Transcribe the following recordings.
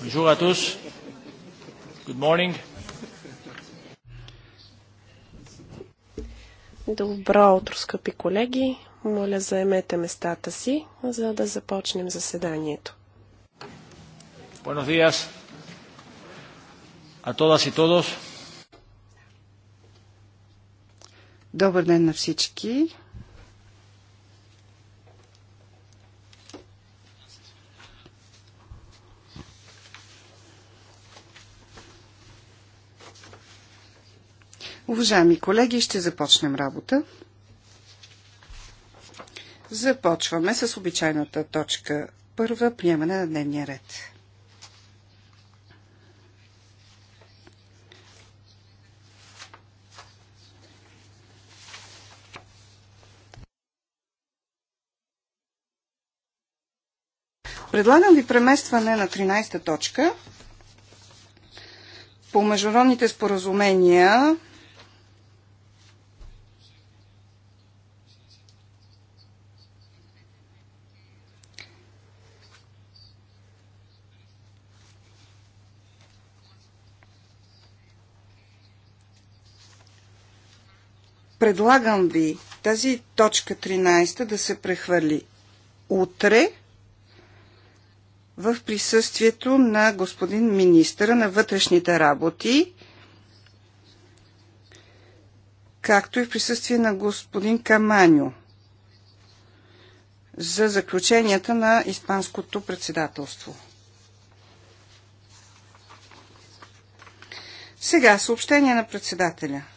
Bonjour à tous. Good morning. Добро утро, скъпи колеги. Моля, заемете местата си, за да започнем заседанието. Buenos días a todas y todos. Добър ден на всички. Уважаеми колеги, ще започнем работа. Започваме с обичайната точка първа приемане на дневния ред. Предлагам ви преместване на 13-та точка по международните споразумения Предлагам ви тази точка 13 да се прехвърли утре в присъствието на господин министъра на вътрешните работи, както и в присъствие на господин Каманю за заключенията на Испанското председателство. Сега съобщение на председателя –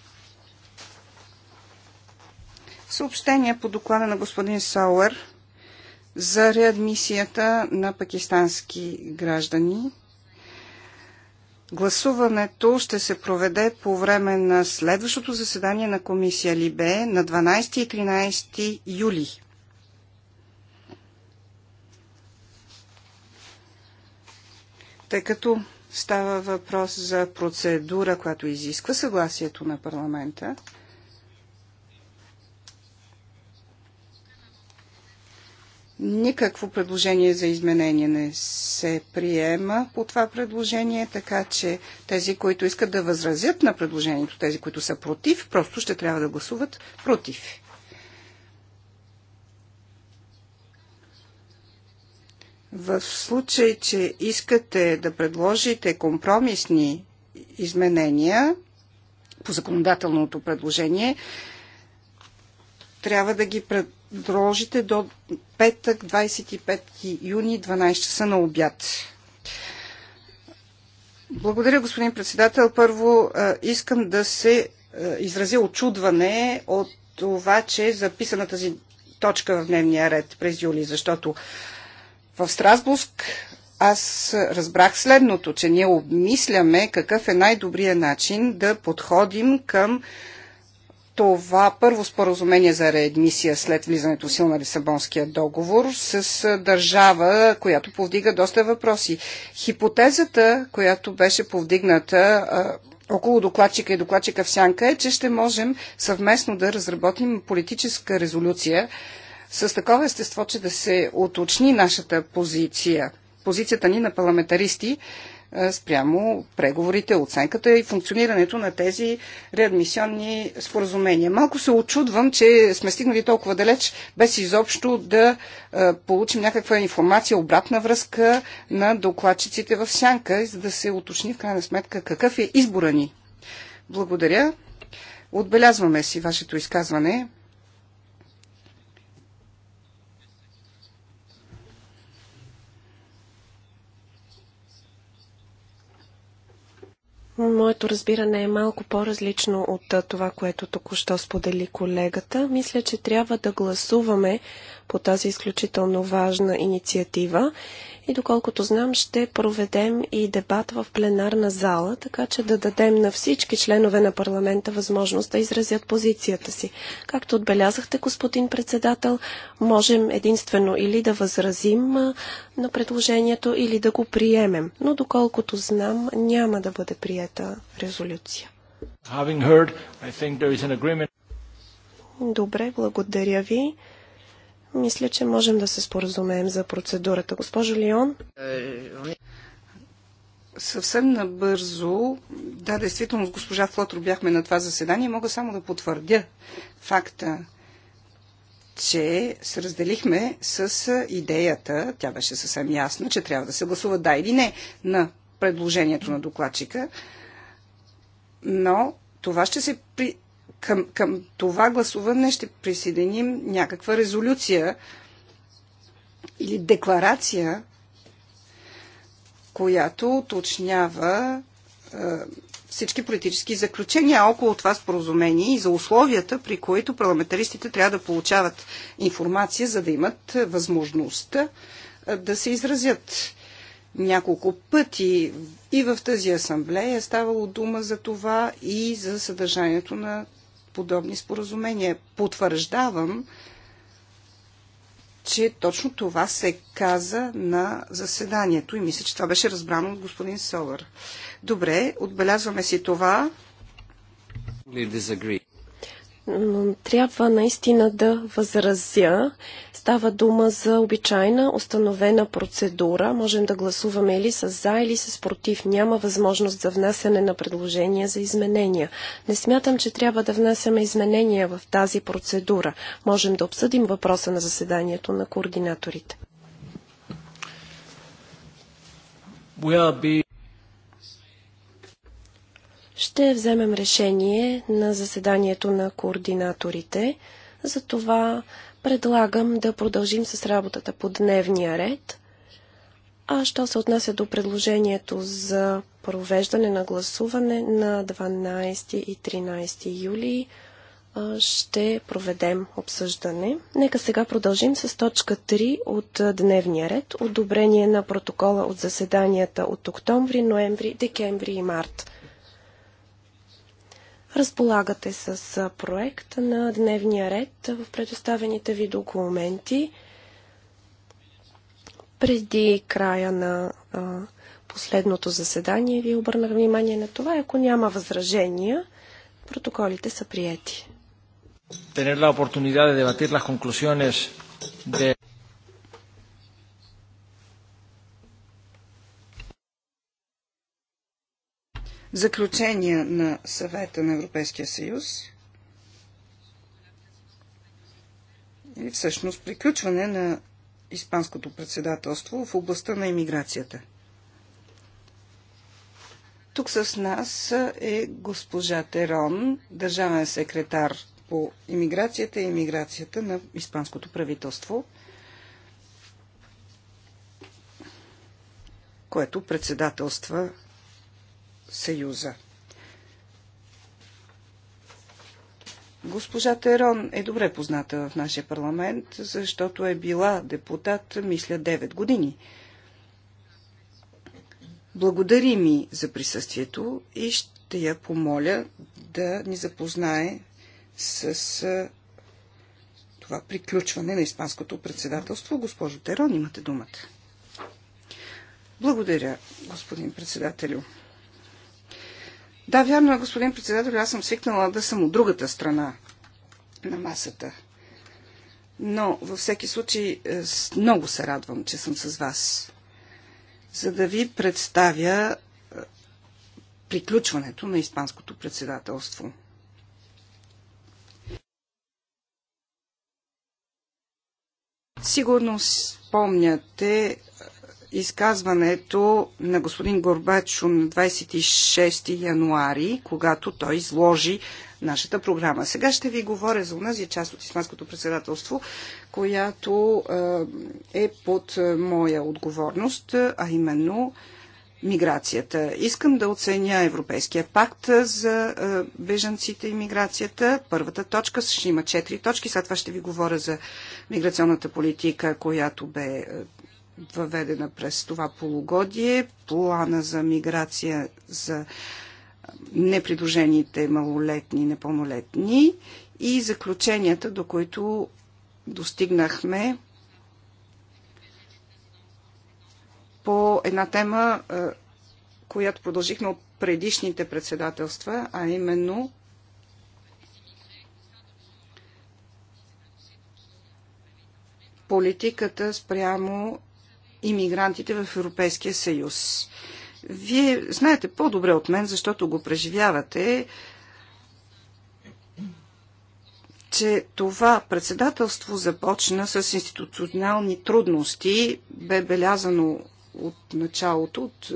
Съобщение по доклада на господин Сауер за реадмисията на пакистански граждани. Гласуването ще се проведе по време на следващото заседание на комисия Либе на 12 и 13 юли. Тъй като става въпрос за процедура, която изисква съгласието на парламента, Никакво предложение за изменение не се приема по това предложение, така че тези, които искат да възразят на предложението, тези, които са против, просто ще трябва да гласуват против. В случай, че искате да предложите компромисни изменения по законодателното предложение, трябва да ги пред продължите до петък 25 юни 12 часа на обяд. Благодаря, господин председател. Първо искам да се изразя очудване от това, че е записана тази точка в дневния ред през юли, защото в Страсбург аз разбрах следното, че ние обмисляме какъв е най-добрият начин да подходим към това първо споразумение за реадмисия след влизането в сил на Лисабонския договор с държава, която повдига доста въпроси. Хипотезата, която беше повдигната около докладчика и докладчика в сянка е, че ще можем съвместно да разработим политическа резолюция с такова естество, че да се уточни нашата позиция, позицията ни на парламентаристи, е, спрямо преговорите, оценката и функционирането на тези реадмисионни споразумения. Малко се очудвам, че сме стигнали толкова далеч, без изобщо да е, получим някаква информация, обратна връзка на докладчиците в сянка, за да се уточни в крайна сметка какъв е избора ни. Благодаря. Отбелязваме си вашето изказване. Моето разбиране е малко по-различно от това, което току-що сподели колегата. Мисля, че трябва да гласуваме по тази изключително важна инициатива и доколкото знам ще проведем и дебат в пленарна зала, така че да дадем на всички членове на парламента възможност да изразят позицията си. Както отбелязахте, господин председател, можем единствено или да възразим на предложението, или да го приемем. Но доколкото знам, няма да бъде приета резолюция. Heard, Добре, благодаря ви. Мисля, че можем да се споразумеем за процедурата. Госпожо Лион? Съвсем набързо, да, действително с госпожа Флотро бяхме на това заседание. Мога само да потвърдя факта, че се разделихме с идеята, тя беше съвсем ясна, че трябва да се гласува да или не на предложението на докладчика, но това ще се към, към това гласуване ще присъединим някаква резолюция или декларация, която уточнява е, всички политически заключения около това споразумение и за условията, при които парламентаристите трябва да получават информация, за да имат възможността е, да се изразят няколко пъти и в тази асамблея е ставало дума за това и за съдържанието на подобни споразумения. Потвърждавам, че точно това се каза на заседанието и мисля, че това беше разбрано от господин Солър. Добре, отбелязваме си това но трябва наистина да възразя. Става дума за обичайна установена процедура. Можем да гласуваме или с за, или с против. Няма възможност за внасяне на предложения за изменения. Не смятам, че трябва да внасяме изменения в тази процедура. Можем да обсъдим въпроса на заседанието на координаторите ще вземем решение на заседанието на координаторите. Затова предлагам да продължим с работата по дневния ред. А що се отнася до предложението за провеждане на гласуване на 12 и 13 юли, ще проведем обсъждане. Нека сега продължим с точка 3 от дневния ред. Одобрение на протокола от заседанията от октомври, ноември, декември и март. Разполагате с проект на дневния ред в предоставените ви документи. Преди края на а, последното заседание ви обърнах внимание на това. Ако няма възражения, протоколите са приети. Tener la oportunidad de debatir las conclusiones de... заключения на съвета на Европейския съюз и всъщност приключване на Испанското председателство в областта на иммиграцията. Тук с нас е госпожа Терон, държавен секретар по иммиграцията и иммиграцията на Испанското правителство, което председателства Съюза. Госпожа Терон е добре позната в нашия парламент, защото е била депутат, мисля, 9 години. Благодари ми за присъствието и ще я помоля да ни запознае с това приключване на Испанското председателство. Госпожо Терон, имате думата. Благодаря, господин председателю. Да, вярно, е, господин председател, аз съм свикнала да съм от другата страна на масата. Но във всеки случай е, много се радвам, че съм с вас, за да ви представя е, приключването на Испанското председателство. Сигурно спомняте изказването на господин Горбачо на 26 януари, когато той изложи нашата програма. Сега ще ви говоря за унази част от Исландското председателство, която е, е под е, моя отговорност, а именно миграцията. Искам да оценя Европейския пакт за е, бежанците и миграцията. Първата точка ще има четири точки. След това ще ви говоря за миграционната политика, която бе въведена през това полугодие, плана за миграция за непридружените малолетни и непълнолетни и заключенията, до които достигнахме по една тема, която продължихме от предишните председателства, а именно политиката спрямо иммигрантите в Европейския съюз. Вие знаете по-добре от мен, защото го преживявате, че това председателство започна с институционални трудности, бе белязано от началото, от е,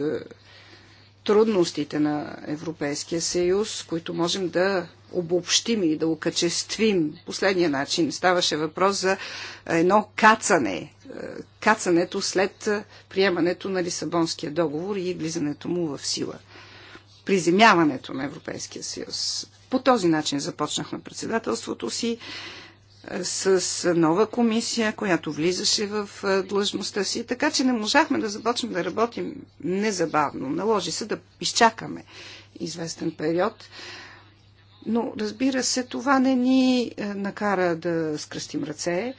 трудностите на Европейския съюз, които можем да обобщим и да окачествим. Последния начин ставаше въпрос за едно кацане кацането след приемането на Лисабонския договор и влизането му в сила. Приземяването на Европейския съюз. По този начин започнахме председателството си с нова комисия, която влизаше в длъжността си, така че не можахме да започнем да работим незабавно. Наложи се да изчакаме известен период. Но, разбира се, това не ни накара да скръстим ръце,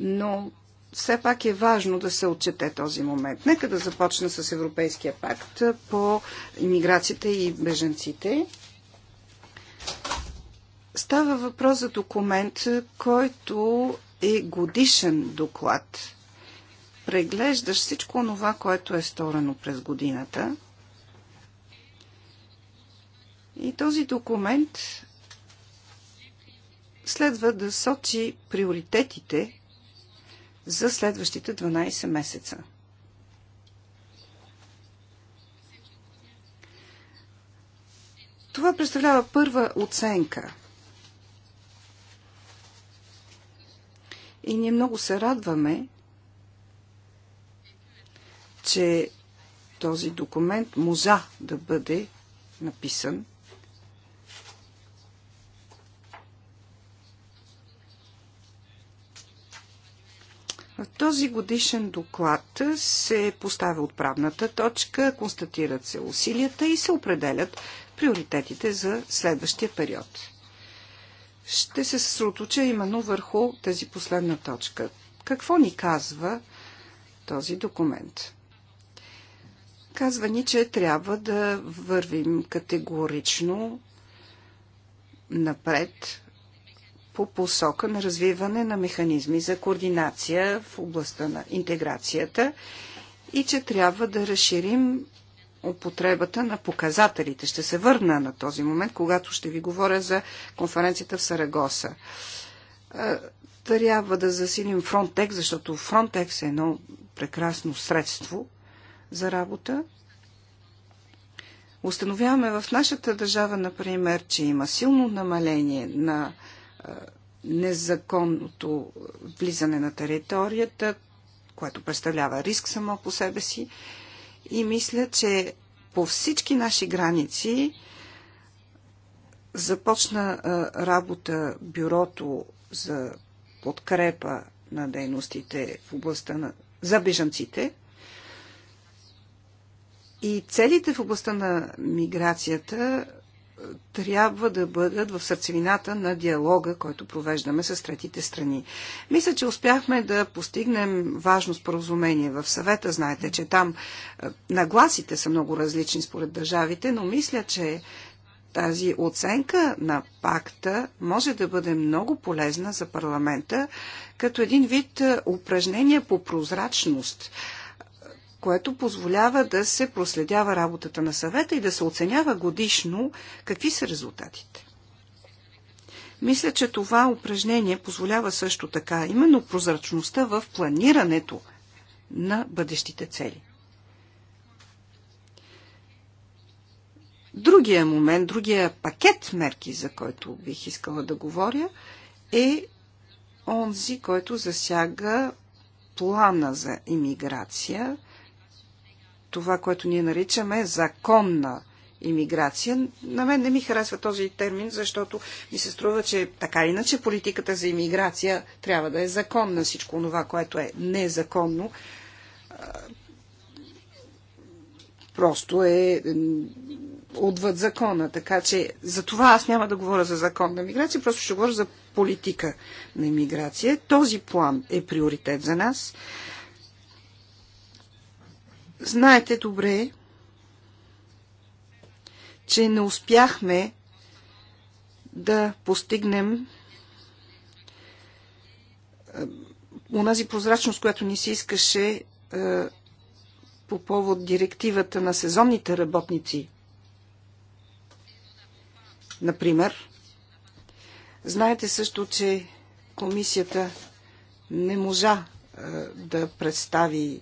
но все пак е важно да се отчете този момент. Нека да започна с Европейския пакт по иммиграцията и беженците. Става въпрос за документ, който е годишен доклад. Преглеждаш всичко това, което е сторено през годината. И този документ следва да сочи приоритетите за следващите 12 месеца. Това представлява първа оценка. И ние много се радваме, че този документ можа да бъде написан – В този годишен доклад се поставя отправната точка, констатират се усилията и се определят приоритетите за следващия период. Ще се съсредоточа именно върху тази последна точка. Какво ни казва този документ? Казва ни, че трябва да вървим категорично напред по посока на развиване на механизми за координация в областта на интеграцията и че трябва да разширим употребата на показателите. Ще се върна на този момент, когато ще ви говоря за конференцията в Сарагоса. Трябва да засилим Frontex, защото Frontex е едно прекрасно средство за работа. Установяваме в нашата държава, например, че има силно намаление на незаконното влизане на територията, което представлява риск само по себе си. И мисля, че по всички наши граници започна работа бюрото за подкрепа на дейностите в областта на, за бежанците. И целите в областта на миграцията трябва да бъдат в сърцевината на диалога, който провеждаме с третите страни. Мисля, че успяхме да постигнем важно споразумение в съвета. Знаете, че там е, нагласите са много различни според държавите, но мисля, че тази оценка на пакта може да бъде много полезна за парламента като един вид е, упражнение по прозрачност – което позволява да се проследява работата на съвета и да се оценява годишно какви са резултатите. Мисля, че това упражнение позволява също така именно прозрачността в планирането на бъдещите цели. Другия момент, другия пакет мерки, за който бих искала да говоря, е онзи, който засяга плана за иммиграция това, което ние наричаме законна иммиграция. На мен не ми харесва този термин, защото ми се струва, че така иначе политиката за иммиграция трябва да е законна. Всичко това, което е незаконно, просто е отвъд закона. Така че за това аз няма да говоря за законна на миграция, просто ще говоря за политика на иммиграция. Този план е приоритет за нас. Знаете добре, че не успяхме да постигнем онази прозрачност, която ни се искаше по повод директивата на сезонните работници. Например, знаете също, че комисията не можа да представи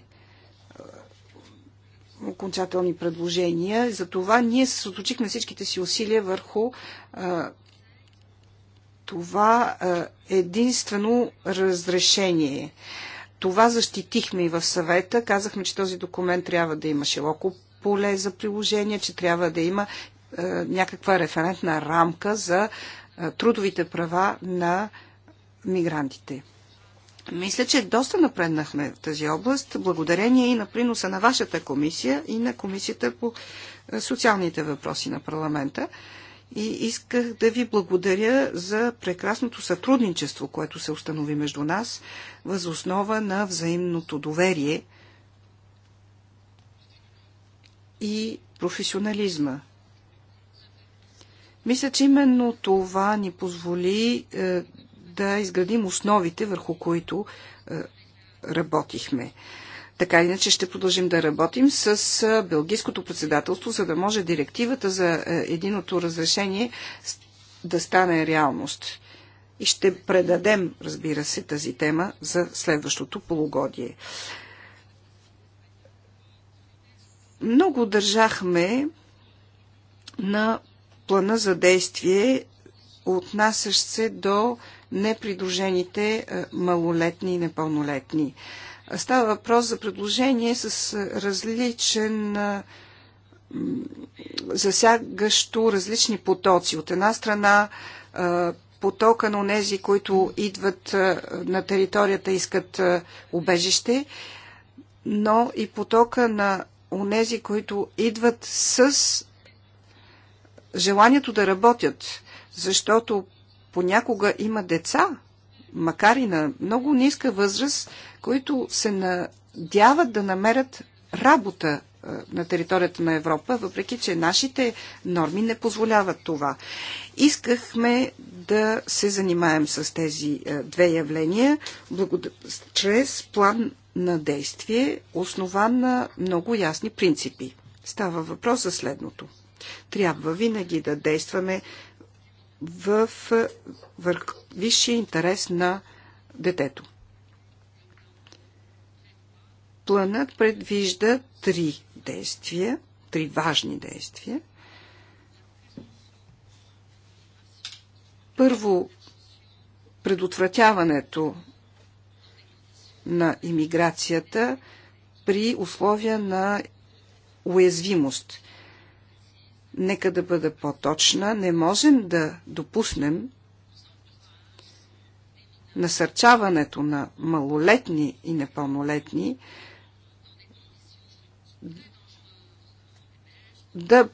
окончателни предложения. Затова ние съсоточихме всичките си усилия върху а, това а, единствено разрешение. Това защитихме и в съвета. Казахме, че този документ трябва да има широко поле за приложение, че трябва да има а, някаква референтна рамка за а, трудовите права на мигрантите. Мисля, че доста напреднахме в тази област, благодарение и на приноса на вашата комисия и на комисията по е, социалните въпроси на парламента. И исках да ви благодаря за прекрасното сътрудничество, което се установи между нас, възоснова на взаимното доверие и професионализма. Мисля, че именно това ни позволи е, да изградим основите, върху които е, работихме. Така иначе ще продължим да работим с е, Белгийското председателство, за да може директивата за е, единото разрешение да стане реалност. И ще предадем, разбира се, тази тема за следващото полугодие. Много държахме на плана за действие, отнасящ се до непридружените е, малолетни и непълнолетни. Става въпрос за предложение с е, различен е, засягащо различни потоци. От една страна потока на онези, които идват на територията, искат убежище, но и потока на онези, които идват с желанието да работят, защото понякога има деца, макар и на много ниска възраст, които се надяват да намерят работа е, на територията на Европа, въпреки че нашите норми не позволяват това. Искахме да се занимаем с тези е, две явления благод... чрез план на действие, основан на много ясни принципи. Става въпрос за следното. Трябва винаги да действаме в е, висшия интерес на детето. Планът предвижда три действия, три важни действия. Първо, предотвратяването на иммиграцията при условия на уязвимост. Нека да бъда по-точна. Не можем да допуснем насърчаването на малолетни и непълнолетни да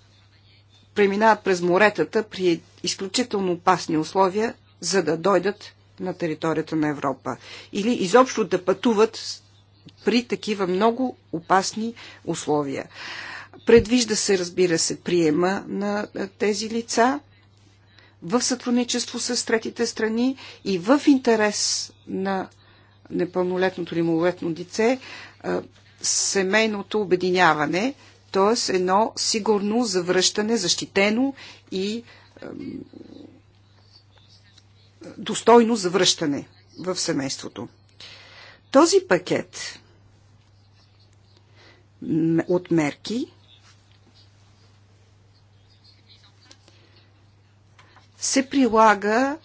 преминават през моретата при изключително опасни условия, за да дойдат на територията на Европа. Или изобщо да пътуват при такива много опасни условия. Предвижда се, разбира се, приема на тези лица в сътрудничество с третите страни и в интерес на непълнолетното или малолетно дице семейното обединяване, т.е. едно сигурно завръщане, защитено и достойно завръщане в семейството. Този пакет от мерки се прилага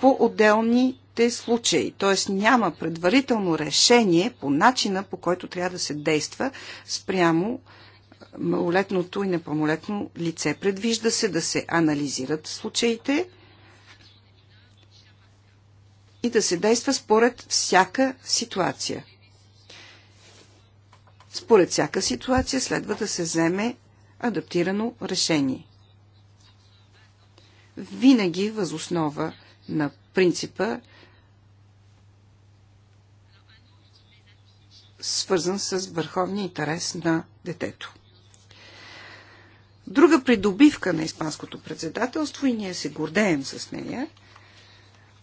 по отделните случаи. Т.е. няма предварително решение по начина, по който трябва да се действа спрямо малолетното и непълнолетно лице. Предвижда се да се анализират случаите и да се действа според всяка ситуация. Според всяка ситуация следва да се вземе адаптирано решение винаги възоснова на принципа, свързан с върховния интерес на детето. Друга придобивка на Испанското председателство, и ние се гордеем с нея,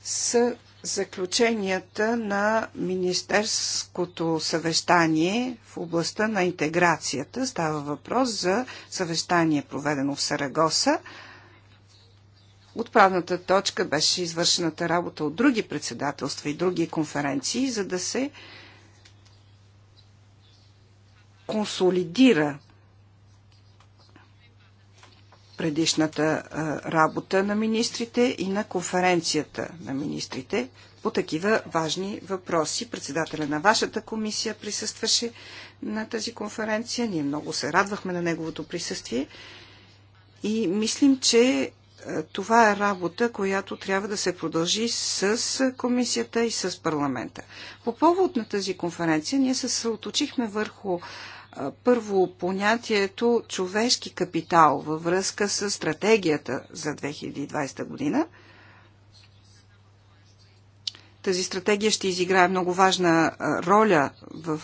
са заключенията на Министерското съвещание в областта на интеграцията. Става въпрос за съвещание, проведено в Сарагоса, Отправната точка беше извършената работа от други председателства и други конференции, за да се консолидира предишната работа на министрите и на конференцията на министрите по такива важни въпроси. Председателя на вашата комисия присъстваше на тази конференция. Ние много се радвахме на неговото присъствие и мислим, че е, това е работа, която трябва да се продължи с комисията и с парламента. По повод на тази конференция ние се съоточихме върху е, първо понятието човешки капитал във връзка с стратегията за 2020 година. Тази стратегия ще изиграе много важна е, роля в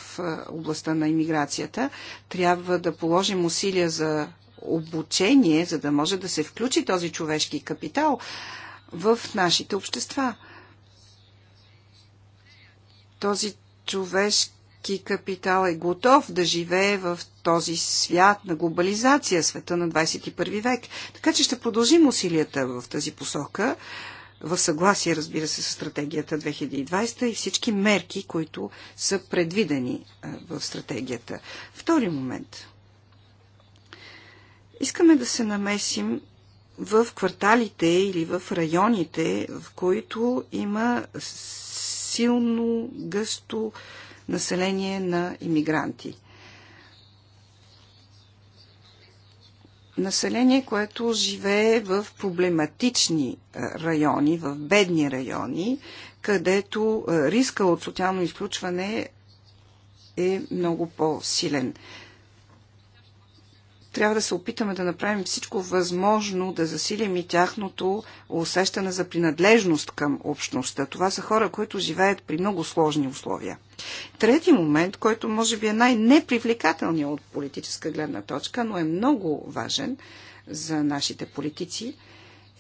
областта на иммиграцията. Трябва да положим усилия за обучение, за да може да се включи този човешки капитал в нашите общества. Този човешки капитал е готов да живее в този свят на глобализация, света на 21 век. Така че ще продължим усилията в тази посока, в съгласие, разбира се, с стратегията 2020 и всички мерки, които са предвидени в стратегията. Втори момент – Искаме да се намесим в кварталите или в районите, в които има силно гъсто население на иммигранти. Население, което живее в проблематични райони, в бедни райони, където риска от социално изключване е много по-силен трябва да се опитаме да направим всичко възможно, да засилим и тяхното усещане за принадлежност към общността. Това са хора, които живеят при много сложни условия. Трети момент, който може би е най-непривлекателният от политическа гледна точка, но е много важен за нашите политици,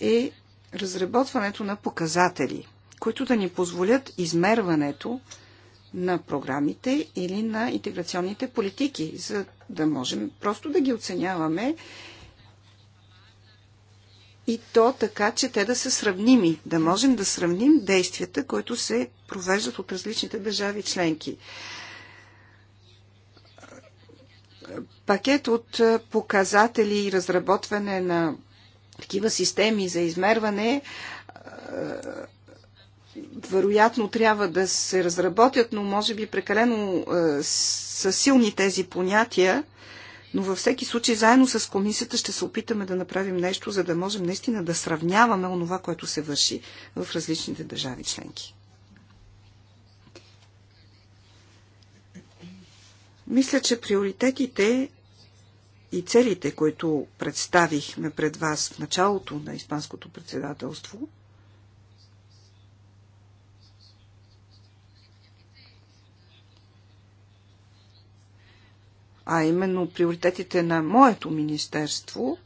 е разработването на показатели, които да ни позволят измерването на програмите или на интеграционните политики, за да можем просто да ги оценяваме и то така, че те да са сравними, да можем да сравним действията, които се провеждат от различните държави членки. Пакет от показатели и разработване на такива системи за измерване вероятно трябва да се разработят, но може би прекалено е, са силни тези понятия. Но във всеки случай, заедно с комисията ще се опитаме да направим нещо, за да можем наистина да сравняваме онова, което се върши в различните държави членки. Мисля, че приоритетите и целите, които представихме пред вас в началото на Испанското председателство, а именно приоритетите на моето министерство,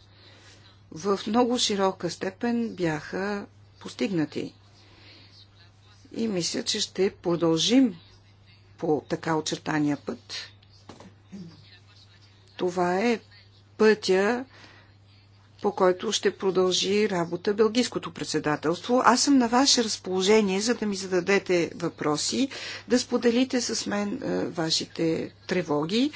в много широка степен бяха постигнати. И мисля, че ще продължим по така очертания път. Това е пътя, по който ще продължи работа Белгийското председателство. Аз съм на ваше разположение, за да ми зададете въпроси, да споделите с мен е, вашите тревоги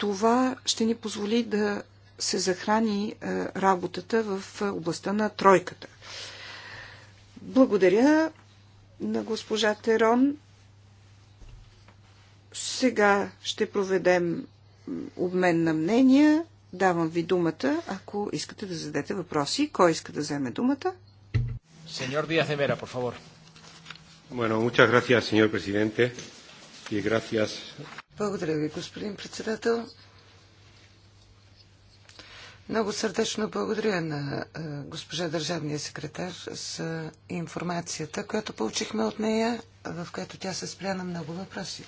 това ще ни позволи да се захрани е, работата в е, областта на тройката. Благодаря на госпожа Терон. Сега ще проведем обмен на мнения. Давам ви думата, ако искате да зададете въпроси. Кой иска да вземе думата? Сеньор Диас де Мера, por favor. Bueno, muchas gracias, señor presidente, y gracias благодаря ви, господин председател. Много сърдечно благодаря на госпожа държавния секретар за информацията, която получихме от нея, в която тя се спря на много въпроси.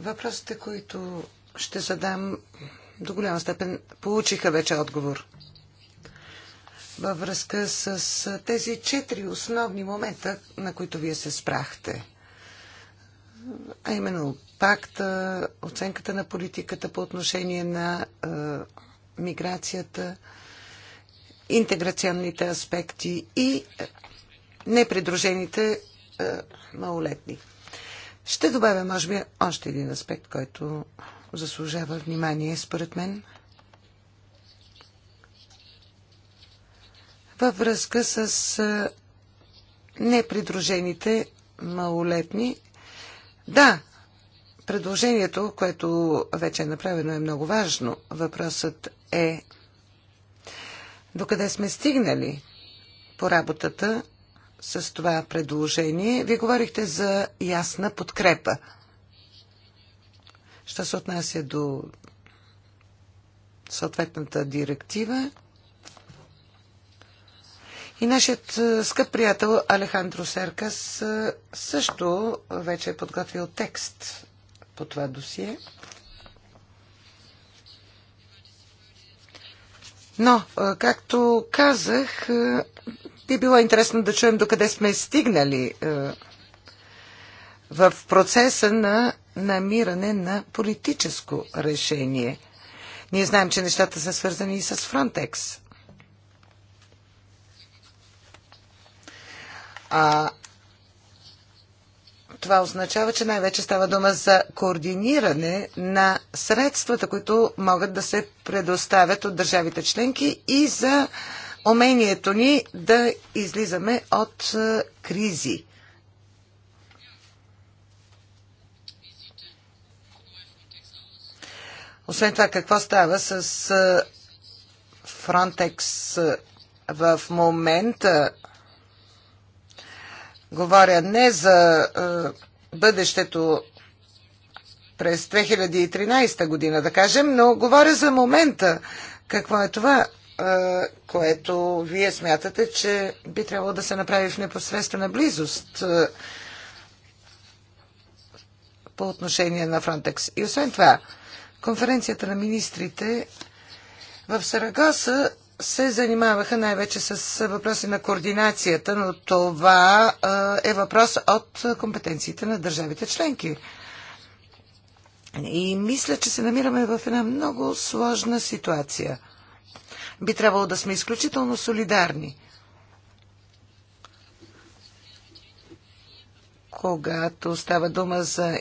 Въпросите, които ще задам, до голяма степен получиха вече отговор. Във връзка с тези четири основни момента, на които вие се спрахте – а именно пакта, оценката на политиката по отношение на миграцията, интеграционните аспекти и непридружените малолетни. Ще добавя, може би, още един аспект, който заслужава внимание, според мен. Във връзка с непридружените малолетни, да, предложението, което вече е направено, е много важно. Въпросът е докъде сме стигнали по работата с това предложение. Вие говорихте за ясна подкрепа. Що се отнася до съответната директива, и нашият е, скъп приятел Алехандро Серкас е, също вече е подготвил текст по това досие. Но, е, както казах, би било интересно да чуем докъде сме стигнали в процеса на намиране на политическо решение. Ние знаем, че нещата са свързани и с Фронтекс. А това означава, че най-вече става дума за координиране на средствата, които могат да се предоставят от държавите членки и за умението ни да излизаме от кризи. Освен това, какво става с Frontex в момента? Говоря не за е, бъдещето през 2013 година, да кажем, но говоря за момента. Какво е това, е, което вие смятате, че би трябвало да се направи в непосредствена близост? Е, по отношение на Фронтекс. И освен това, конференцията на министрите в Сарагоса се занимаваха най-вече с въпроси на координацията, но това е въпрос от компетенциите на държавите членки. И мисля, че се намираме в една много сложна ситуация. Би трябвало да сме изключително солидарни. Когато става дума за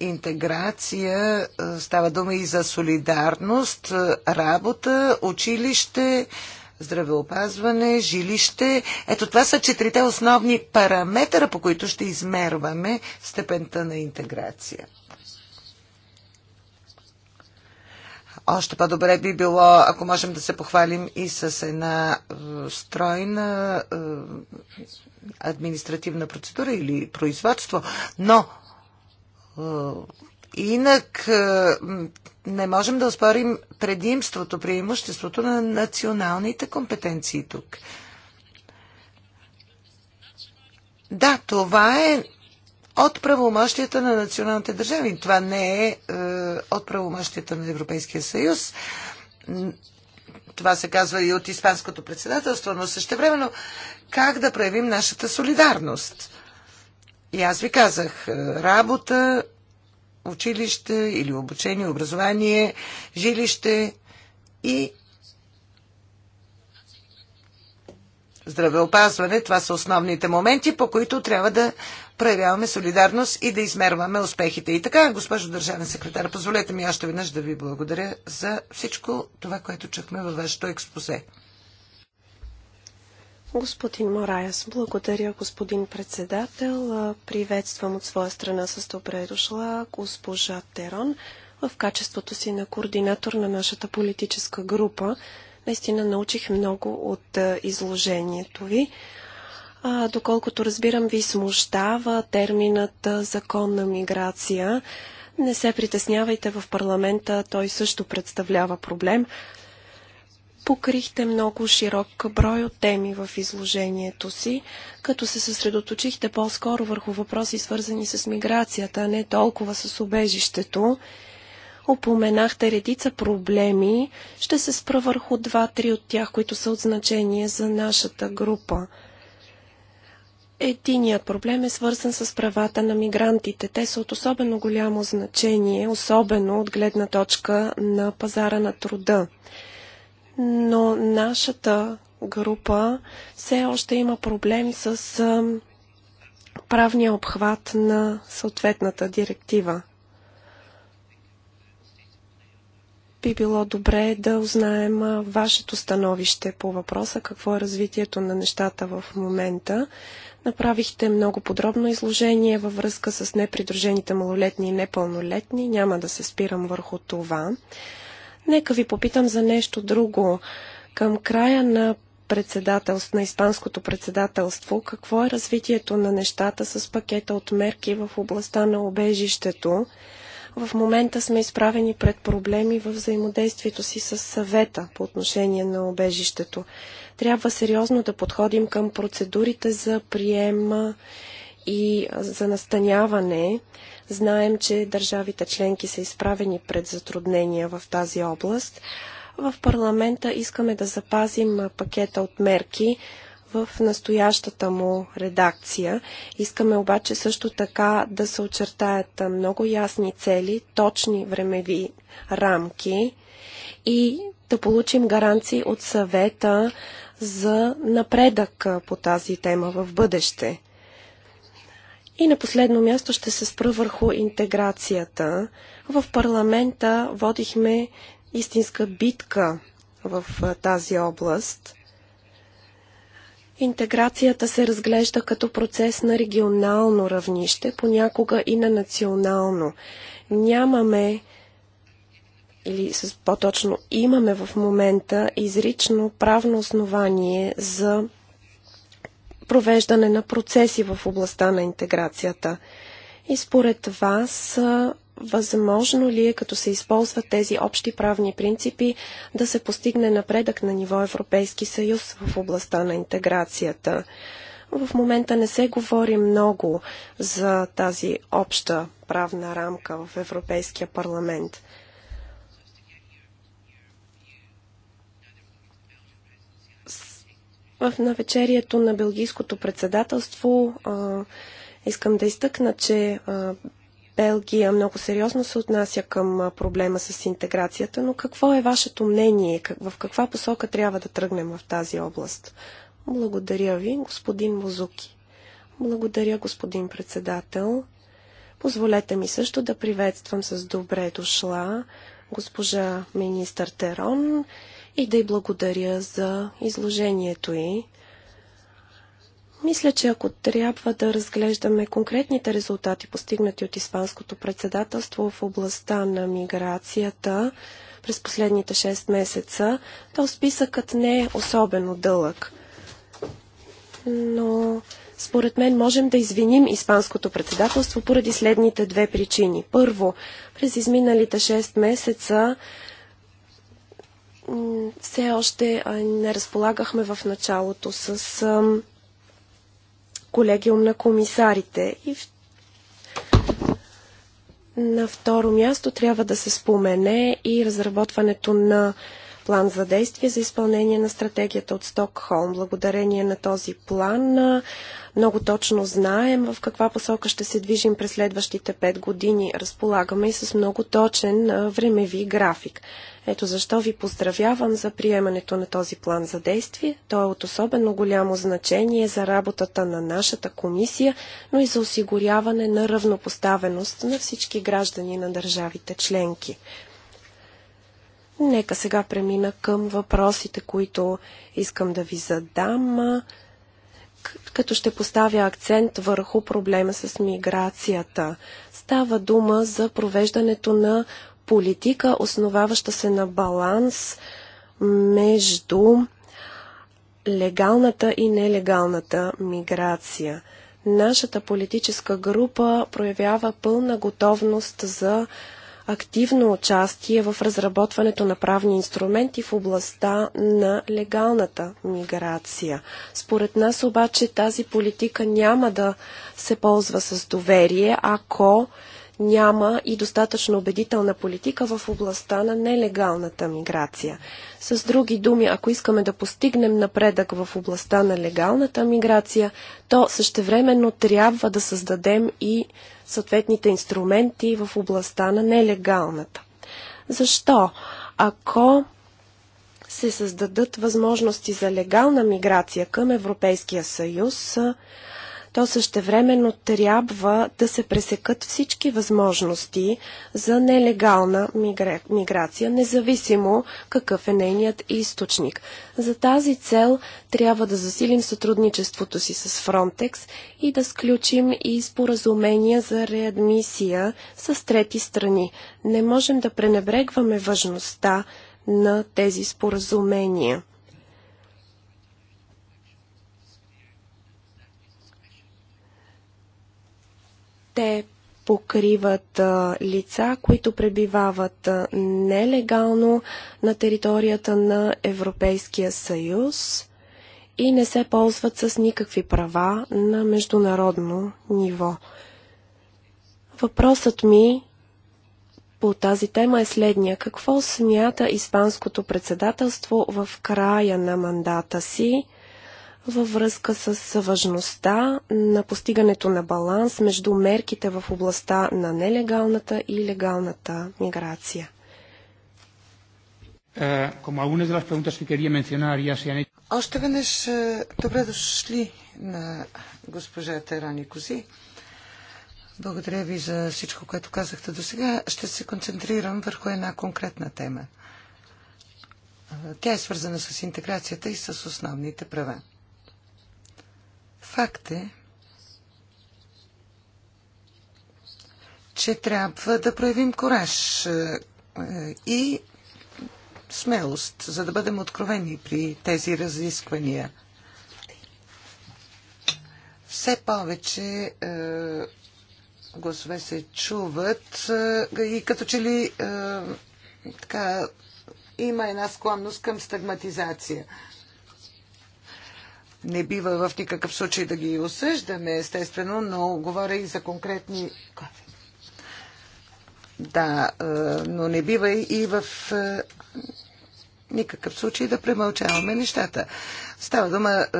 интеграция, става дума и за солидарност, работа, училище, здравеопазване, жилище. Ето това са четирите основни параметъра, по които ще измерваме степента на интеграция. Още по-добре би било, ако можем да се похвалим и с една стройна административна процедура или производство, но е, инак е, не можем да оспорим предимството, преимуществото на националните компетенции тук. Да, това е от правомощията на националните държави. Това не е, е от правомощията на Европейския съюз. Това се казва и от Испанското председателство, но същевременно как да проявим нашата солидарност? И аз ви казах, е, работа училище или обучение, образование, жилище и здравеопазване. Това са основните моменти, по които трябва да проявяваме солидарност и да измерваме успехите. И така, госпожо държавен секретар, позволете ми още веднъж да ви благодаря за всичко това, което чухме във вашето експозе. Господин Мораяс, благодаря, господин председател. Приветствам от своя страна с добре дошла госпожа Терон в качеството си на координатор на нашата политическа група. Наистина научих много от изложението ви. А, доколкото разбирам, ви смущава терминът законна миграция. Не се притеснявайте в парламента, той също представлява проблем. Покрихте много широк брой от теми в изложението си, като се съсредоточихте по-скоро върху въпроси свързани с миграцията, а не толкова с убежището. Опоменахте редица проблеми. Ще се спра върху два-три от тях, които са от значение за нашата група. Единият проблем е свързан с правата на мигрантите. Те са от особено голямо значение, особено от гледна точка на пазара на труда но нашата група все още има проблем с правния обхват на съответната директива. би било добре да узнаем вашето становище по въпроса, какво е развитието на нещата в момента. Направихте много подробно изложение във връзка с непридружените малолетни и непълнолетни. Няма да се спирам върху това. Нека ви попитам за нещо друго. Към края на председателство, на испанското председателство, какво е развитието на нещата с пакета от мерки в областта на обежището? В момента сме изправени пред проблеми в взаимодействието си с съвета по отношение на обежището. Трябва сериозно да подходим към процедурите за приема и за настаняване. Знаем, че държавите членки са изправени пред затруднения в тази област. В парламента искаме да запазим пакета от мерки, в настоящата му редакция. Искаме обаче също така да се очертаят много ясни цели, точни времеви рамки и да получим гаранции от съвета за напредък по тази тема в бъдеще. И на последно място ще се спра върху интеграцията. В парламента водихме истинска битка в тази област. Интеграцията се разглежда като процес на регионално равнище, понякога и на национално. Нямаме или по-точно имаме в момента изрично правно основание за провеждане на процеси в областта на интеграцията. И според вас, възможно ли е, като се използват тези общи правни принципи, да се постигне напредък на ниво Европейски съюз в областта на интеграцията? В момента не се говори много за тази обща правна рамка в Европейския парламент. В навечерието на Белгийското председателство а, искам да изтъкна, че а, Белгия много сериозно се отнася към проблема с интеграцията, но какво е вашето мнение? В каква посока трябва да тръгнем в тази област? Благодаря ви, господин Музуки. Благодаря, господин председател. Позволете ми също да приветствам с добре дошла госпожа министър Терон и да й благодаря за изложението й. Мисля, че ако трябва да разглеждаме конкретните резултати, постигнати от Испанското председателство в областта на миграцията през последните 6 месеца, то списъкът не е особено дълъг. Но според мен можем да извиним Испанското председателство поради следните две причини. Първо, през изминалите 6 месеца все още не разполагахме в началото с колегиум на комисарите. И в... на второ място трябва да се спомене и разработването на план за действие за изпълнение на стратегията от Стокхолм. Благодарение на този план много точно знаем в каква посока ще се движим през следващите 5 години. Разполагаме и с много точен времеви график. Ето защо ви поздравявам за приемането на този план за действие. Той е от особено голямо значение за работата на нашата комисия, но и за осигуряване на равнопоставеност на всички граждани на държавите членки. Нека сега премина към въпросите, които искам да ви задам като ще поставя акцент върху проблема с миграцията. Става дума за провеждането на политика, основаваща се на баланс между легалната и нелегалната миграция. Нашата политическа група проявява пълна готовност за активно участие в разработването на правни инструменти в областта на легалната миграция. Според нас обаче тази политика няма да се ползва с доверие, ако няма и достатъчно убедителна политика в областта на нелегалната миграция. С други думи, ако искаме да постигнем напредък в областта на легалната миграция, то същевременно трябва да създадем и съответните инструменти в областта на нелегалната. Защо? Ако се създадат възможности за легална миграция към Европейския съюз, то същевременно трябва да се пресекат всички възможности за нелегална миграция, независимо какъв е нейният източник. За тази цел трябва да засилим сътрудничеството си с Frontex и да сключим и споразумения за реадмисия с трети страни. Не можем да пренебрегваме важността на тези споразумения. Те покриват лица, които пребивават нелегално на територията на Европейския съюз и не се ползват с никакви права на международно ниво. Въпросът ми по тази тема е следния. Какво смята Испанското председателство в края на мандата си? във връзка с важността на постигането на баланс между мерките в областта на нелегалната и легалната миграция. Е, Още веднъж е, добре дошли на госпожа Терани Кози. Благодаря ви за всичко, което казахте до сега. Ще се концентрирам върху една конкретна тема. Е, тя е свързана с интеграцията и с основните права. Факт е, че трябва да проявим кораж е, е, и смелост, за да бъдем откровени при тези разисквания. Все повече е, гласове се чуват и като че ли така, има една склонност към стагматизация. Не бива в никакъв случай да ги осъждаме, естествено, но говоря и за конкретни. Да, е, но не бива и в е, никакъв случай да премълчаваме нещата. Става дума е,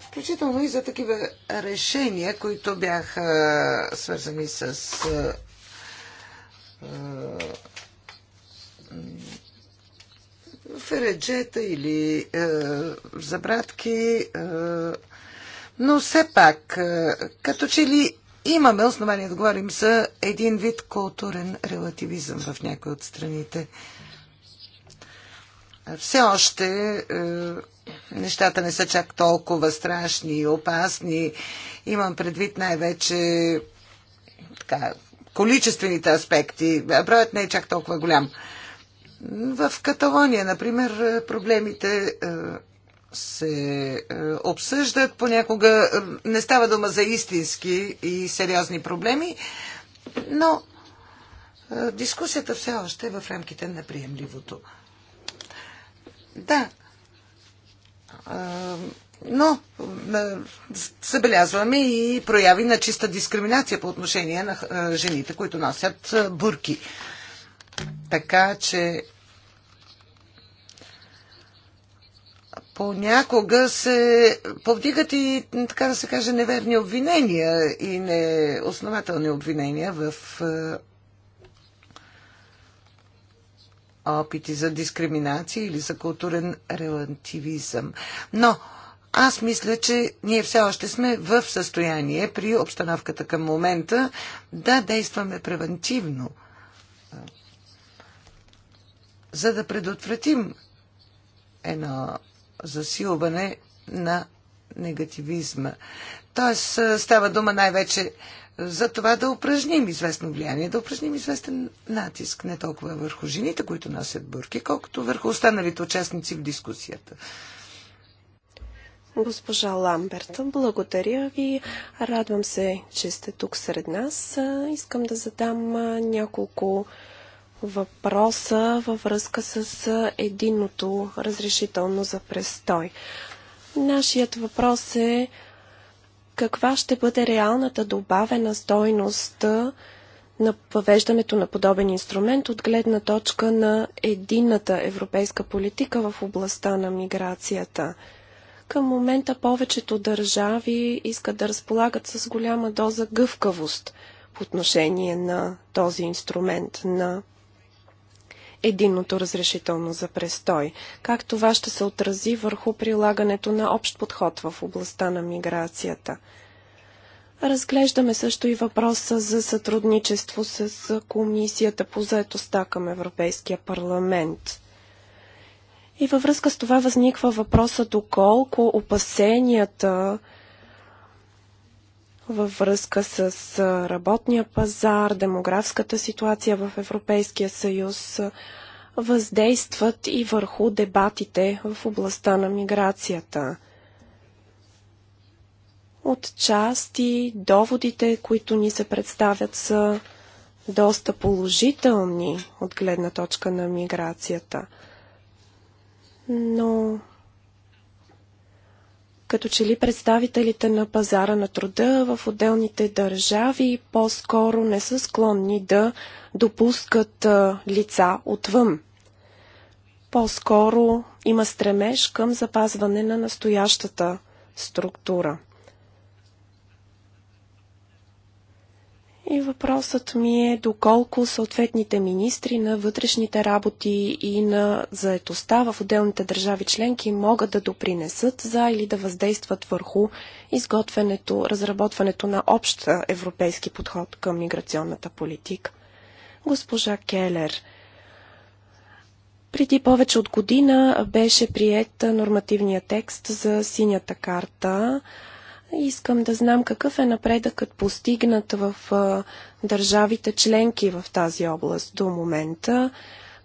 включително и за такива решения, които бяха свързани с фереджета или е, за братки, е, но все пак, е, като че ли имаме основание да говорим за един вид културен релативизъм в някои от страните. Все още е, нещата не са чак толкова страшни и опасни. Имам предвид най-вече така, количествените аспекти. Броят не е чак толкова голям. Е, в Каталония, например, проблемите е, се е, обсъждат. Понякога е, не става дума за истински и сериозни проблеми, но дискусията все още е в рамките на приемливото. Да. Но събелязваме и прояви на чиста дискриминация по отношение на жените, които носят бурки. Така че понякога се повдигат и, така да се каже, неверни обвинения и неоснователни обвинения в е, опити за дискриминация или за културен релативизъм. Но аз мисля, че ние все още сме в състояние при обстановката към момента да действаме превентивно за да предотвратим едно засилване на негативизма. Тоест става дума най-вече за това да упражним известно влияние, да упражним известен натиск, не толкова върху жените, които носят бурки, колкото върху останалите участници в дискусията. Госпожа Ламберт, благодаря ви. Радвам се, че сте тук сред нас. Искам да задам няколко въпроса във връзка с единното разрешително за престой. Нашият въпрос е каква ще бъде реалната добавена стойност на въвеждането на подобен инструмент от гледна точка на единната европейска политика в областта на миграцията. Към момента повечето държави искат да разполагат с голяма доза гъвкавост по отношение на този инструмент на единното разрешително за престой? Как това ще се отрази върху прилагането на общ подход в областта на миграцията? Разглеждаме също и въпроса за сътрудничество с Комисията по заетостта към Европейския парламент. И във връзка с това възниква въпроса доколко опасенията във връзка с работния пазар, демографската ситуация в Европейския съюз въздействат и върху дебатите в областта на миграцията. От части доводите, които ни се представят, са доста положителни от гледна точка на миграцията. Но като че ли представителите на пазара на труда в отделните държави по-скоро не са склонни да допускат лица отвън. По-скоро има стремеж към запазване на настоящата структура. И въпросът ми е доколко съответните министри на вътрешните работи и на заетостта в отделните държави членки могат да допринесат за или да въздействат върху изготвянето, разработването на общ европейски подход към миграционната политика. Госпожа Келер, преди повече от година беше прият нормативния текст за синята карта. Искам да знам какъв е напредъкът постигнат в държавите членки в тази област до момента.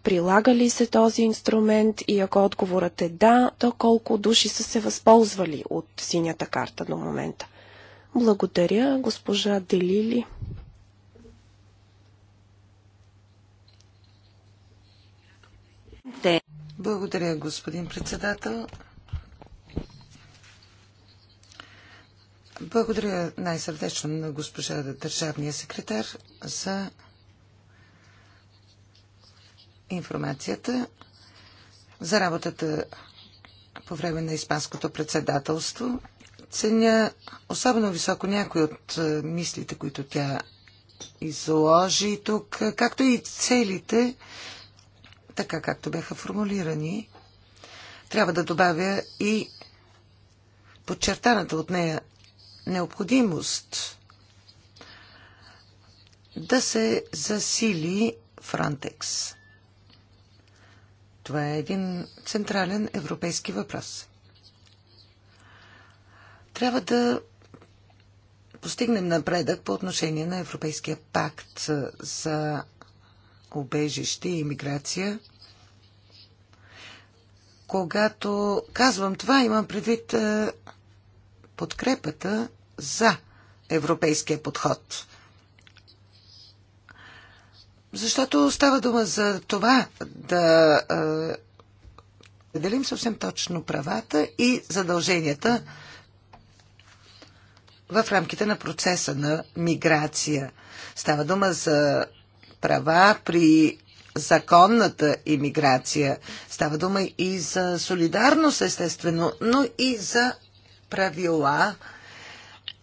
Прилага ли се този инструмент и ако отговорът е да, то колко души са се възползвали от синята карта до момента? Благодаря, госпожа Делили. Благодаря, господин председател. Благодаря най-сърдечно на госпожа държавния секретар за информацията за работата по време на Испанското председателство. Ценя особено високо някои от е, мислите, които тя изложи тук, както и целите, така както бяха формулирани. Трябва да добавя и подчертаната от нея необходимост да се засили Франтекс. Това е един централен европейски въпрос. Трябва да постигнем напредък по отношение на Европейския пакт за убежище и иммиграция. Когато казвам това, имам предвид е, подкрепата за европейския подход. Защото става дума за това да е, делим съвсем точно правата и задълженията в рамките на процеса на миграция. Става дума за права при законната иммиграция. Става дума и за солидарност, естествено, но и за правила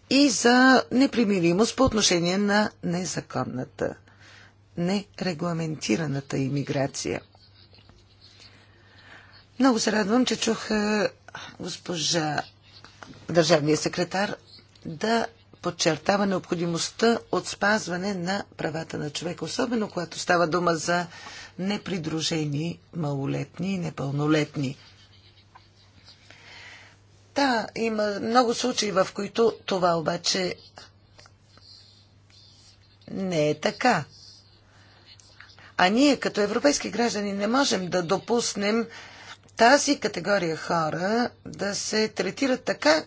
и за непримиримост по отношение на незаконната, нерегламентираната иммиграция. Много се радвам, че чух е, госпожа държавния секретар да подчертава необходимостта от спазване на правата на човека, особено когато става дума за непридружени малолетни и непълнолетни да, има много случаи, в които това обаче не е така. А ние като европейски граждани не можем да допуснем тази категория хора да се третират така,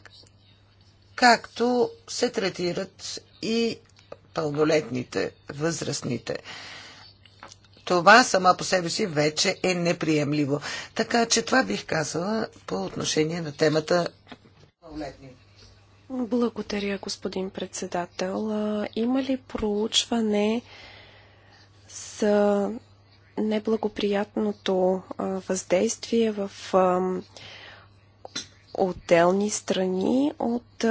както се третират и пълнолетните, възрастните това сама по себе си вече е неприемливо. Така че това бих казала по отношение на темата Благодаря, господин председател. Има ли проучване с неблагоприятното въздействие в отделни страни от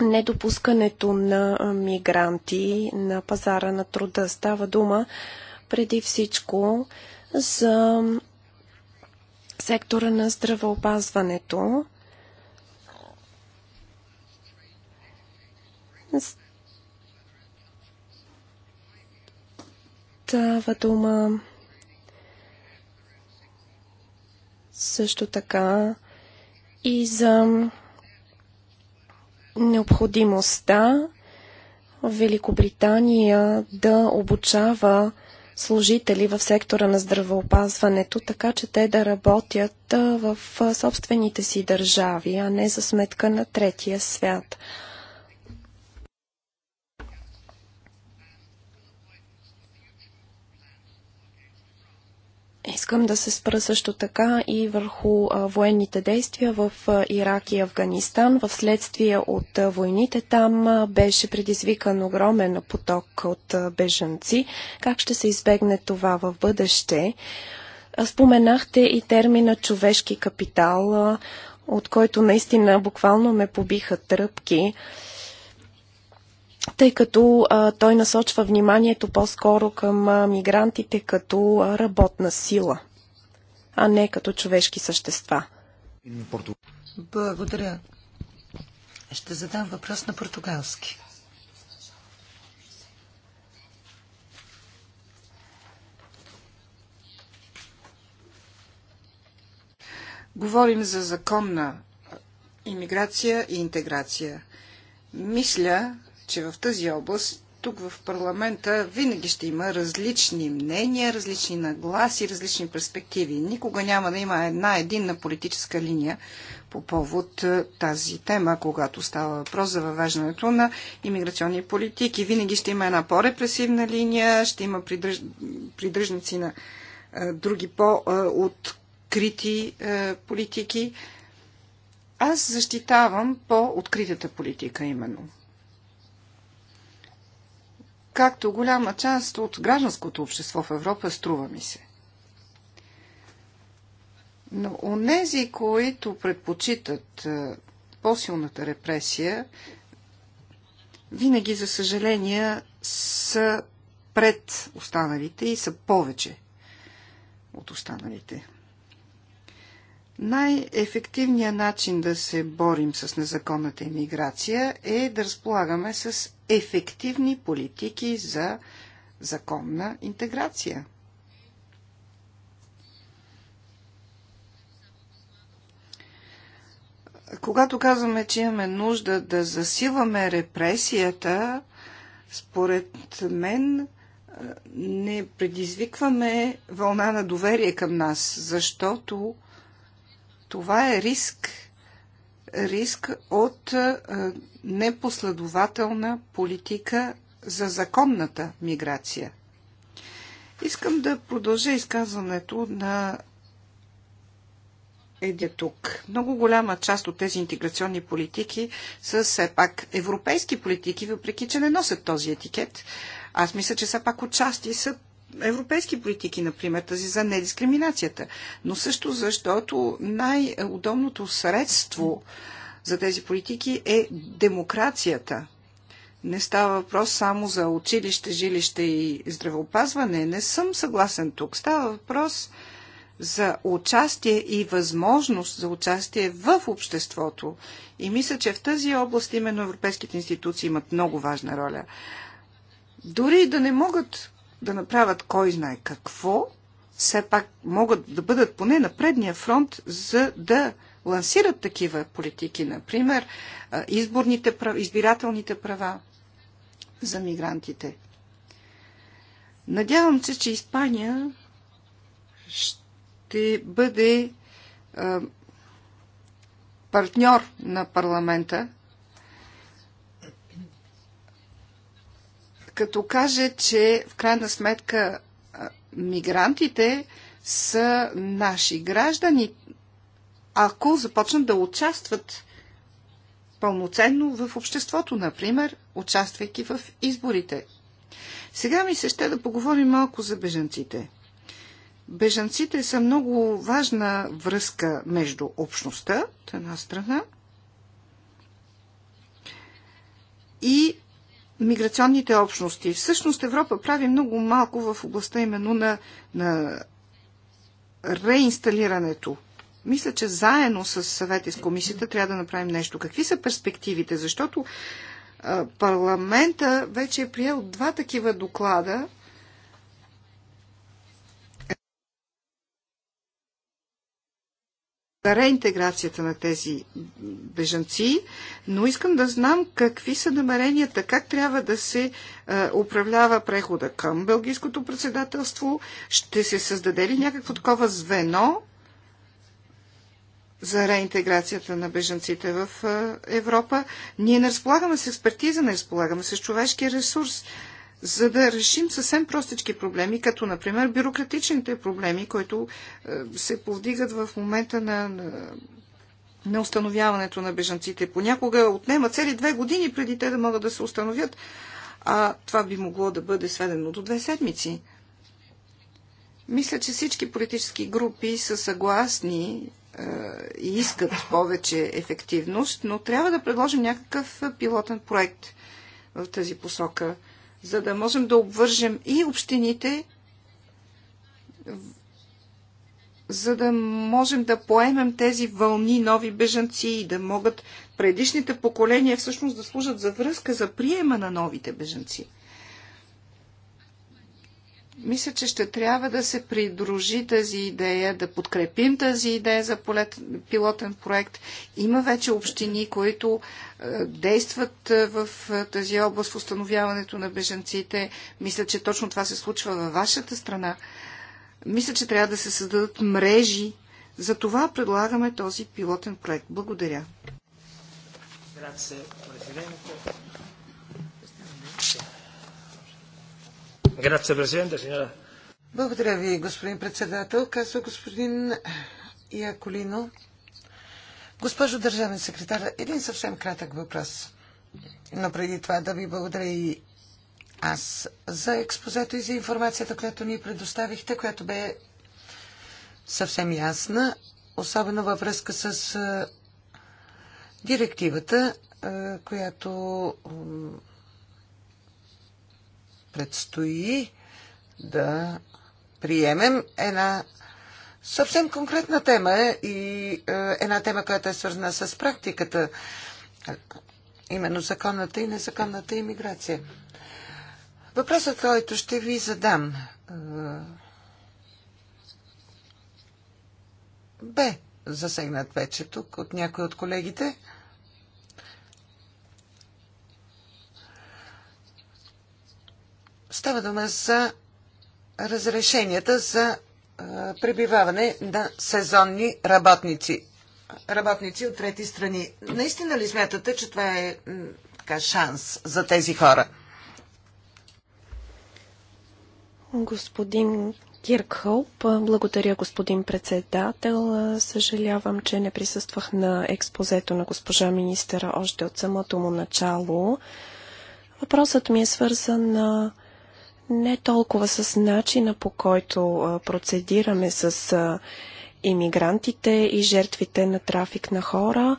недопускането на мигранти на пазара на труда. Става дума преди всичко за сектора на здравеопазването. Става дума също така и за необходимостта Великобритания да обучава служители в сектора на здравеопазването, така че те да работят в собствените си държави, а не за сметка на третия свят. Искам да се спра също така и върху а, военните действия в а, Ирак и Афганистан. В следствие от а, войните там беше предизвикан огромен поток от бежанци. Как ще се избегне това в бъдеще? Споменахте и термина човешки капитал, от който наистина буквално ме побиха тръпки тъй като а, той насочва вниманието по-скоро към а, мигрантите като а, работна сила, а не като човешки същества. Благодаря. Ще задам въпрос на португалски. Говорим за законна иммиграция и интеграция. Мисля, че в тази област тук в парламента винаги ще има различни мнения, различни нагласи, различни перспективи. Никога няма да има една единна политическа линия по повод е, тази тема, когато става въпрос за въвеждането на иммиграционни политики. Винаги ще има една по-репресивна линия, ще има придръж... придръжници на а, е, други по-открити е, политики. Аз защитавам по-откритата политика именно както голяма част от гражданското общество в Европа, струва ми се. Но онези, които предпочитат е, по-силната репресия, винаги, за съжаление, са пред останалите и са повече от останалите. Най-ефективният начин да се борим с незаконната иммиграция е да разполагаме с ефективни политики за законна интеграция. Когато казваме, че имаме нужда да засилваме репресията, според мен не предизвикваме вълна на доверие към нас, защото това е риск. Риск от непоследователна политика за законната миграция. Искам да продължа изказването на еди тук. Много голяма част от тези интеграционни политики са все пак европейски политики, въпреки че не носят този етикет. Аз мисля, че все пак отчасти са европейски политики, например тази за недискриминацията, но също защото най-удобното средство за тези политики е демокрацията. Не става въпрос само за училище, жилище и здравеопазване. Не съм съгласен тук. Става въпрос за участие и възможност за участие в обществото. И мисля, че в тази област именно европейските институции имат много важна роля. Дори да не могат да направят кой знае какво, все пак могат да бъдат поне на предния фронт, за да лансират такива политики, например изборните, избирателните права за мигрантите. Надявам се, че Испания ще бъде партньор на парламента като каже, че в крайна сметка мигрантите са наши граждани, ако започнат да участват пълноценно в обществото, например, участвайки в изборите. Сега ми се ще да поговорим малко за бежанците. Бежанците са много важна връзка между общността, от една страна, и миграционните общности. Всъщност Европа прави много малко в областта именно на, на реинсталирането. Мисля, че заедно с съвет и с комисията трябва да направим нещо. Какви са перспективите? Защото парламента вече е приел два такива доклада за реинтеграцията на тези бежанци, но искам да знам какви са намеренията, как трябва да се е, управлява прехода към Белгийското председателство. Ще се създаде ли някакво такова звено за реинтеграцията на бежанците в е, Европа? Ние не разполагаме с експертиза, не разполагаме с човешки ресурс за да решим съвсем простички проблеми, като например бюрократичните проблеми, които е, се повдигат в момента на, на установяването на бежанците. Понякога отнема цели две години преди те да могат да се установят, а това би могло да бъде сведено до две седмици. Мисля, че всички политически групи са съгласни е, и искат повече ефективност, но трябва да предложим някакъв пилотен проект в тази посока – за да можем да обвържем и общините, за да можем да поемем тези вълни нови бежанци и да могат предишните поколения всъщност да служат за връзка за приема на новите бежанци. Мисля, че ще трябва да се придружи тази идея, да подкрепим тази идея за пилотен проект. Има вече общини, които е, действат е, в е, тази област в установяването на беженците. Мисля, че точно това се случва във вашата страна. Мисля, че трябва да се създадат мрежи. За това предлагаме този пилотен проект. Благодаря. Grazie, Presidente. Грация, президента, сеньора. Благодаря ви, господин председател. Казва господин Яколино. Госпожо държавен секретар, един съвсем кратък въпрос. Но преди това да ви благодаря и аз за експозето и за информацията, която ни предоставихте, която бе съвсем ясна, особено във връзка с директивата, която предстои да приемем една съвсем конкретна тема и е, една тема, която е свързана с практиката, именно законната и незаконната иммиграция. Въпросът, който ще ви задам, е, бе засегнат вече тук от някой от колегите. Става дума за разрешенията за пребиваване на сезонни работници. Работници от трети страни. Наистина ли смятате, че това е така, шанс за тези хора? Господин Кирк благодаря господин председател. Съжалявам, че не присъствах на експозето на госпожа министъра още от самото му начало. Въпросът ми е свързан на не толкова с начина по който процедираме с иммигрантите и жертвите на трафик на хора,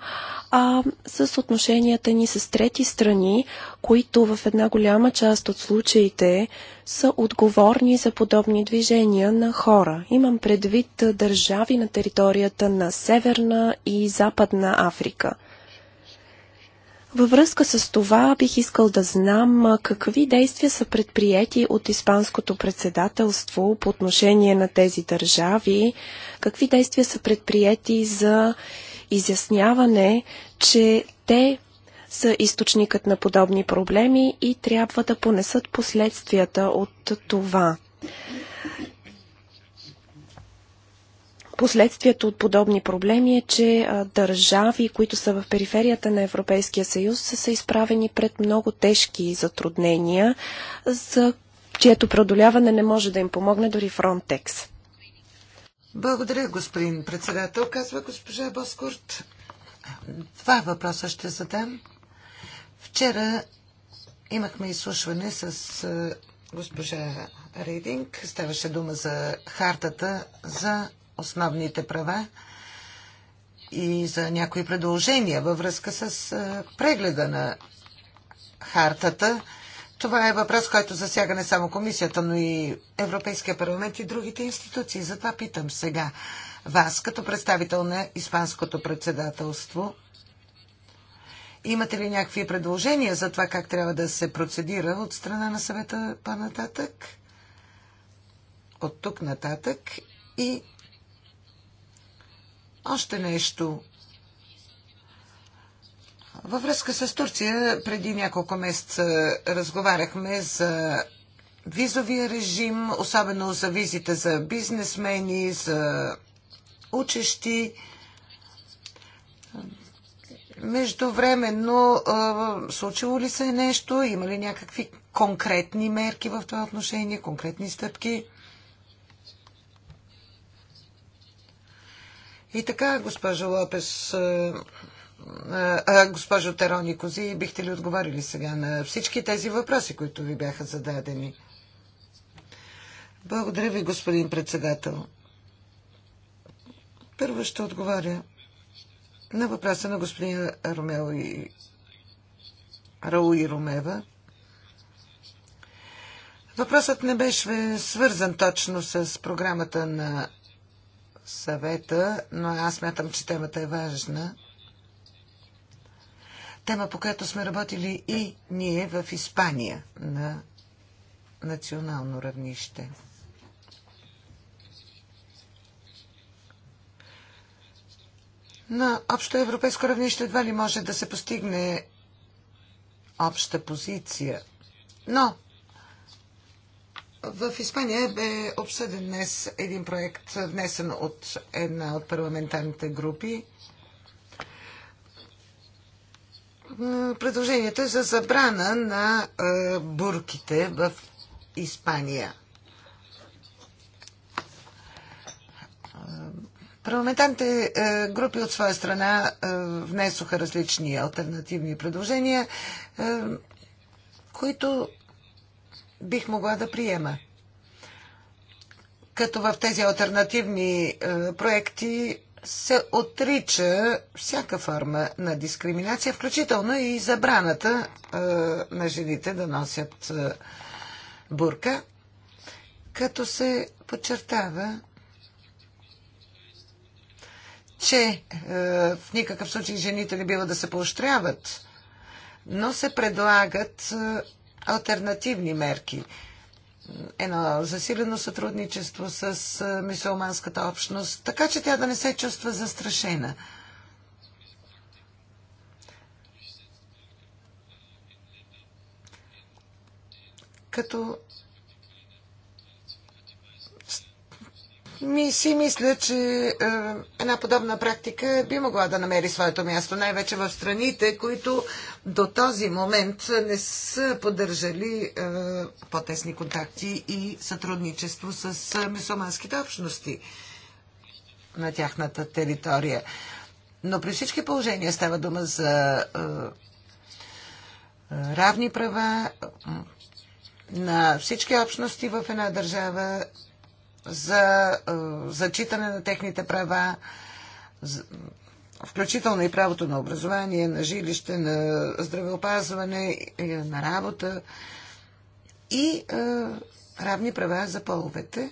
а с отношенията ни с трети страни, които в една голяма част от случаите са отговорни за подобни движения на хора. Имам предвид държави на територията на Северна и Западна Африка – във връзка с това бих искал да знам какви действия са предприяти от Испанското председателство по отношение на тези държави, какви действия са предприяти за изясняване, че те са източникът на подобни проблеми и трябва да понесат последствията от това. Последствието от подобни проблеми е, че държави, които са в периферията на Европейския съюз, са изправени пред много тежки затруднения, за чието преодоляване не може да им помогне дори Фронтекс. Благодаря, господин председател, казва госпожа Боскорт. Два въпроса ще задам. Вчера имахме изслушване с госпожа Рейдинг. Ставаше дума за хартата за основните права и за някои предложения във връзка с прегледа на хартата. Това е въпрос, който засяга не само комисията, но и Европейския парламент и другите институции. Затова питам сега вас, като представител на Испанското председателство, имате ли някакви предложения за това как трябва да се процедира от страна на съвета по-нататък? От тук нататък и още нещо. Във връзка с Турция преди няколко месеца разговаряхме за визовия режим, особено за визите за бизнесмени, за учещи. Междувременно случило ли се нещо? Има ли някакви конкретни мерки в това отношение, конкретни стъпки? И така, госпожо Лопес, госпожо Терони Кози, бихте ли отговорили сега на всички тези въпроси, които ви бяха зададени? Благодаря ви, господин председател. Първо ще отговаря на въпроса на господин Ромео и Рау и Ромева. Въпросът не беше свързан точно с програмата на съвета, но аз смятам, че темата е важна. Тема, по която сме работили и ние в Испания на национално равнище. На общо европейско равнище едва ли може да се постигне обща позиция. Но в Испания бе обсъден днес един проект, внесен от една от парламентарните групи. Предложението е за забрана на е, бурките в Испания. Парламентарните е, групи от своя страна е, внесоха различни альтернативни предложения, които бих могла да приема. Като в тези альтернативни е, проекти се отрича всяка форма на дискриминация, включително и забраната е, на жените да носят е, бурка, като се подчертава че в никакъв случай жените не бива да се поощряват, но се предлагат альтернативни мерки. Едно засилено сътрудничество с мисулманската общност, така че тя да не се чувства застрашена. Като ми си мисля, че е, една подобна практика би могла да намери своето място, най-вече в страните, които до този момент не са поддържали е, по-тесни контакти и сътрудничество с е, мусулманските общности на тяхната територия. Но при всички положения става дума за е, е равни права на всички общности в една държава за е, зачитане на техните права, включително и правото на образование, на жилище, на здравеопазване, е, на работа и е, равни права за половете.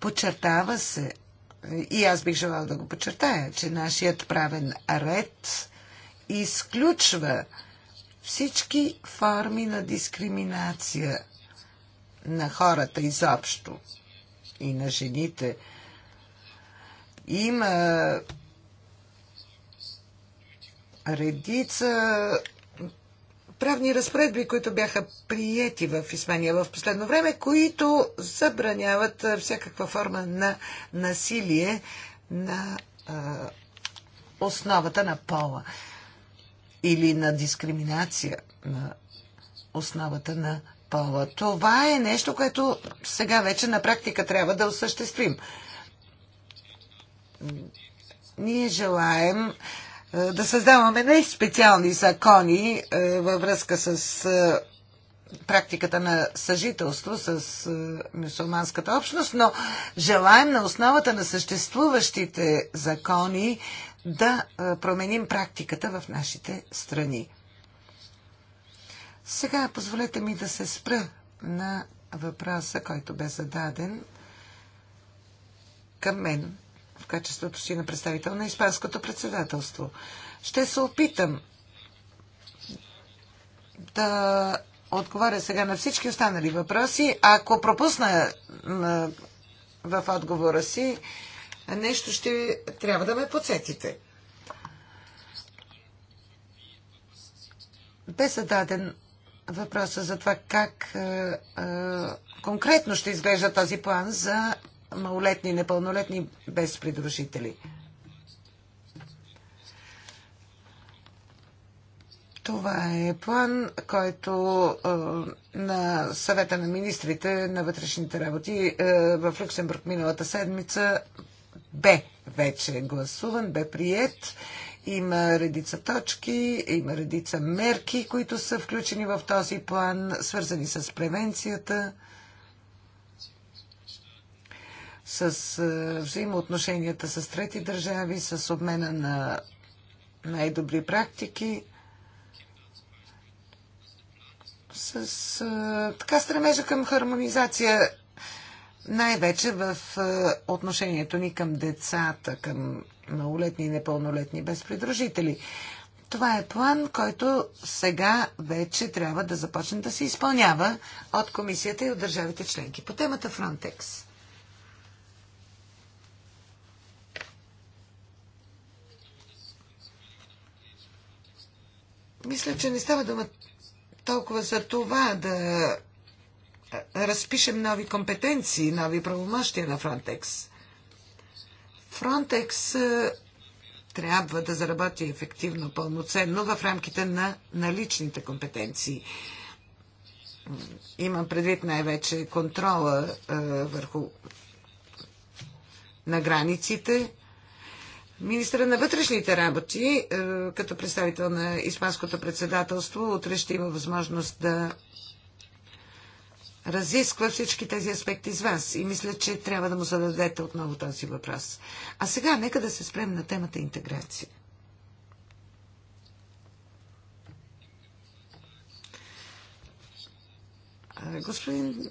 Подчертава се, и аз бих желал да го подчертая, че нашият правен ред изключва всички форми на дискриминация на хората изобщо и на жените. Има редица правни разпоредби, които бяха приети в Испания в последно време, които забраняват всякаква форма на насилие на основата на пола или на дискриминация на основата на пола. Това е нещо, което сега вече на практика трябва да осъществим. Ние желаем е, да създаваме не специални закони е, във връзка с е, практиката на съжителство с мусулманската общност, но желаем на основата на съществуващите закони да променим практиката в нашите страни. Сега позволете ми да се спра на въпроса, който бе зададен към мен в качеството си на представител на Испанското председателство. Ще се опитам да отговаря сега на всички останали въпроси. Ако пропусна в отговора си нещо, ще трябва да ме подсетите. Бе зададен въпроса за това как е, е, конкретно ще изглежда този план за малолетни и непълнолетни без придружители. Това е план, който е, на съвета на министрите на вътрешните работи е, в Люксембург миналата седмица бе вече гласуван, бе прият има редица точки, има редица мерки, които са включени в този план, свързани с превенцията, с е, взаимоотношенията с трети държави, с обмена на най-добри практики, с е, така стремежа към хармонизация най-вече в е, отношението ни към децата, към малолетни и непълнолетни безпридружители. Това е план, който сега вече трябва да започне да се изпълнява от комисията и от държавите членки. По темата Frontex. Мисля, че не става дума толкова за това да разпишем нови компетенции, нови правомощия на Frontex. Фронтекс е, трябва да заработи ефективно, пълноценно в рамките на наличните компетенции. Имам предвид най-вече контрола е, върху на границите. Министра на вътрешните работи, е, като представител на Испанското председателство, утре ще има възможност да разисква всички тези аспекти с вас и мисля, че трябва да му зададете отново този въпрос. А сега нека да се спрем на темата интеграция. Господин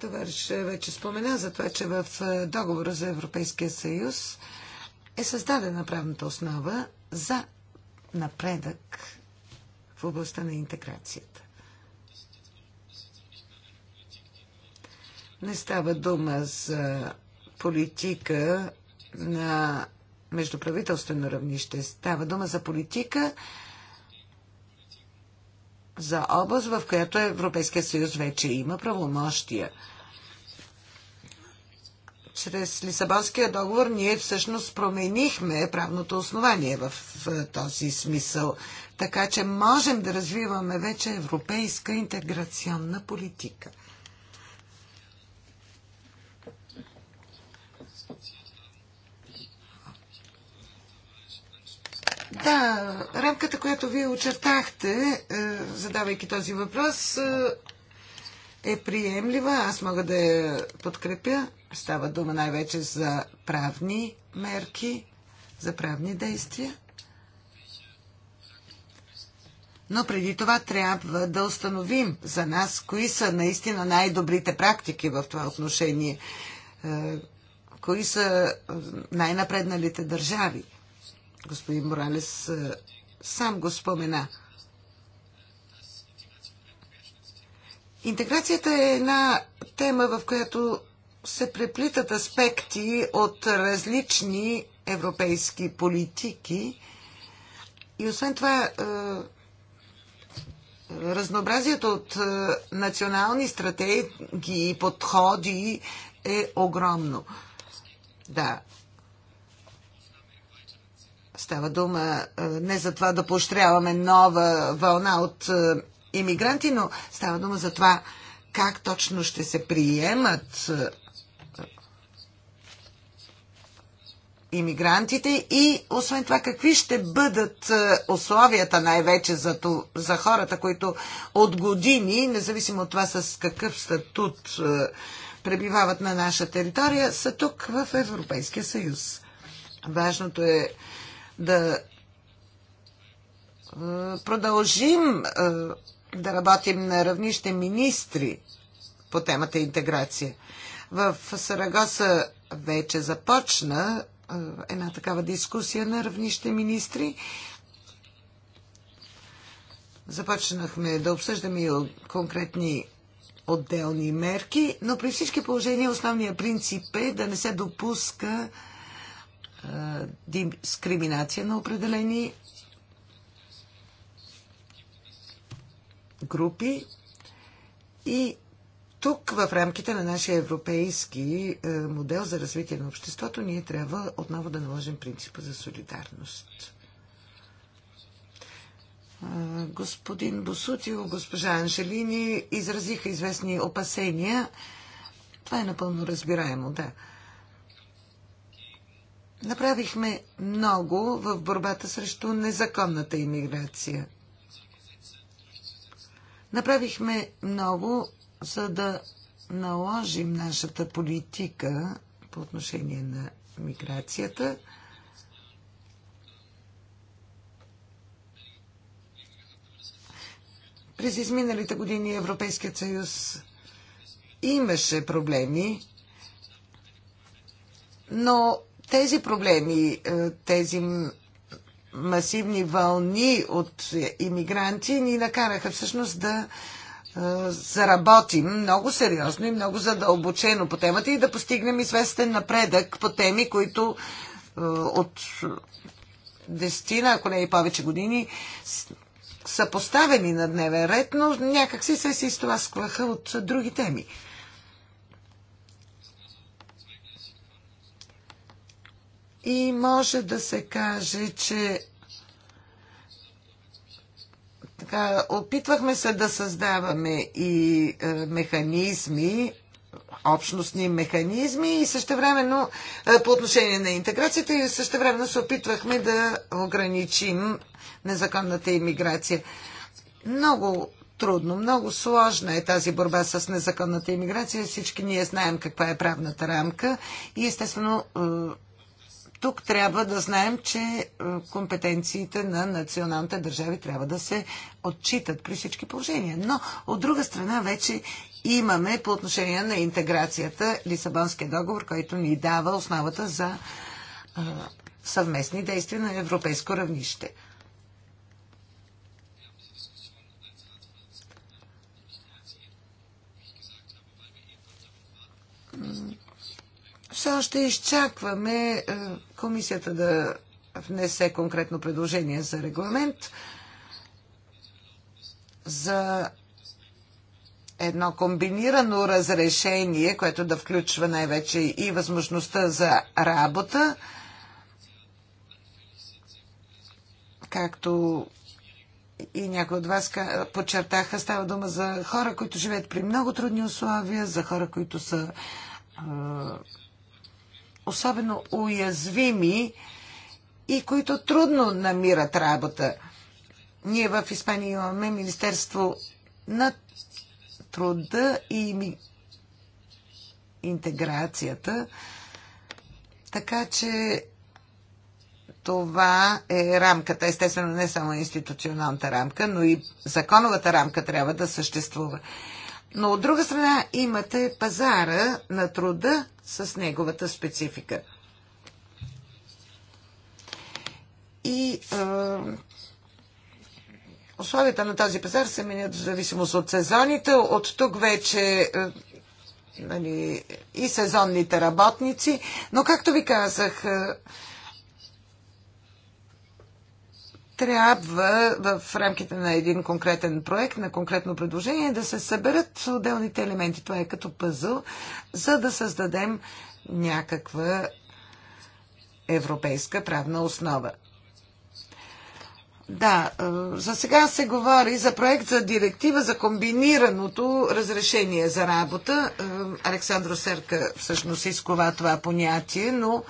товариш вече спомена за това, че в договора за Европейския съюз е създадена правната основа за напредък в областта на интеграцията. Не става дума за политика на междуправителствено равнище. Става дума за политика за област, в която Европейския съюз вече има правомощия. Чрез Лисабонския договор ние всъщност променихме правното основание в този смисъл. Така че можем да развиваме вече европейска интеграционна политика. Да, рамката, която вие очертахте, е, задавайки този въпрос, е, е приемлива. Аз мога да я подкрепя. Става дума най-вече за правни мерки, за правни действия. Но преди това трябва да установим за нас кои са наистина най-добрите практики в това отношение, е, кои са най-напредналите държави. Господин Моралес е, сам го спомена. Интеграцията е една тема, в която се преплитат аспекти от различни европейски политики. И освен това, е, разнообразието от е, национални стратегии и подходи е огромно. Да, Става дума не за това да поощряваме нова вълна от иммигранти, но става дума за това как точно ще се приемат иммигрантите и освен това какви ще бъдат условията най-вече за, то, за хората, които от години, независимо от това с какъв статут пребивават на наша територия, са тук в Европейския съюз. Важното е да е, продължим е, да работим на равнище министри по темата интеграция. В Сарагоса вече започна е, една такава дискусия на равнище министри. Започнахме да обсъждаме и конкретни отделни мерки, но при всички положения основният принцип е да не се допуска дискриминация на определени групи и тук в рамките на нашия европейски е, модел за развитие на обществото ние трябва отново да наложим принципа за солидарност. Е, господин Босутио, госпожа Анжелини изразиха известни опасения. Това е напълно разбираемо, да. Направихме много в борбата срещу незаконната иммиграция. Направихме много, за да наложим нашата политика по отношение на миграцията. През изминалите години Европейският съюз имаше проблеми, но тези проблеми, е, тези масивни вълни от иммигранти ни накараха всъщност да е, заработим много сериозно и много задълбочено по темата и да постигнем известен напредък по теми, които е, от десетина, ако не и повече години, са поставени на дневен ред, но някакси се си изтласкваха от други теми. И може да се каже, че така, опитвахме се да създаваме и е, механизми, общностни механизми и същевременно е, по отношение на интеграцията и същевременно се опитвахме да ограничим незаконната иммиграция. Много трудно, много сложна е тази борба с незаконната иммиграция. Всички ние знаем каква е правната рамка и естествено е, тук трябва да знаем, че е, компетенциите на националните държави трябва да се отчитат при всички положения. Но от друга страна вече имаме по отношение на интеграцията Лисабонския договор, който ни дава основата за е, съвместни действия на европейско равнище. Mm все още изчакваме е, комисията да внесе конкретно предложение за регламент за едно комбинирано разрешение, което да включва най-вече и възможността за работа, както и някои от вас подчертаха, става дума за хора, които живеят при много трудни условия, за хора, които са е, особено уязвими и които трудно намират работа. Ние в Испания имаме Министерство на труда и интеграцията, така че това е рамката. Естествено, не само институционалната рамка, но и законовата рамка трябва да съществува. Но от друга страна имате пазара на труда с неговата специфика. И е, условията на този пазар се менят в зависимост от сезоните. От тук вече е, нали, и сезонните работници. Но както ви казах, е, трябва в рамките на един конкретен проект, на конкретно предложение, да се съберат отделните елементи. Това е като пъзъл, за да създадем някаква европейска правна основа. Да, е, за сега се говори за проект за директива за комбинираното разрешение за работа. Е, Александро Серка всъщност изкова това понятие, но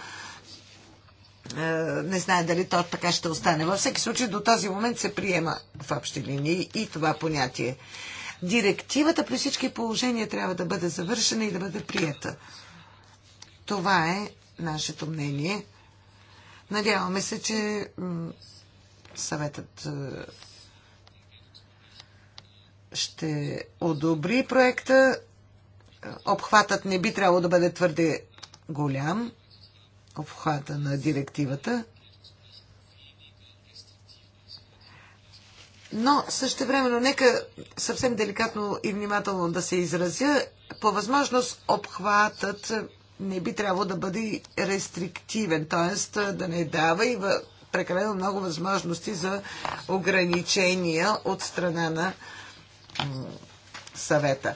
е, не знае дали то така ще остане. Във всеки случай до този момент се приема в общи линии и това понятие. Директивата при всички положения трябва да бъде завършена и да бъде прията. Това е нашето мнение. Надяваме се, че съветът е, ще одобри проекта. Е, обхватът не би трябвало да бъде твърде голям, обхвата на директивата. Но също времено, нека съвсем деликатно и внимателно да се изразя, по възможност обхватът не би трябвало да бъде рестриктивен, т.е. да не дава и прекалено много възможности за ограничения от страна на съвета.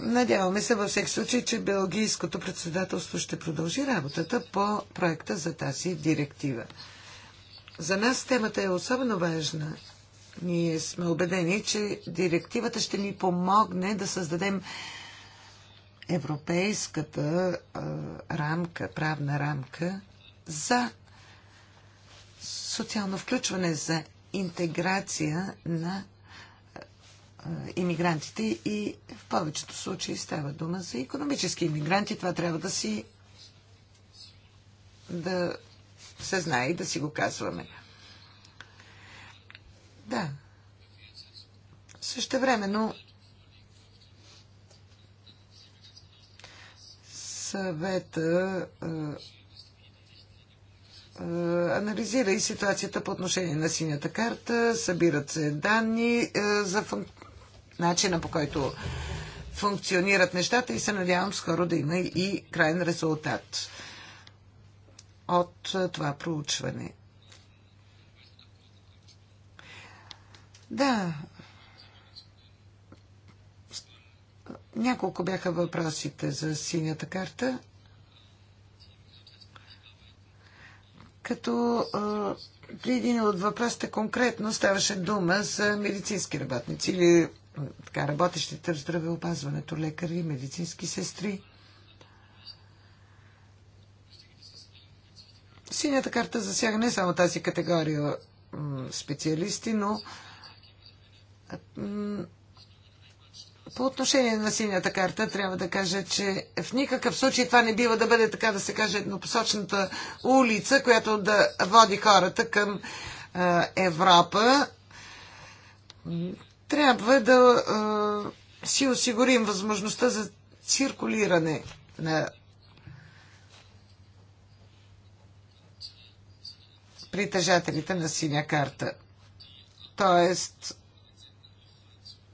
Надяваме се във всеки случай, че Белгийското председателство ще продължи работата по проекта за тази директива. За нас темата е особено важна. Ние сме убедени, че директивата ще ни помогне да създадем европейската а, рамка, правна рамка за социално включване, за интеграция на е, иммигрантите и в повечето случаи става дума за економически иммигранти. Това трябва да си да се знае и да си го казваме. Да. Също но съвета е, е, анализира и ситуацията по отношение на синята карта, събират се данни за начина по който функционират нещата и се надявам скоро да има и крайен резултат от това проучване. Да. Няколко бяха въпросите за синята карта. Като при един от въпросите конкретно ставаше дума за медицински работници или така, работещите в здравеопазването, лекари, медицински сестри. Синята карта засяга не само тази категория специалисти, но по отношение на синята карта трябва да кажа, че в никакъв случай това не бива да бъде така да се каже еднопосочната улица, която да води хората към Европа трябва да а, си осигурим възможността за циркулиране на притежателите на синя карта. Тоест,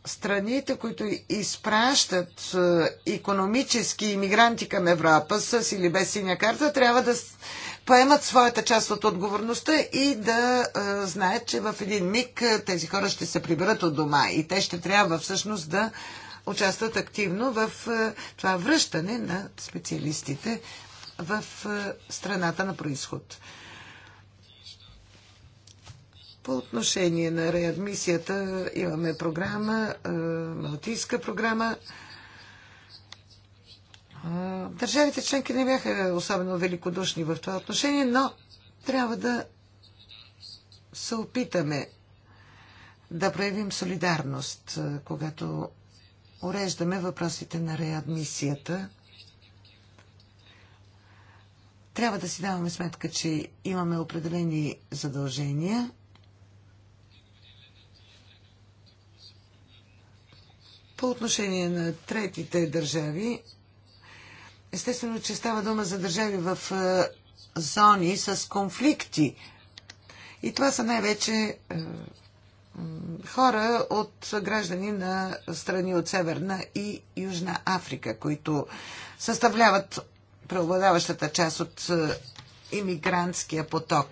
страните, които изпращат економически иммигранти към Европа с или без синя карта, трябва да поемат своята част от отговорността и да знаят, че в един миг тези хора ще се приберат от дома и те ще трябва всъщност да участват активно в това връщане на специалистите в страната на происход. По отношение на реадмисията имаме програма, малтийска програма, Държавите членки не бяха особено великодушни в това отношение, но трябва да се опитаме да проявим солидарност, когато уреждаме въпросите на реадмисията. Трябва да си даваме сметка, че имаме определени задължения. По отношение на третите държави, Естествено, че става дума за държави в е, зони с конфликти. И това са най-вече е, хора от граждани на страни от Северна и Южна Африка, които съставляват преобладаващата част от е, иммигрантския поток.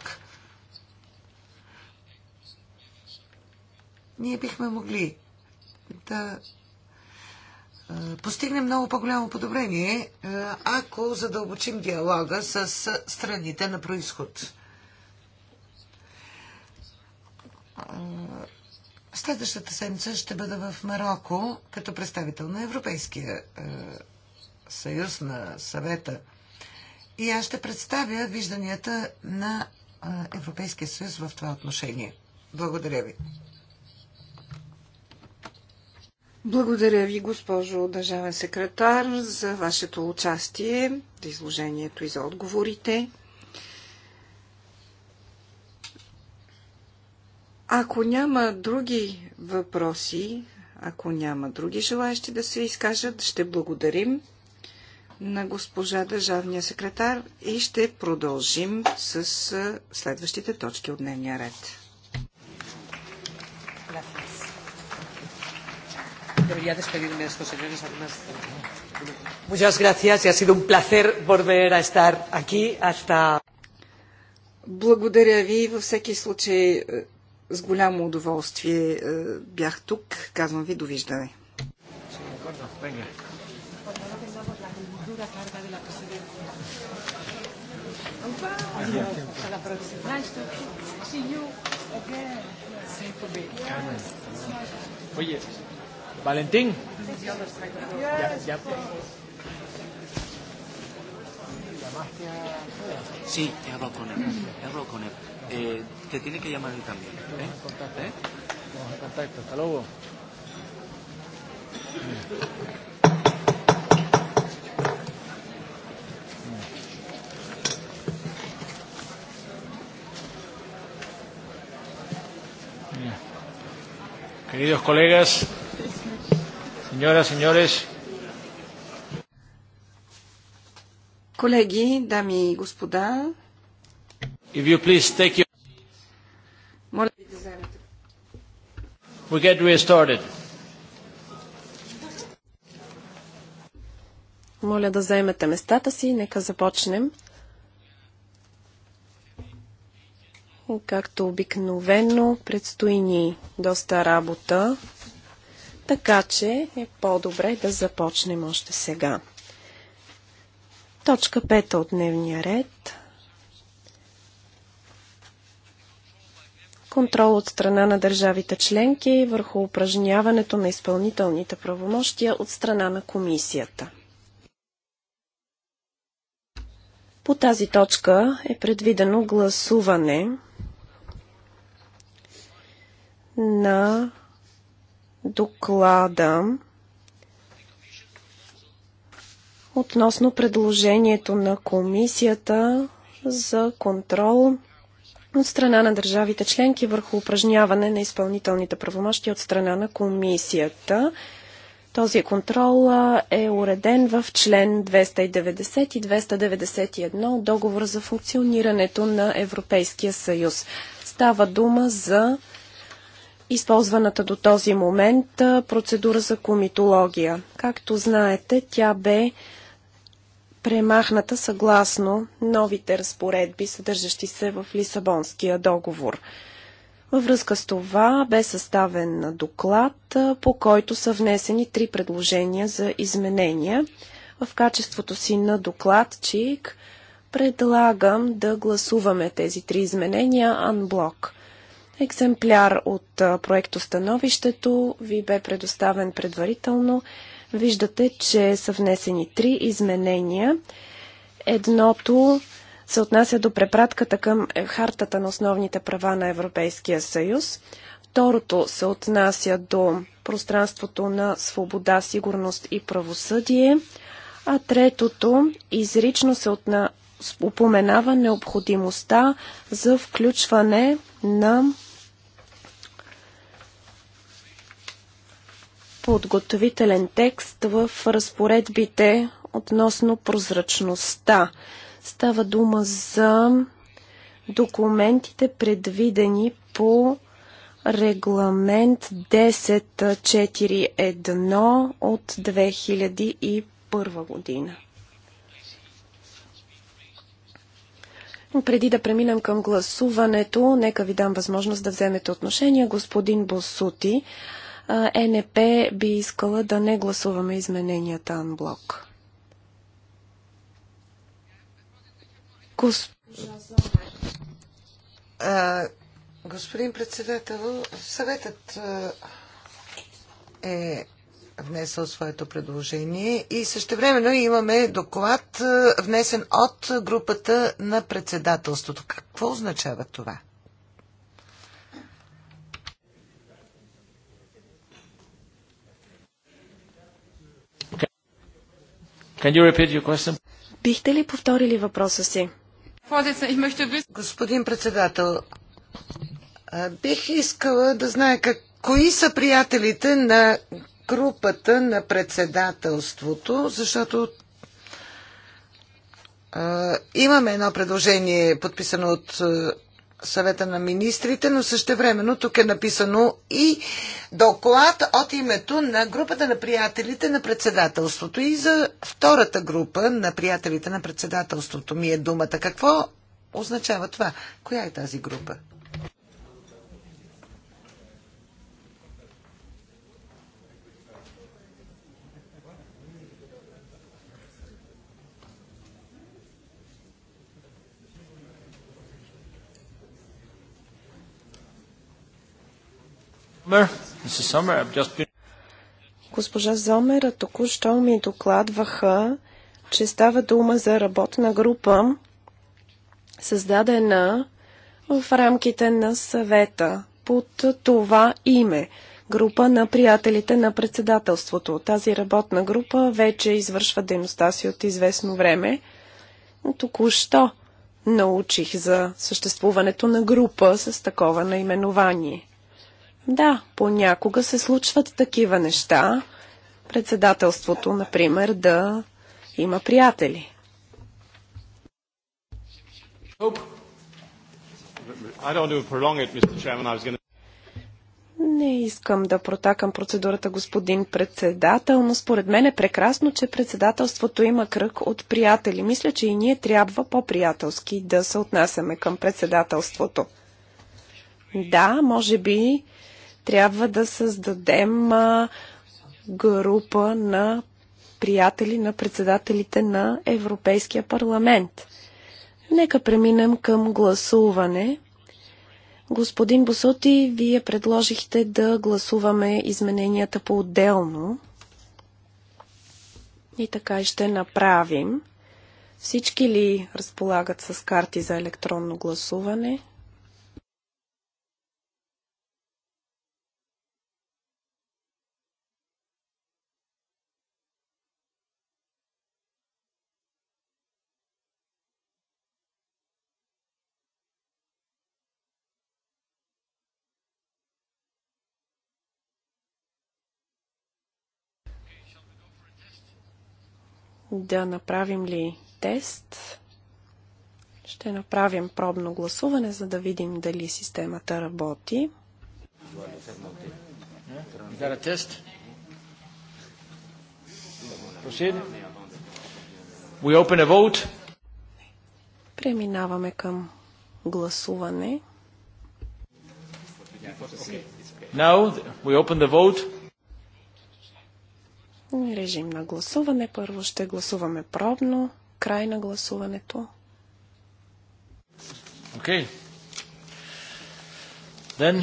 Ние бихме могли да Постигнем много по-голямо подобрение, ако задълбочим диалога с страните на происход. Следващата седмица ще бъда в Марокко като представител на Европейския съюз на съвета. И аз ще представя вижданията на Европейския съюз в това отношение. Благодаря ви. Благодаря ви, госпожо държавен секретар, за вашето участие, за изложението и за отговорите. Ако няма други въпроси, ако няма други желаящи да се изкажат, ще благодарим на госпожа държавния секретар и ще продължим с следващите точки от дневния ред. debería despedirme de estos señores. Además. Muchas gracias y ha sido un placer volver a estar aquí hasta. Благодаря ви. Във всеки случай с голямо удоволствие бях тук. Казвам ви довиждане. Oye, Valentín. Sí, he hablado con él. He hablado con él. Eh, te tiene que llamar él también. ¿eh? Vamos a contacto. Hasta luego. Queridos colegas, Señoras, señores. Колеги, дами и господа. If you please take your... Моля ви да вземете. We get restarted. Моля да заемете местата си, нека започнем. Както обикновено, предстои ни доста работа. Така че е по-добре да започнем още сега. Точка 5 от дневния ред. Контрол от страна на държавите членки върху упражняването на изпълнителните правомощия от страна на комисията. По тази точка е предвидено гласуване на доклада относно предложението на комисията за контрол от страна на държавите членки върху упражняване на изпълнителните правомощи от страна на комисията. Този контрол е уреден в член 290 и 291 от договора за функционирането на Европейския съюз. Става дума за използваната до този момент процедура за комитология. Както знаете, тя бе премахната съгласно новите разпоредби, съдържащи се в Лисабонския договор. Във връзка с това бе съставен доклад, по който са внесени три предложения за изменения. В качеството си на докладчик предлагам да гласуваме тези три изменения анблок. Екземпляр от проектостановището ви бе предоставен предварително. Виждате, че са внесени три изменения. Едното се отнася до препратката към е, Хартата на основните права на Европейския съюз. Второто се отнася до пространството на свобода, сигурност и правосъдие. А третото изрично се отна... упоменава необходимостта за включване на подготовителен текст в разпоредбите относно прозрачността. Става дума за документите, предвидени по регламент 1041 от 2001 година. Преди да преминем към гласуването, нека ви дам възможност да вземете отношение. Господин Босути, ЕНП би искала да не гласуваме измененията анблок. блок. А, господин председател, съветът е внесъл своето предложение и същевременно имаме доклад внесен от групата на председателството. Какво означава това? Can you repeat your question? Бихте ли повторили въпроса си? Господин председател, бих искала да знае как, кои са приятелите на групата на председателството, защото а, имаме едно предложение, подписано от съвета на министрите, но времено тук е написано и доклад от името на групата на приятелите на председателството. И за втората група на приятелите на председателството ми е думата. Какво означава това? Коя е тази група? Госпожа Зомер, току-що ми докладваха, че става дума за работна група, създадена в рамките на съвета под това име група на приятелите на председателството. Тази работна група вече извършва дейността си от известно време. Току-що научих за съществуването на група с такова наименование. Да, понякога се случват такива неща. Председателството, например, да има приятели. Не искам да протакам процедурата, господин председател, но според мен е прекрасно, че председателството има кръг от приятели. Мисля, че и ние трябва по-приятелски да се отнасяме към председателството. Да, може би трябва да създадем група на приятели на председателите на Европейския парламент. Нека преминем към гласуване. Господин Босоти, вие предложихте да гласуваме измененията по-отделно. И така и ще направим. Всички ли разполагат с карти за електронно гласуване? да направим ли тест. Ще направим пробно гласуване, за да видим дали системата работи. Преминаваме към гласуване. Now we open the vote. Режим на гласуване. Първо ще гласуваме пробно. Край на гласуването. Okay. Then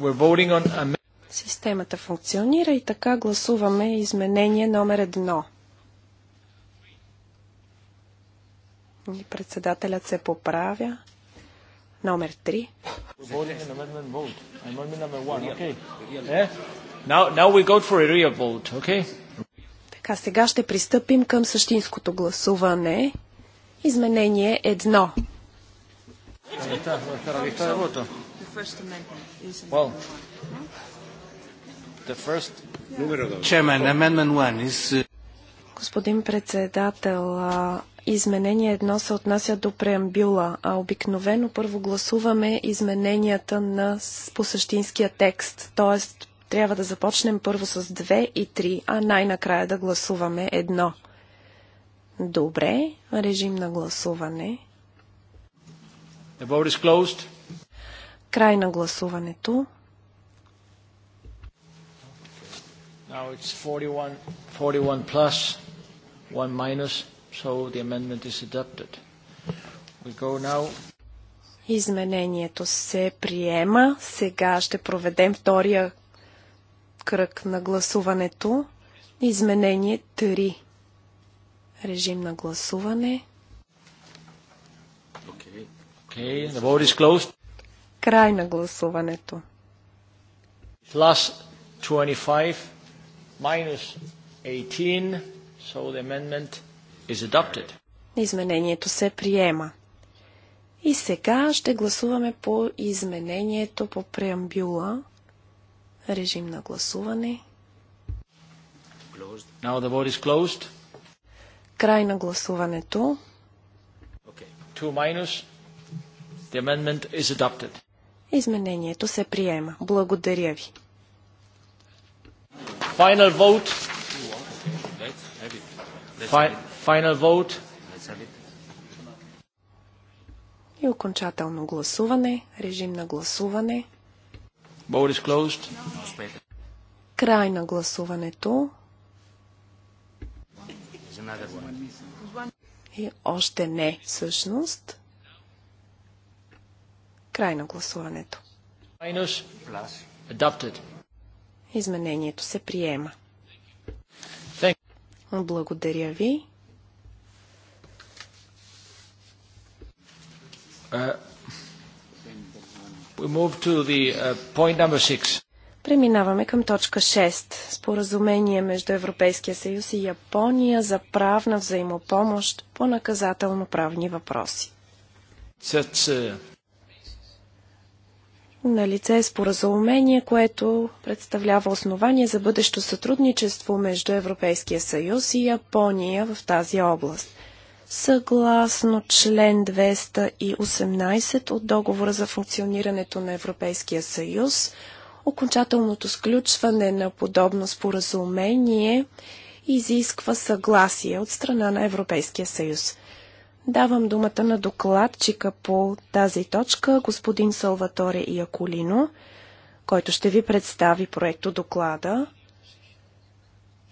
we're voting on a... Системата функционира и така гласуваме изменение номер едно. И председателят се поправя. Номер 3. Now, now we go for a real vote, okay? Така, сега ще пристъпим към същинското гласуване. Изменение едно. Uh, Господин председател, изменение едно се отнася до преамбюла, а обикновено първо гласуваме измененията на, по същинския текст, т.е. Трябва да започнем първо с 2 и 3, а най-накрая да гласуваме едно. Добре, режим на гласуване. The vote is closed. Край на гласуването. Now it's 41, 41 plus, 1 minus, so the amendment is adopted. We go now. Изменението се приема. Сега ще проведем втория кръг на гласуването. Изменение 3. Режим на гласуване. Okay. Okay. The vote is closed. Край на гласуването. Plus 25 minus 18, so the amendment is adopted. Изменението се приема. И сега ще гласуваме по изменението по преамбюла. Режим на гласуване. Now the vote is closed. Край на гласуването. Okay. Two minus. The amendment is adopted. Изменението се приема. Благодаря ви. Final vote. final vote. И окончателно гласуване. Режим на гласуване. Vote is closed. Край на гласуването. И още не, всъщност. Край на гласуването. Изменението се приема. Благодаря ви. Uh, The, uh, Преминаваме към точка 6. Споразумение между Европейския съюз и Япония за правна взаимопомощ по наказателно-правни въпроси. Uh, На лице е споразумение, което представлява основание за бъдещо сътрудничество между Европейския съюз и Япония в тази област съгласно член 218 от договора за функционирането на Европейския съюз, окончателното сключване на подобно споразумение изисква съгласие от страна на Европейския съюз. Давам думата на докладчика по тази точка, господин Салваторе Яколино, който ще ви представи проекто доклада.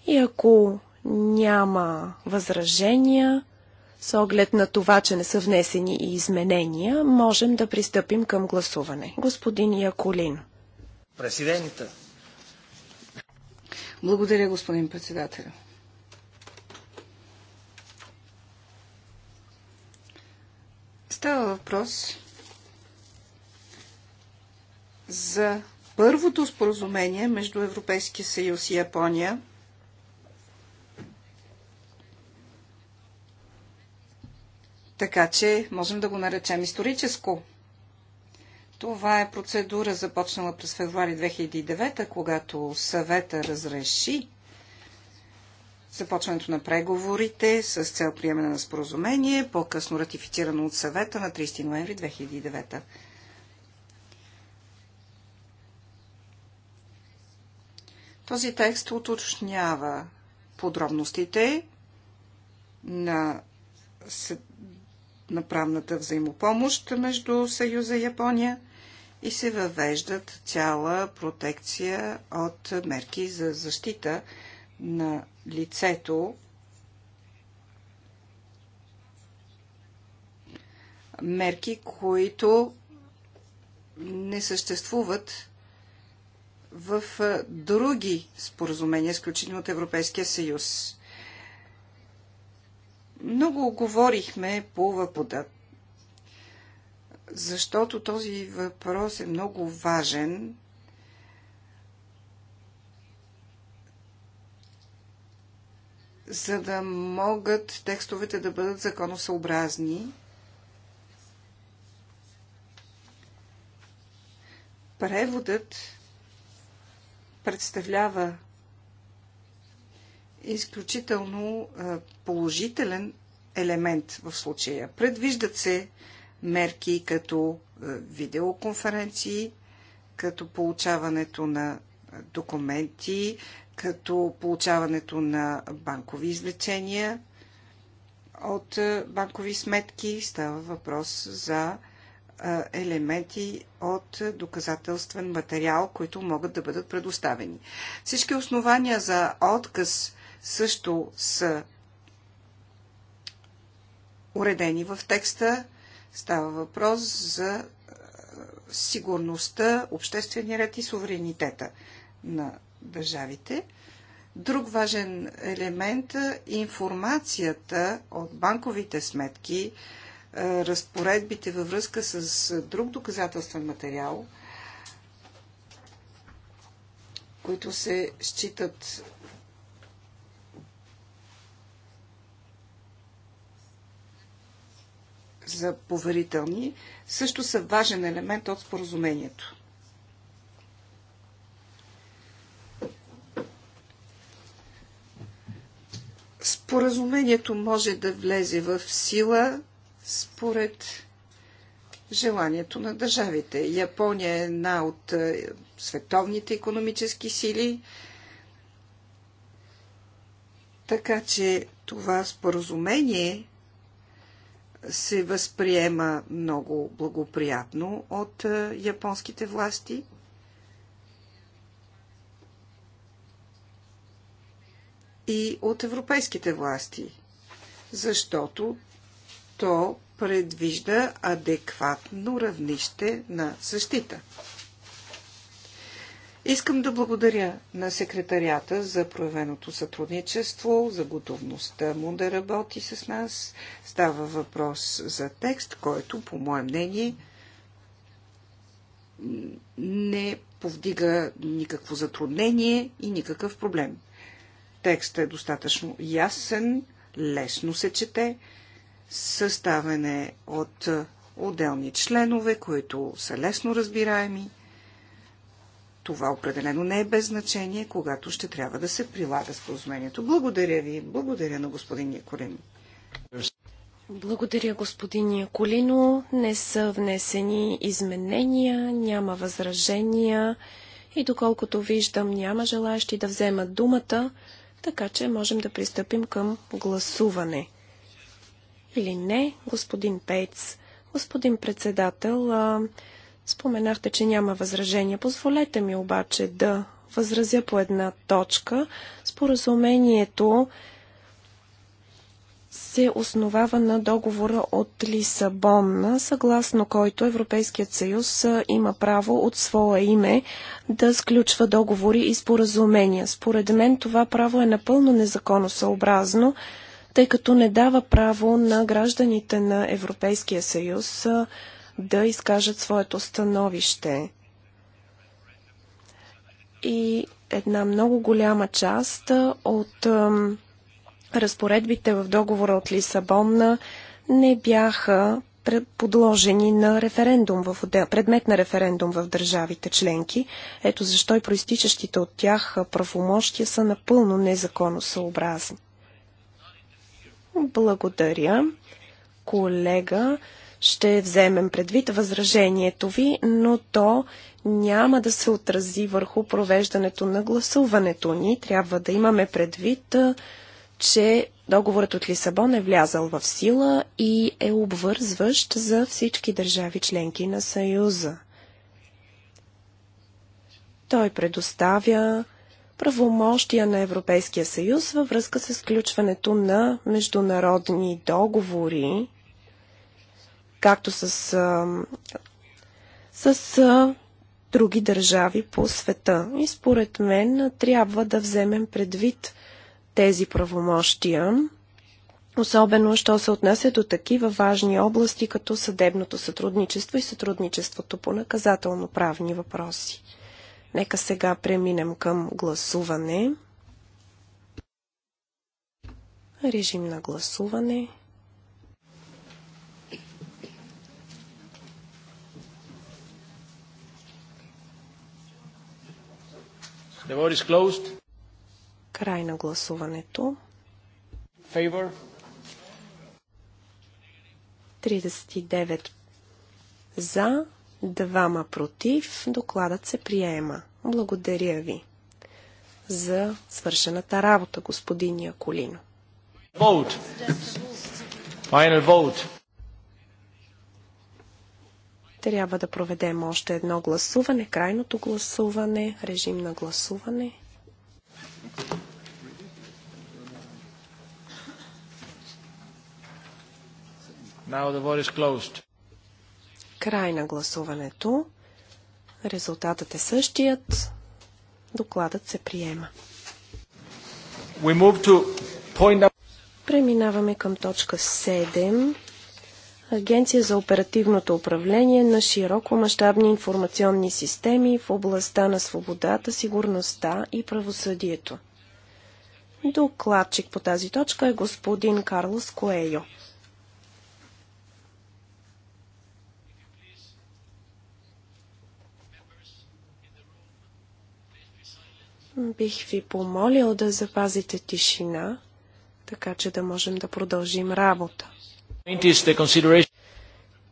И ако няма възражения, с оглед на това, че не са внесени и изменения, можем да пристъпим към гласуване. Господин Яколин. Президента. Благодаря, господин председател. Става въпрос за първото споразумение между Европейския съюз и Япония – Така че можем да го наречем историческо. Това е процедура започнала през февруари 2009, когато съвета разреши започването на преговорите с цел приемане на споразумение, по-късно ратифицирано от съвета на 30 ноември 2009. Този текст уточнява подробностите на на правната взаимопомощ между Съюза и Япония и се въвеждат цяла протекция от мерки за защита на лицето, мерки, които не съществуват в други споразумения, сключени от Европейския съюз. Много говорихме по въпода, защото този въпрос е много важен. за да могат текстовете да бъдат законосъобразни. Преводът представлява изключително е, положителен елемент в случая. Предвиждат се мерки като е, видеоконференции, като получаването на е, документи, като получаването на банкови извлечения от банкови сметки. Става въпрос за елементи от доказателствен материал, които могат да бъдат предоставени. Всички основания за отказ също са уредени в текста. Става въпрос за е, сигурността, обществения ред и суверенитета на държавите. Друг важен елемент е информацията от банковите сметки, е, разпоредбите във връзка с е, друг доказателствен материал, които се считат за поверителни също са важен елемент от споразумението. Споразумението може да влезе в сила според желанието на държавите. Япония е една от е, световните економически сили, така че това споразумение се възприема много благоприятно от е, японските власти. И от европейските власти, защото то предвижда адекватно равнище на защита. Искам да благодаря на секретарията за проявеното сътрудничество, за готовността му да работи с нас. Става въпрос за текст, който, по мое мнение, не повдига никакво затруднение и никакъв проблем. Текстът е достатъчно ясен, лесно се чете, съставен е от отделни членове, които са лесно разбираеми. Това определено не е без значение, когато ще трябва да се прилага споразумението. Благодаря ви. Благодаря на господин Николин. Благодаря, господин Николино. Не са внесени изменения, няма възражения и доколкото виждам няма желаящи да вземат думата, така че можем да пристъпим към гласуване. Или не, господин Пейц. Господин председател, Споменахте, че няма възражения. Позволете ми обаче да възразя по една точка. Споразумението се основава на договора от Лисабон, съгласно който Европейският съюз има право от своя име да сключва договори и споразумения. Според мен това право е напълно незаконосъобразно, тъй като не дава право на гражданите на Европейския съюз да изкажат своето становище. И една много голяма част от разпоредбите в договора от Лисабонна не бяха подложени на референдум в предмет на референдум в държавите членки. Ето защо и проистичащите от тях правомощия са напълно незаконосъобразни. Благодаря, колега. Ще вземем предвид възражението ви, но то няма да се отрази върху провеждането на гласуването ни. Трябва да имаме предвид, че договорът от Лисабон е влязал в сила и е обвързващ за всички държави членки на Съюза. Той предоставя правомощия на Европейския съюз във връзка с включването на международни договори, както с, с други държави по света. И според мен трябва да вземем предвид тези правомощия, особено що се отнася до такива важни области, като съдебното сътрудничество и сътрудничеството по наказателно-правни въпроси. Нека сега преминем към гласуване. Режим на гласуване. The vote is closed. Край на гласуването. 39 за, 2 против. Докладът се приема. Благодаря ви за свършената работа, господин Яколино. Vote. Final vote. Трябва да проведем още едно гласуване, крайното гласуване, режим на гласуване. Now the vote is closed. Край на гласуването. Резултатът е същият. Докладът се приема. Преминаваме към точка 7. Агенция за оперативното управление на широко мащабни информационни системи в областта на свободата, сигурността и правосъдието. Докладчик по тази точка е господин Карлос Коейо. Бих ви помолил да запазите тишина, така че да можем да продължим работа.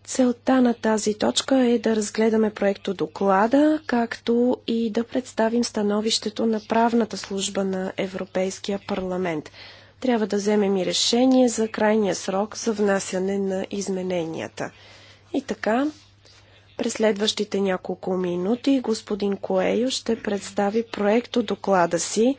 Целта на тази точка е да разгледаме проекто доклада, както и да представим становището на правната служба на Европейския парламент. Трябва да вземем и решение за крайния срок за внасяне на измененията. И така, през следващите няколко минути господин Коейо ще представи проекто доклада си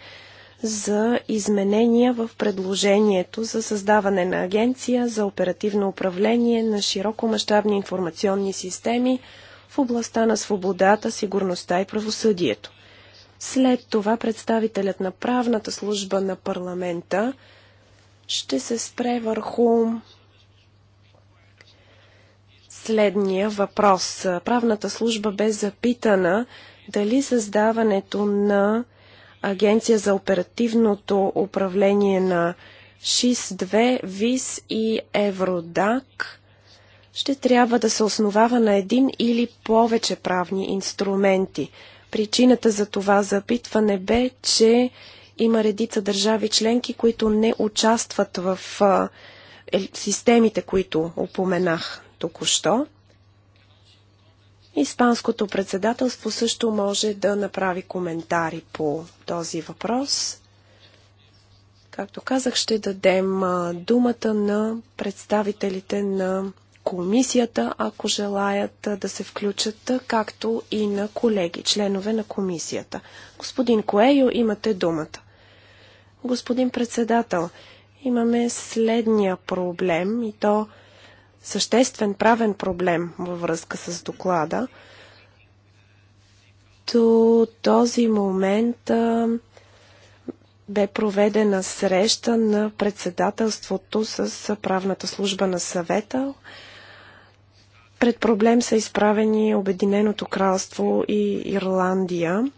за изменения в предложението за създаване на агенция за оперативно управление на широкомащабни информационни системи в областта на свободата, сигурността и правосъдието. След това представителят на правната служба на парламента ще се спре върху следния въпрос. Правната служба бе запитана дали създаването на Агенция за оперативното управление на ШИС-2, ВИС и Евродак ще трябва да се основава на един или повече правни инструменти. Причината за това запитване бе, че има редица държави членки, които не участват в системите, които упоменах току-що. Испанското председателство също може да направи коментари по този въпрос. Както казах, ще дадем думата на представителите на комисията, ако желаят да се включат, както и на колеги, членове на комисията. Господин Коейо, имате думата. Господин председател, имаме следния проблем и то – съществен правен проблем във връзка с доклада. До този момент а, бе проведена среща на председателството с правната служба на съвета. Пред проблем са изправени Обединеното кралство и Ирландия.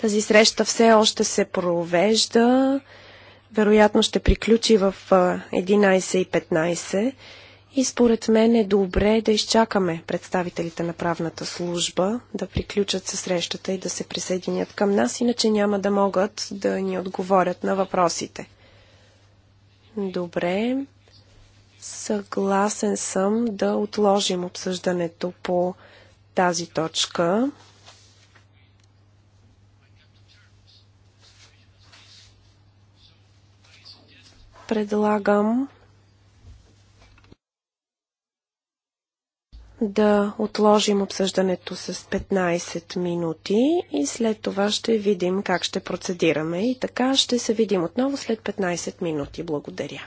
Тази среща все още се провежда. Вероятно ще приключи в 11.15 и според мен е добре да изчакаме представителите на правната служба да приключат със срещата и да се присъединят към нас, иначе няма да могат да ни отговорят на въпросите. Добре. Съгласен съм да отложим обсъждането по тази точка. Предлагам да отложим обсъждането с 15 минути и след това ще видим как ще процедираме. И така ще се видим отново след 15 минути. Благодаря.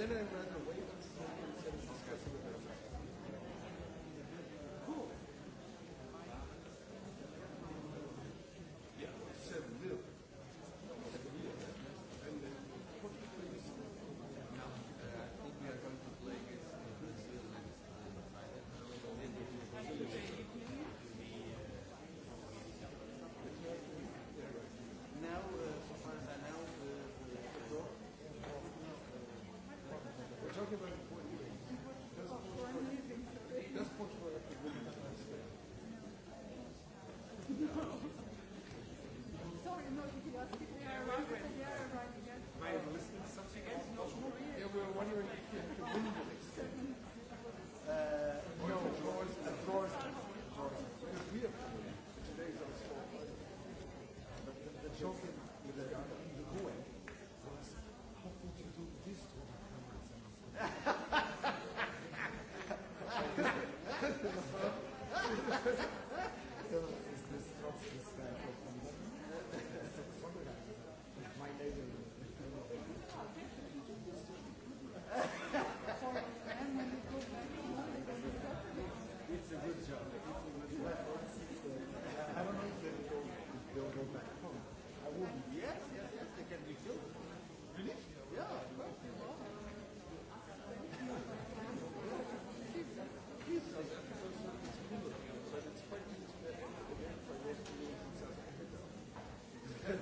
deve una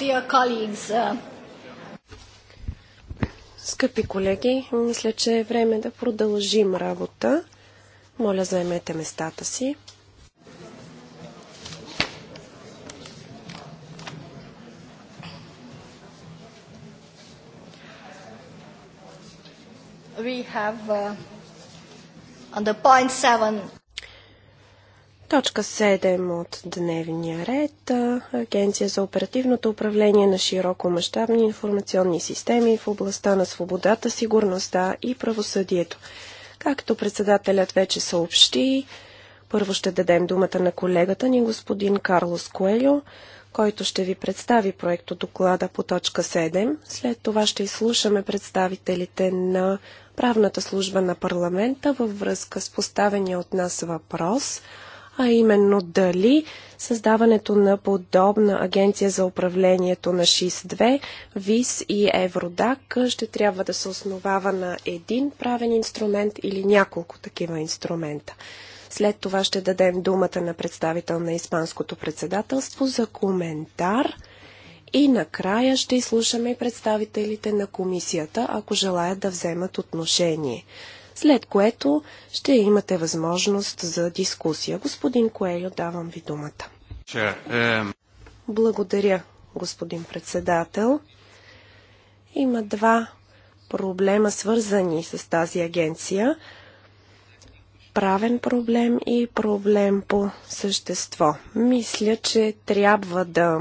Dear colleagues, uh, Скъпи колеги, мисля, че е време да продължим работа. Моля, заемете местата си. We have uh, on the point seven Точка 7 от дневния ред. Агенция за оперативното управление на широко мащабни информационни системи в областта на свободата, сигурността и правосъдието. Както председателят вече съобщи, първо ще дадем думата на колегата ни господин Карлос Куелио, който ще ви представи проекто доклада по точка 7. След това ще изслушаме представителите на правната служба на парламента във връзка с поставения от нас въпрос – а именно дали създаването на подобна агенция за управлението на ШИС-2, ВИС и Евродак ще трябва да се основава на един правен инструмент или няколко такива инструмента. След това ще дадем думата на представител на Испанското председателство за коментар. И накрая ще изслушаме и представителите на комисията, ако желаят да вземат отношение след което ще имате възможност за дискусия. Господин Коелю, давам ви думата. Благодаря, господин председател. Има два проблема, свързани с тази агенция. Правен проблем и проблем по същество. Мисля, че трябва да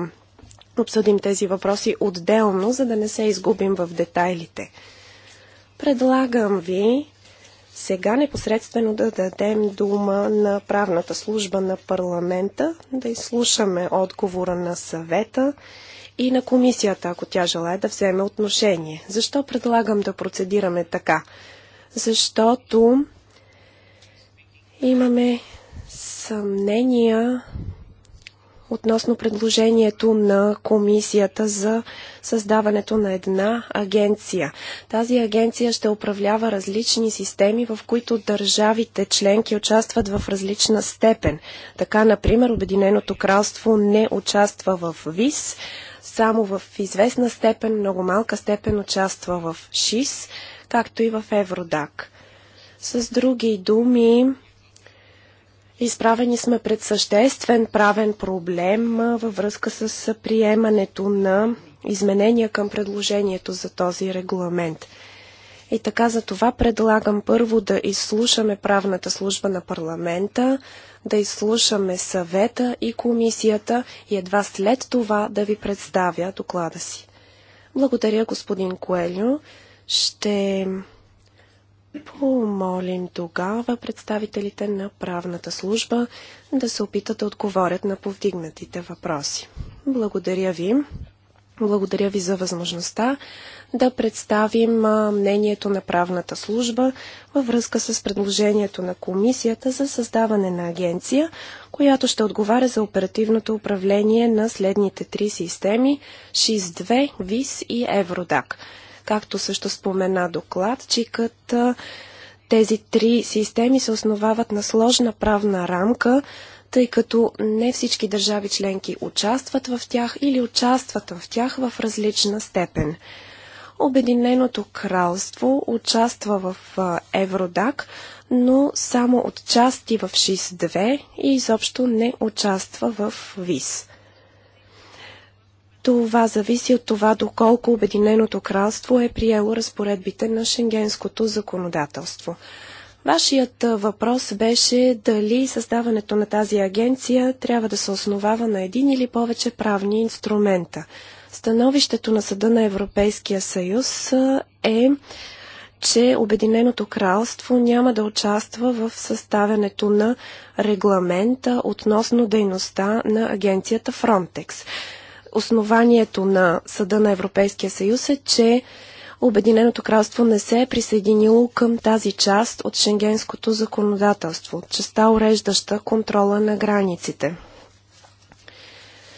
обсъдим тези въпроси отделно, за да не се изгубим в детайлите. Предлагам ви сега непосредствено да дадем дума на правната служба на парламента, да изслушаме отговора на съвета и на комисията, ако тя желая да вземе отношение. Защо предлагам да процедираме така? Защото имаме съмнения относно предложението на комисията за създаването на една агенция. Тази агенция ще управлява различни системи, в които държавите членки участват в различна степен. Така, например, Обединеното кралство не участва в ВИС, само в известна степен, много малка степен участва в ШИС, както и в Евродак. С други думи, Изправени сме пред съществен правен проблем във връзка с приемането на изменения към предложението за този регламент. И така за това предлагам първо да изслушаме правната служба на парламента, да изслушаме съвета и комисията и едва след това да ви представя доклада си. Благодаря, господин Коелю. Ще помолим тогава представителите на правната служба да се опитат да отговорят на повдигнатите въпроси. Благодаря ви. Благодаря ви за възможността да представим мнението на правната служба във връзка с предложението на комисията за създаване на агенция, която ще отговаря за оперативното управление на следните три системи 6.2, ВИС и Евродак. Както също спомена докладчикът, тези три системи се основават на сложна правна рамка, тъй като не всички държави членки участват в тях или участват в тях в различна степен. Обединеното кралство участва в Евродак, но само от части в ШИС-2 и изобщо не участва в ВИС. Това зависи от това доколко Обединеното кралство е приело разпоредбите на шенгенското законодателство. Вашият въпрос беше дали създаването на тази агенция трябва да се основава на един или повече правни инструмента. Становището на Съда на Европейския съюз е, че Обединеното кралство няма да участва в съставянето на регламента относно дейността на агенцията Frontex основанието на Съда на Европейския съюз е, че Обединеното кралство не се е присъединило към тази част от шенгенското законодателство, частта уреждаща контрола на границите.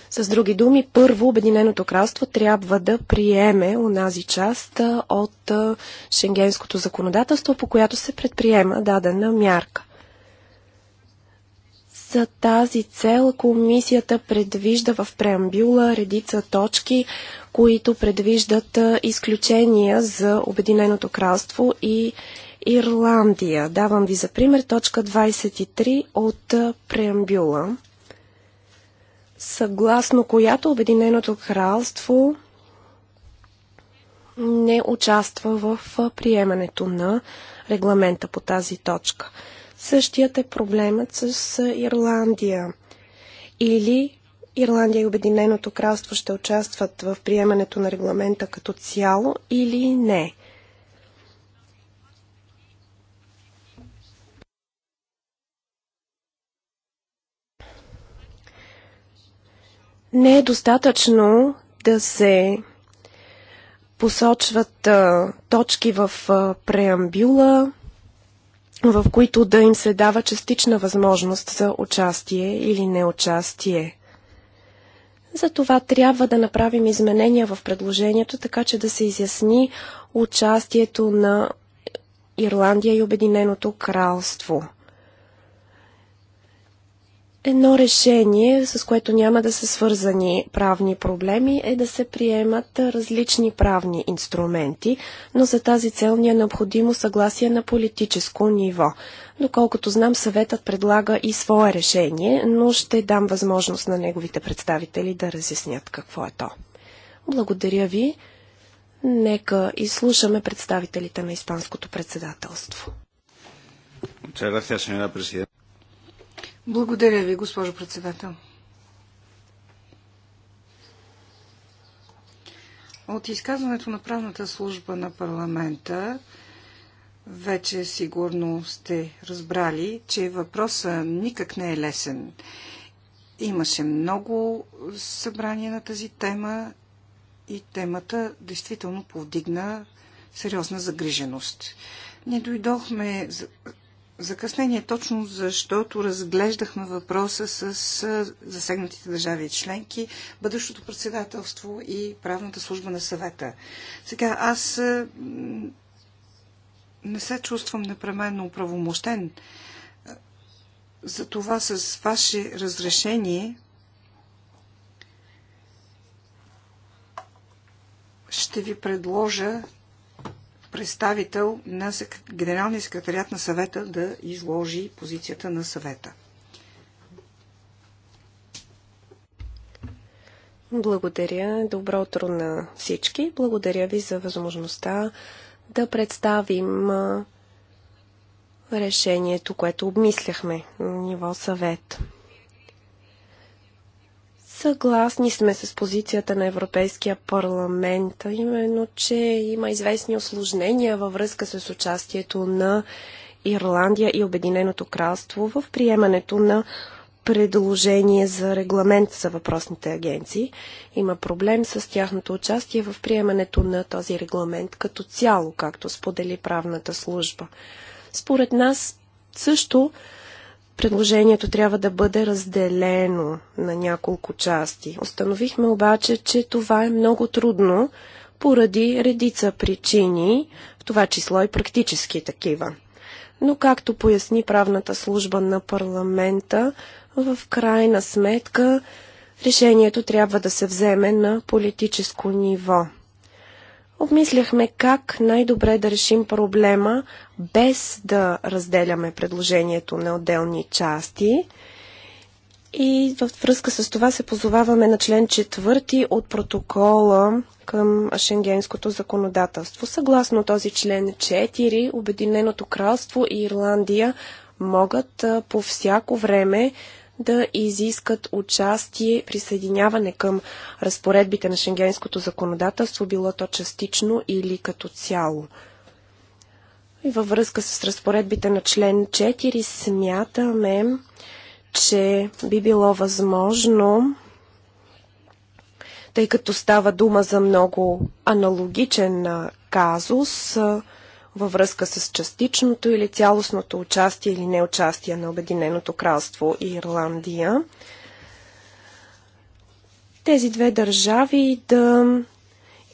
С други думи, първо Обединеното кралство трябва да приеме унази част от шенгенското законодателство, по която се предприема дадена мярка. За тази цел комисията предвижда в преамбюла редица точки, които предвиждат изключения за Обединеното кралство и Ирландия. Давам ви за пример точка 23 от преамбюла, съгласно която Обединеното кралство не участва в приемането на регламента по тази точка. Същият е проблемът с Ирландия. Или Ирландия и Обединеното кралство ще участват в приемането на регламента като цяло или не. Не е достатъчно да се посочват а, точки в а, преамбюла, в които да им се дава частична възможност за участие или неучастие. Затова трябва да направим изменения в предложението, така че да се изясни участието на Ирландия и Обединеното кралство – Едно решение, с което няма да са свързани правни проблеми, е да се приемат различни правни инструменти, но за тази цел ни е необходимо съгласие на политическо ниво. Доколкото знам, съветът предлага и свое решение, но ще дам възможност на неговите представители да разяснят какво е то. Благодаря ви. Нека изслушаме представителите на Испанското председателство. Muchas gracias, señora presidenta. Благодаря ви, госпожо председател. От изказването на правната служба на парламента вече сигурно сте разбрали, че въпросът никак не е лесен. Имаше много събрания на тази тема и темата действително повдигна сериозна загриженост. Ние дойдохме закъснение, точно защото разглеждахме въпроса с засегнатите държави и членки, бъдещото председателство и правната служба на съвета. Сега, аз не се чувствам непременно оправомощен. Затова с ваше разрешение ще ви предложа представител на Генералния секретарят на съвета да изложи позицията на съвета. Благодаря. Добро утро на всички. Благодаря ви за възможността да представим решението, което обмисляхме на ниво съвет. Съгласни сме с позицията на Европейския парламент, именно, че има известни осложнения във връзка с участието на Ирландия и Обединеното кралство в приемането на предложение за регламент за въпросните агенции. Има проблем с тяхното участие в приемането на този регламент като цяло, както сподели правната служба. Според нас също Предложението трябва да бъде разделено на няколко части. Установихме обаче, че това е много трудно поради редица причини, в това число и практически такива. Но както поясни правната служба на парламента, в крайна сметка решението трябва да се вземе на политическо ниво. Обмисляхме как най-добре да решим проблема без да разделяме предложението на отделни части. И във връзка с това се позоваваме на член 4 от протокола към шенгенското законодателство. Съгласно този член 4, Обединеното кралство и Ирландия могат по всяко време да изискат участие, присъединяване към разпоредбите на шенгенското законодателство, било то частично или като цяло. И във връзка с разпоредбите на член 4 смятаме, че би било възможно, тъй като става дума за много аналогичен казус, във връзка с частичното или цялостното участие или неучастие на Обединеното кралство и Ирландия. Тези две държави да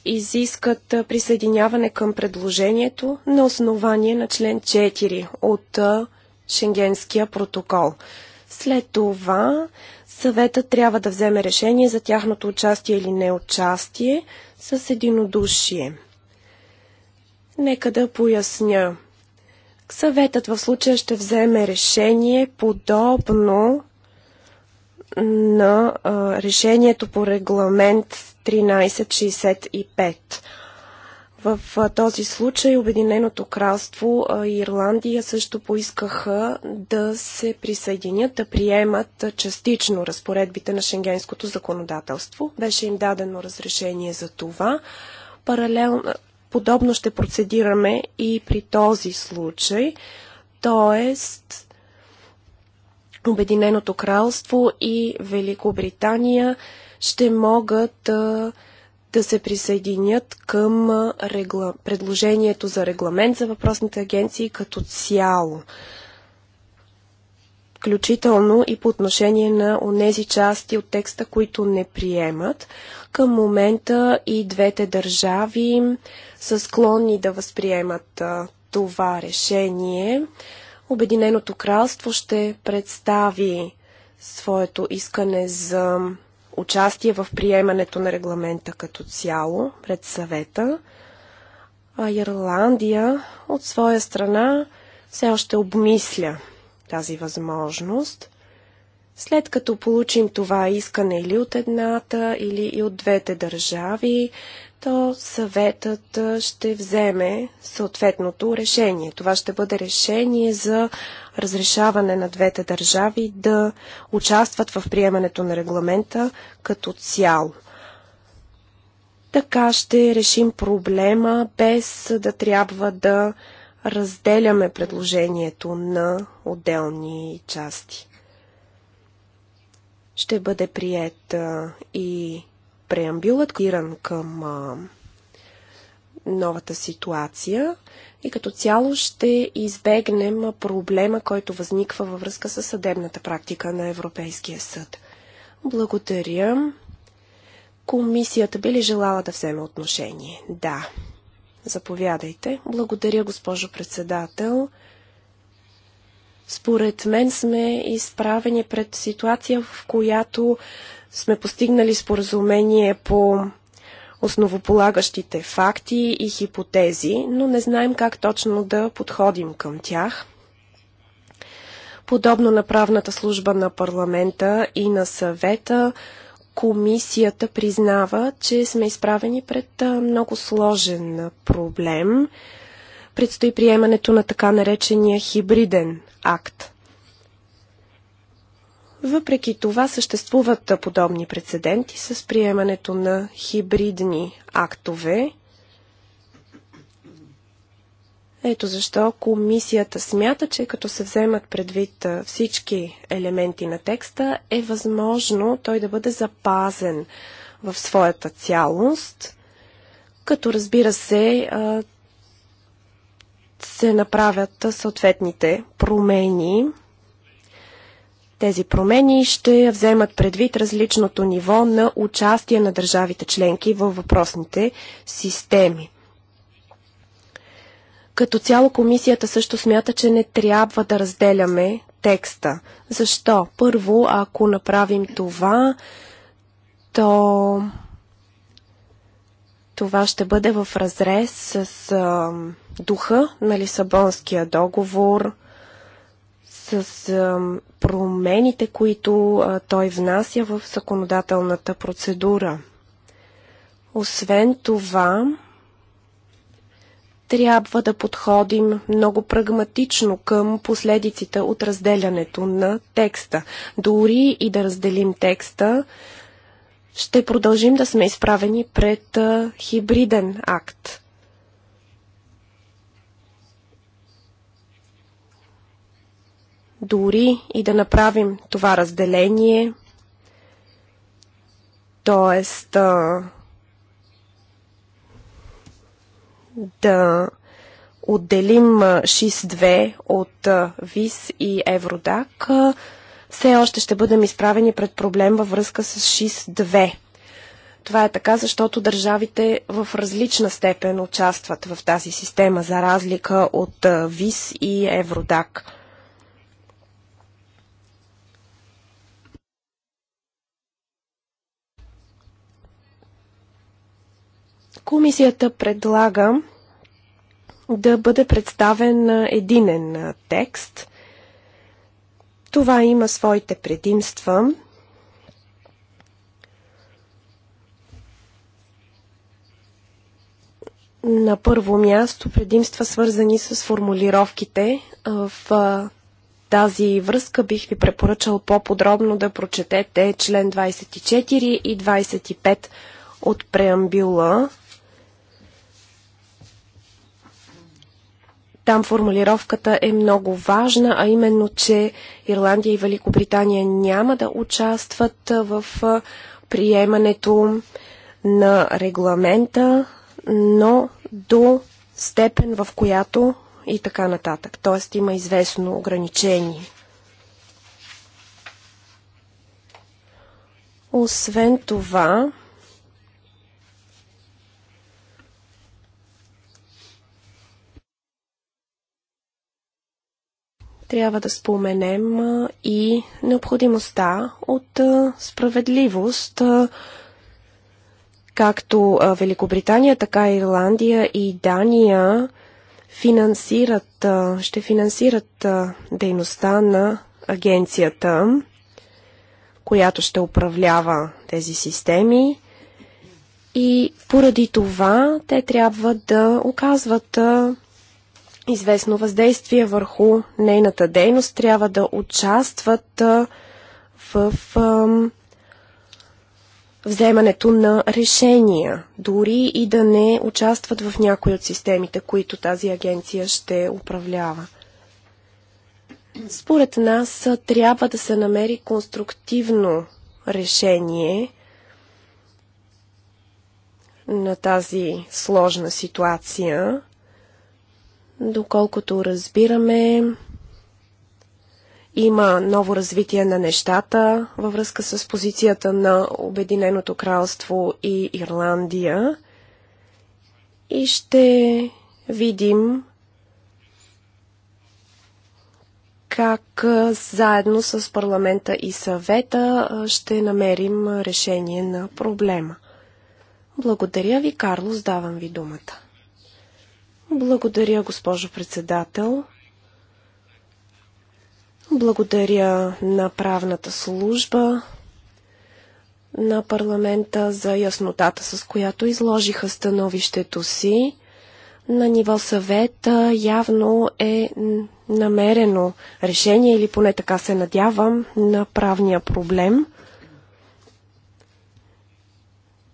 изискат присъединяване към предложението на основание на член 4 от Шенгенския протокол. След това съветът трябва да вземе решение за тяхното участие или неучастие с единодушие. Нека да поясня. Съветът в случая ще вземе решение подобно на а, решението по регламент 1365. В а, този случай Обединеното кралство а, и Ирландия също поискаха да се присъединят, да приемат частично разпоредбите на шенгенското законодателство. Беше им дадено разрешение за това. Паралелно, Подобно ще процедираме и при този случай, т.е. Обединеното кралство и Великобритания ще могат да се присъединят към регла... предложението за регламент за въпросните агенции като цяло включително и по отношение на онези части от текста, които не приемат. Към момента и двете държави са склонни да възприемат това решение. Обединеното кралство ще представи своето искане за участие в приемането на регламента като цяло пред съвета, а Ирландия от своя страна все още обмисля тази възможност. След като получим това искане или от едната, или и от двете държави, то съветът ще вземе съответното решение. Това ще бъде решение за разрешаване на двете държави да участват в приемането на регламента като цяло. Така ще решим проблема без да трябва да разделяме предложението на отделни части. Ще бъде прият и преамбюлът, киран към новата ситуация и като цяло ще избегнем проблема, който възниква във връзка с съдебната практика на Европейския съд. Благодаря. Комисията би ли желала да вземе отношение? Да. Заповядайте. Благодаря, госпожо председател. Според мен сме изправени пред ситуация, в която сме постигнали споразумение по основополагащите факти и хипотези, но не знаем как точно да подходим към тях. Подобно на правната служба на парламента и на съвета, комисията признава, че сме изправени пред много сложен проблем. Предстои приемането на така наречения хибриден акт. Въпреки това съществуват подобни прецеденти с приемането на хибридни актове – ето защо комисията смята, че като се вземат предвид всички елементи на текста, е възможно той да бъде запазен в своята цялост, като разбира се се направят съответните промени. Тези промени ще вземат предвид различното ниво на участие на държавите членки във въпросните системи. Като цяло комисията също смята, че не трябва да разделяме текста. Защо? Първо, ако направим това, то това ще бъде в разрез с а, духа на Лисабонския договор, с а, промените, които а, той внася в законодателната процедура. Освен това, трябва да подходим много прагматично към последиците от разделянето на текста. Дори и да разделим текста, ще продължим да сме изправени пред хибриден акт. Дори и да направим това разделение, т.е да отделим ШИС-2 от ВИС и Евродак, все още ще бъдем изправени пред проблем във връзка с ШИС-2. Това е така, защото държавите в различна степен участват в тази система, за разлика от ВИС и Евродак. Комисията предлага да бъде представен единен текст. Това има своите предимства. На първо място предимства свързани с формулировките. В тази връзка бих ви препоръчал по-подробно да прочетете член 24 и 25 от преамбюла Там формулировката е много важна, а именно, че Ирландия и Великобритания няма да участват в приемането на регламента, но до степен, в която и така нататък. Тоест има известно ограничение. Освен това, трябва да споменем и необходимостта от справедливост. Както Великобритания, така и Ирландия и Дания финансират, ще финансират дейността на агенцията, която ще управлява тези системи. И поради това те трябва да оказват известно въздействие върху нейната дейност, трябва да участват в вземането на решения, дори и да не участват в някои от системите, които тази агенция ще управлява. Според нас трябва да се намери конструктивно решение на тази сложна ситуация. Доколкото разбираме, има ново развитие на нещата във връзка с позицията на Обединеното кралство и Ирландия. И ще видим как заедно с парламента и съвета ще намерим решение на проблема. Благодаря ви, Карлос, давам ви думата. Благодаря, госпожо председател. Благодаря на правната служба на парламента за яснотата, с която изложиха становището си. На ниво съвет явно е намерено решение или поне така се надявам на правния проблем –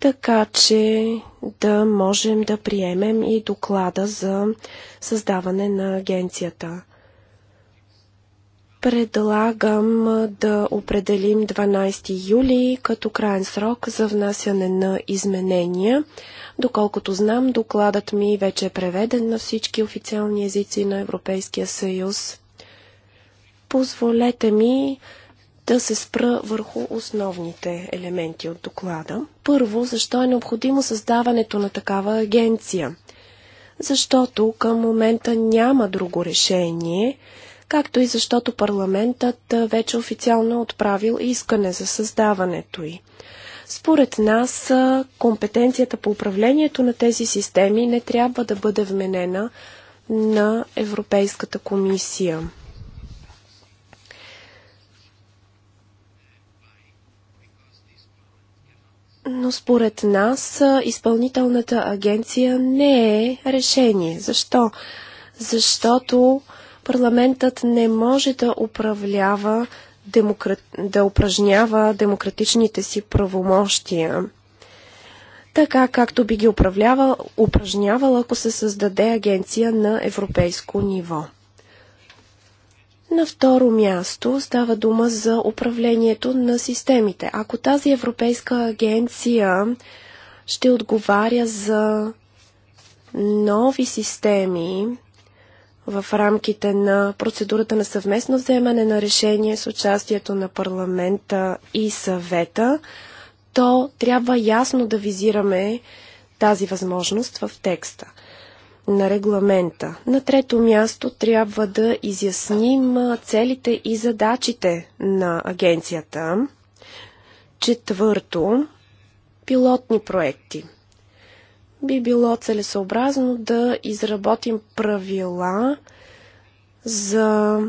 така че да можем да приемем и доклада за създаване на агенцията. Предлагам да определим 12 юли като крайен срок за внасяне на изменения. Доколкото знам, докладът ми вече е преведен на всички официални езици на Европейския съюз. Позволете ми да се спра върху основните елементи от доклада. Първо, защо е необходимо създаването на такава агенция? Защото към момента няма друго решение, както и защото парламентът вече официално е отправил искане за създаването й. Според нас, компетенцията по управлението на тези системи не трябва да бъде вменена на Европейската комисия. Но според нас изпълнителната агенция не е решение. Защо? Защото парламентът не може да управлява, демокра... да упражнява демократичните си правомощия. Така както би ги управлявал, упражнявал, ако се създаде агенция на европейско ниво. На второ място става дума за управлението на системите. Ако тази Европейска агенция ще отговаря за нови системи в рамките на процедурата на съвместно вземане на решение с участието на парламента и съвета, то трябва ясно да визираме тази възможност в текста на регламента. На трето място трябва да изясним целите и задачите на агенцията. Четвърто, пилотни проекти. Би било целесообразно да изработим правила за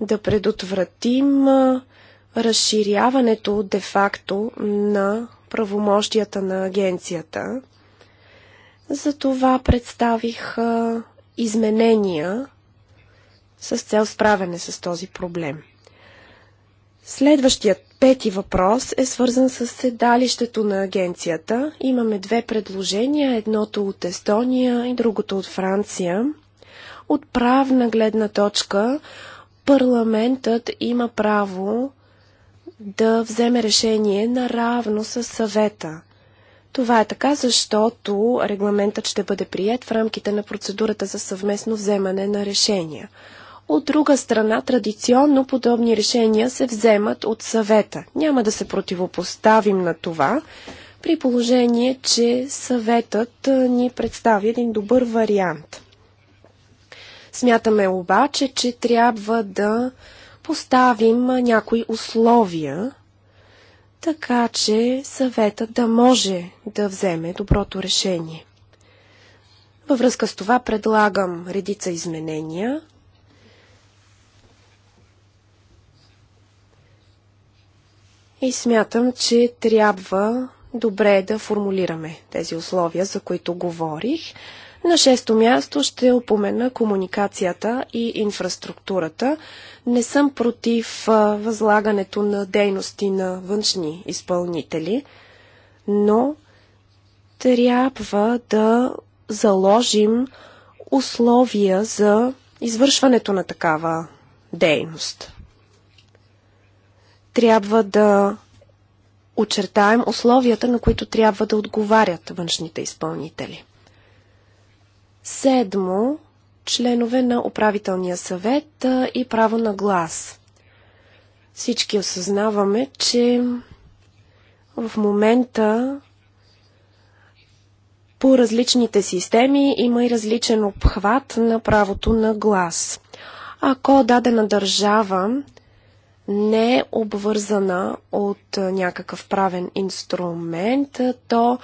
да предотвратим разширяването де-факто на правомощията на агенцията – затова представих а, изменения с цел справяне с този проблем. Следващият пети въпрос е свързан с седалището на агенцията. Имаме две предложения, едното от Естония и другото от Франция. От правна гледна точка парламентът има право да вземе решение наравно с съвета. Това е така, защото регламентът ще бъде прият в рамките на процедурата за съвместно вземане на решения. От друга страна, традиционно подобни решения се вземат от съвета. Няма да се противопоставим на това, при положение, че съветът ни представи един добър вариант. Смятаме обаче, че трябва да поставим някои условия така че съветът да може да вземе доброто решение. Във връзка с това предлагам редица изменения. И смятам, че трябва добре да формулираме тези условия, за които говорих. На шесто място ще опомена комуникацията и инфраструктурата. Не съм против възлагането на дейности на външни изпълнители, но трябва да заложим условия за извършването на такава дейност. Трябва да очертаем условията, на които трябва да отговарят външните изпълнители. Седмо, членове на управителния съвет и право на глас. Всички осъзнаваме, че в момента по различните системи има и различен обхват на правото на глас. Ако дадена държава не е обвързана от някакъв правен инструмент, то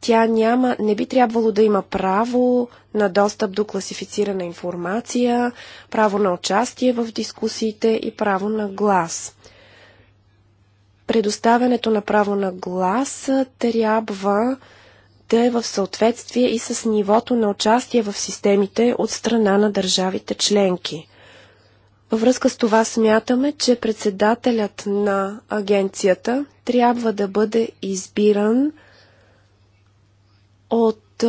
тя няма, не би трябвало да има право на достъп до класифицирана информация, право на участие в дискусиите и право на глас. Предоставянето на право на глас трябва да е в съответствие и с нивото на участие в системите от страна на държавите членки. Във връзка с това смятаме, че председателят на агенцията трябва да бъде избиран – от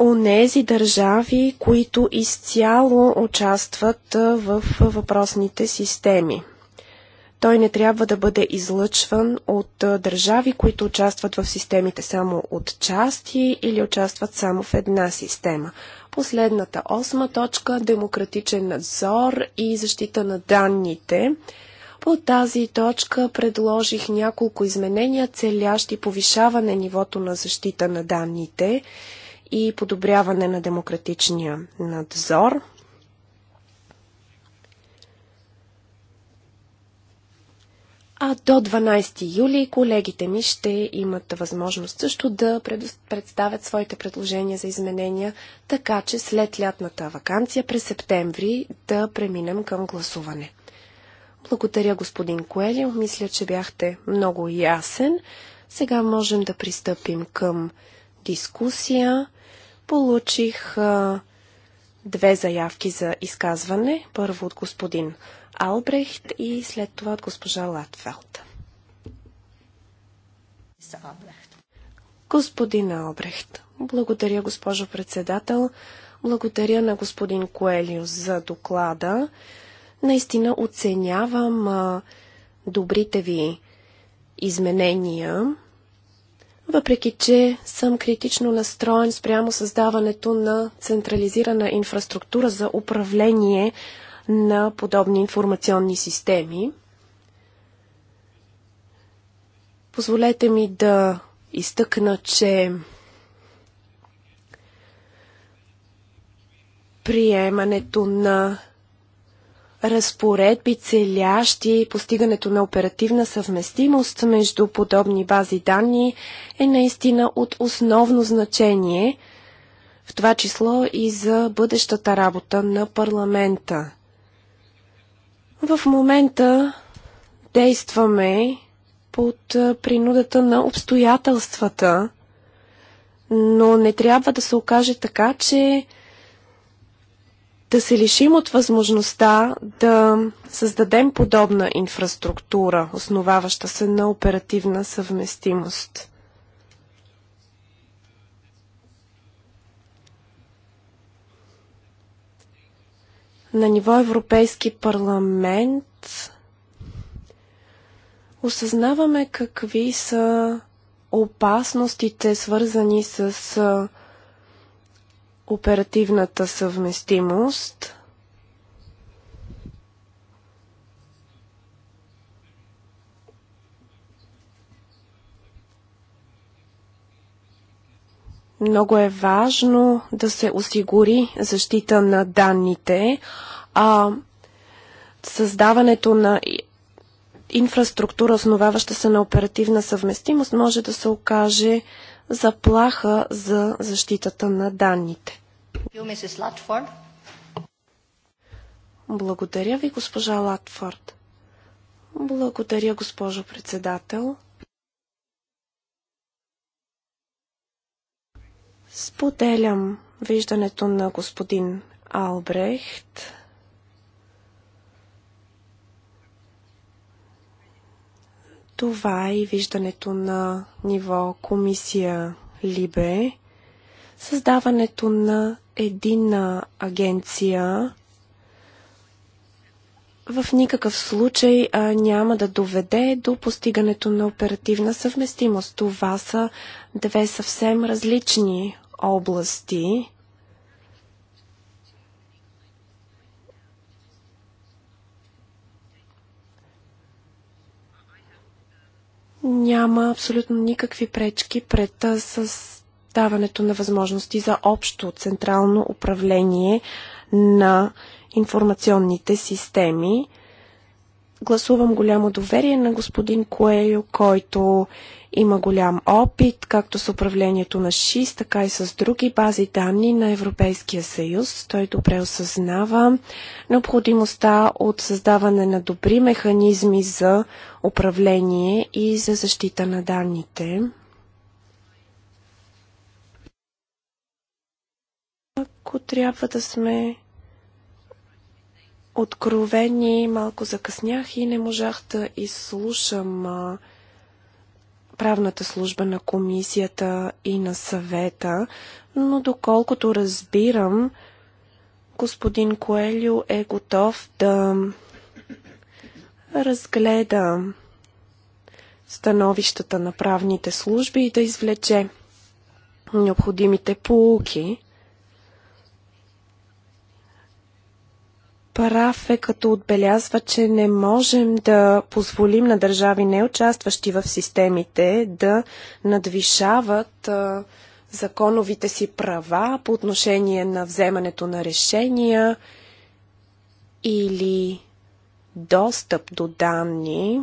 онези държави, които изцяло участват в въпросните системи. Той не трябва да бъде излъчван от държави, които участват в системите само от части или участват само в една система. Последната осма точка – демократичен надзор и защита на данните – по тази точка предложих няколко изменения, целящи повишаване нивото на защита на данните и подобряване на демократичния надзор. А до 12 юли колегите ми ще имат възможност също да представят своите предложения за изменения, така че след лятната вакансия през септември да преминем към гласуване. Благодаря, господин Коелио. Мисля, че бяхте много ясен. Сега можем да пристъпим към дискусия. Получих а, две заявки за изказване. Първо от господин Албрехт и след това от госпожа Латфелд. Господин Албрехт, благодаря, госпожо председател. Благодаря на господин Коелио за доклада. Наистина оценявам а, добрите ви изменения, въпреки че съм критично настроен спрямо създаването на централизирана инфраструктура за управление на подобни информационни системи. Позволете ми да изтъкна, че приемането на разпоредби, целящи постигането на оперативна съвместимост между подобни бази данни, е наистина от основно значение, в това число и за бъдещата работа на парламента. В момента действаме под принудата на обстоятелствата, но не трябва да се окаже така, че да се лишим от възможността да създадем подобна инфраструктура, основаваща се на оперативна съвместимост. На ниво Европейски парламент осъзнаваме какви са опасностите, свързани с оперативната съвместимост. Много е важно да се осигури защита на данните, а създаването на инфраструктура, основаваща се на оперативна съвместимост, може да се окаже заплаха за защитата на данните. Благодаря ви, госпожа Латфорд. Благодаря, госпожо председател. Споделям виждането на господин Албрехт Това е и виждането на ниво комисия Либе. Създаването на единна агенция в никакъв случай а, няма да доведе до постигането на оперативна съвместимост. Това са две съвсем различни области. няма абсолютно никакви пречки пред създаването на възможности за общо централно управление на информационните системи гласувам голямо доверие на господин Коейо, който има голям опит, както с управлението на ШИС, така и с други бази данни на Европейския съюз. Той добре осъзнава необходимостта от създаване на добри механизми за управление и за защита на данните. Ако трябва да сме откровени, малко закъснях и не можах да изслушам правната служба на комисията и на съвета, но доколкото разбирам, господин Коелю е готов да разгледа становищата на правните служби и да извлече необходимите полуки. Прав е като отбелязва, че не можем да позволим на държави, не участващи в системите, да надвишават законовите си права по отношение на вземането на решения или достъп до данни.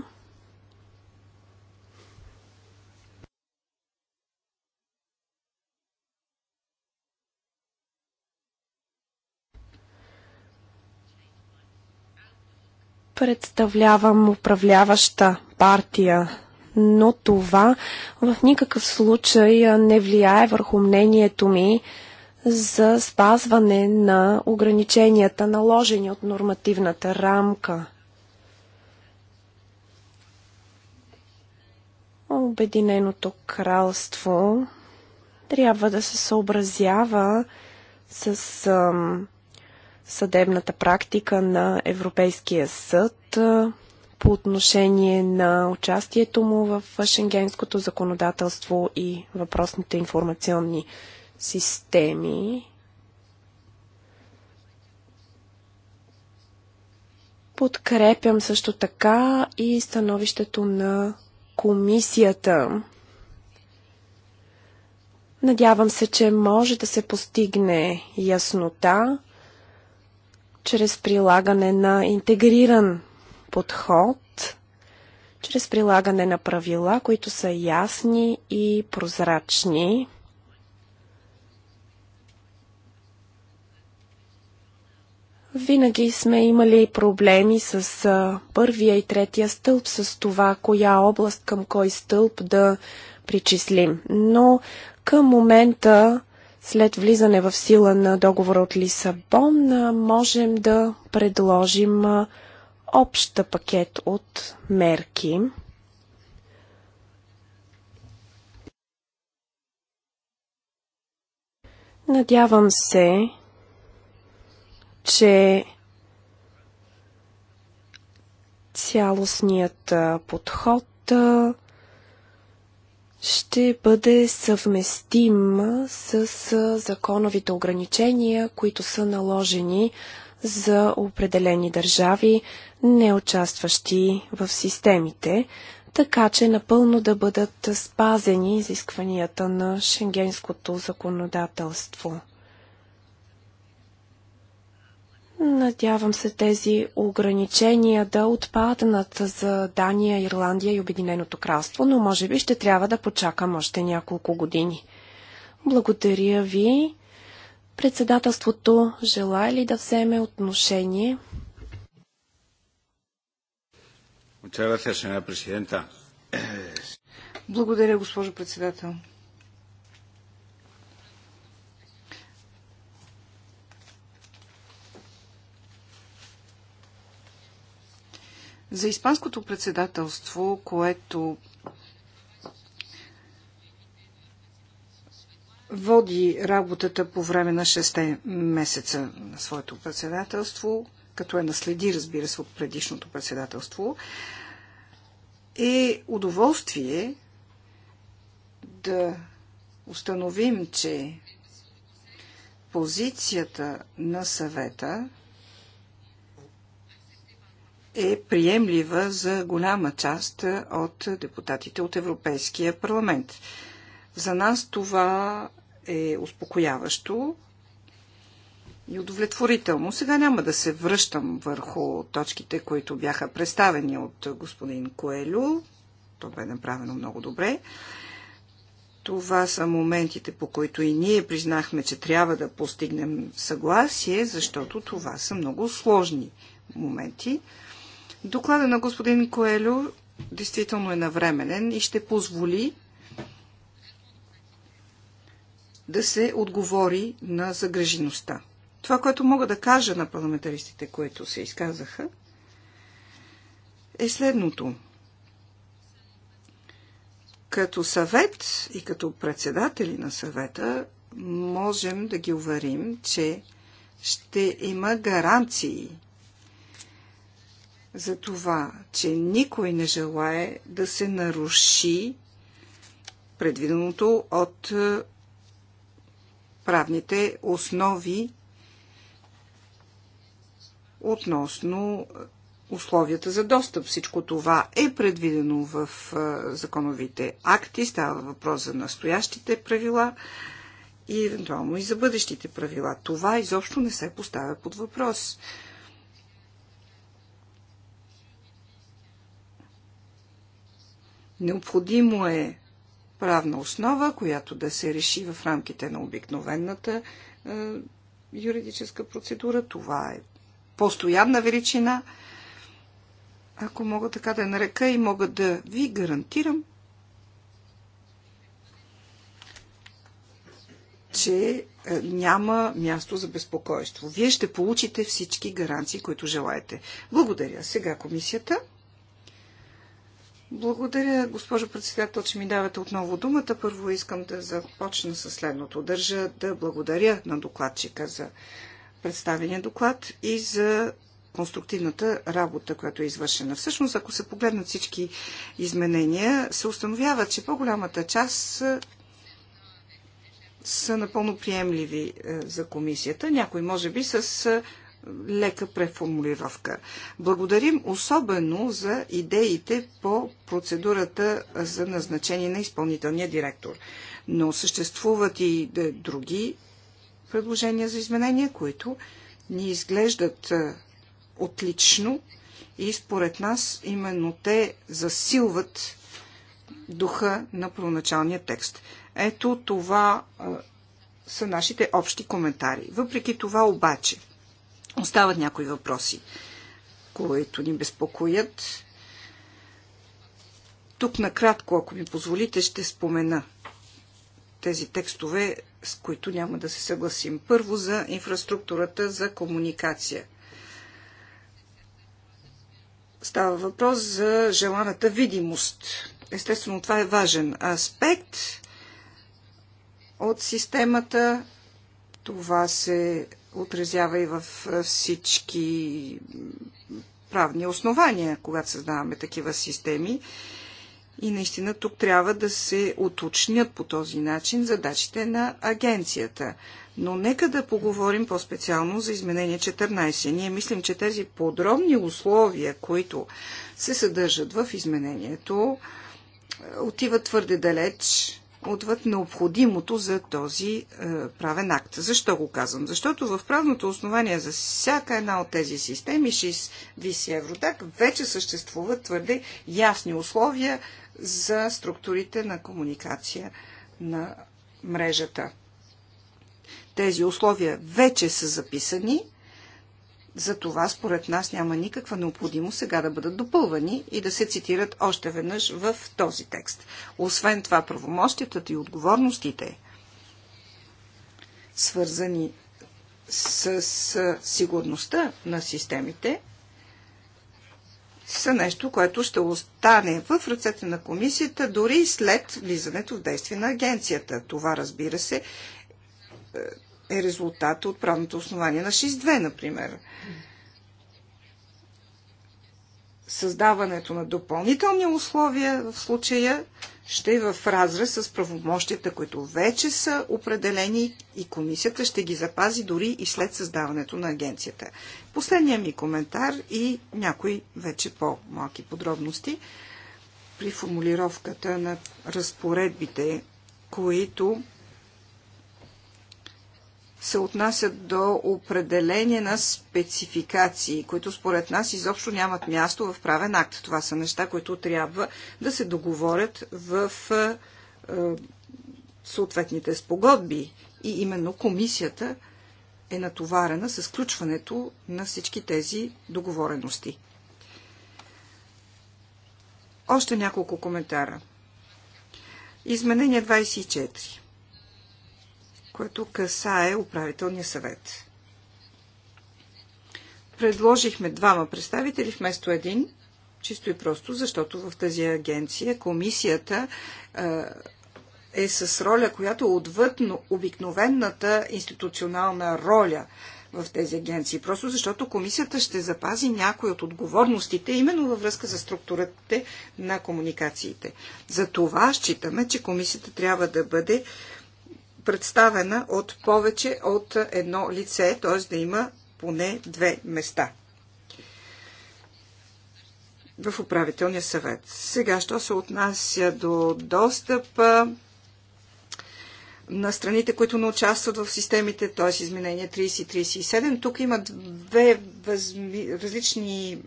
представлявам управляваща партия, но това в никакъв случай не влияе върху мнението ми за спазване на ограниченията, наложени от нормативната рамка. Обединеното кралство трябва да се съобразява с ам, съдебната практика на Европейския съд по отношение на участието му в шенгенското законодателство и въпросните информационни системи. Подкрепям също така и становището на комисията. Надявам се, че може да се постигне яснота чрез прилагане на интегриран подход, чрез прилагане на правила, които са ясни и прозрачни. Винаги сме имали проблеми с първия и третия стълб, с това коя област към кой стълб да причислим. Но към момента след влизане в сила на договора от Лисабон можем да предложим обща пакет от мерки. Надявам се, че цялостният подход ще бъде съвместим с законовите ограничения, които са наложени за определени държави, не участващи в системите, така че напълно да бъдат спазени изискванията на шенгенското законодателство. Надявам се тези ограничения да отпаднат за Дания, Ирландия и Обединеното кралство, но може би ще трябва да почакам още няколко години. Благодаря ви. Председателството желая ли да вземе отношение? Благодаря, госпожо председател. За Испанското председателство, което води работата по време на 6 месеца на своето председателство, като е наследи, разбира се, от предишното председателство, е удоволствие да установим, че позицията на съвета е приемлива за голяма част е, от депутатите от Европейския парламент. За нас това е успокояващо и удовлетворително. Сега няма да се връщам върху точките, които бяха представени от господин Коелю. То бе направено много добре. Това са моментите, по които и ние признахме, че трябва да постигнем съгласие, защото това са много сложни моменти. Доклада на господин Коелю действително е навременен и ще позволи да се отговори на загрежеността. Това, което мога да кажа на парламентаристите, които се изказаха, е следното. Като съвет и като председатели на съвета можем да ги уверим, че ще има гаранции за това, че никой не желае да се наруши предвиденото от е, правните основи относно условията за достъп. Всичко това е предвидено в е, законовите акти. Става въпрос за настоящите правила и евентуално и за бъдещите правила. Това изобщо не се поставя под въпрос. Необходимо е правна основа, която да се реши в рамките на обикновената е, юридическа процедура. Това е постоянна величина. Ако мога така да я нарека и мога да ви гарантирам, че е, няма място за безпокойство. Вие ще получите всички гаранции, които желаете. Благодаря. Сега комисията. Благодаря, госпожо председател, че ми давате отново думата. Първо искам да започна с следното. Държа да благодаря на докладчика за представения доклад и за конструктивната работа, която е извършена. Всъщност, ако се погледнат всички изменения, се установява, че по-голямата част са напълно приемливи за комисията. Някои, може би, с лека преформулировка. Благодарим особено за идеите по процедурата за назначение на изпълнителния директор. Но съществуват и други предложения за изменения, които ни изглеждат отлично и според нас именно те засилват духа на проначалния текст. Ето това са нашите общи коментари. Въпреки това обаче – Остават някои въпроси, които ни безпокоят. Тук накратко, ако ми позволите, ще спомена тези текстове, с които няма да се съгласим. Първо за инфраструктурата за комуникация. Става въпрос за желаната видимост. Естествено, това е важен аспект от системата. Това се отразява и в всички правни основания, когато създаваме такива системи. И наистина тук трябва да се уточнят по този начин задачите на агенцията. Но нека да поговорим по-специално за изменение 14. Ние мислим, че тези подробни условия, които се съдържат в изменението, отиват твърде далеч отвъд необходимото за този е, правен акт. Защо го казвам? Защото в правното основание за всяка една от тези системи, 6 виси Евротак, вече съществуват твърде ясни условия за структурите на комуникация на мрежата. Тези условия вече са записани – за това, според нас, няма никаква необходимост сега да бъдат допълвани и да се цитират още веднъж в този текст. Освен това, правомощията и отговорностите, свързани с сигурността на системите, са нещо, което ще остане в ръцете на комисията дори след влизането в действие на агенцията. Това, разбира се, е, е резултат от правното основание на 6.2, например. Създаването на допълнителни условия в случая ще е в разрез с правомощията, които вече са определени и комисията ще ги запази дори и след създаването на агенцията. Последният ми коментар и някои вече по-малки подробности при формулировката на разпоредбите, които се отнасят до определение на спецификации, които според нас изобщо нямат място в правен акт. Това са неща, които трябва да се договорят в е, е, съответните спогодби. И именно комисията е натоварена с включването на всички тези договорености. Още няколко коментара. Изменение 24 което касае управителния съвет. Предложихме двама представители вместо един, чисто и просто, защото в тази агенция комисията е с роля, която е отвъд обикновената институционална роля в тези агенции. Просто защото комисията ще запази някои от отговорностите, именно във връзка за структурата на комуникациите. За това считаме, че комисията трябва да бъде представена от повече от едно лице, т.е. да има поне две места в управителния съвет. Сега, що се отнася до достъпа на страните, които не участват в системите, т.е. изменения 30 и 37, тук има две възми... различни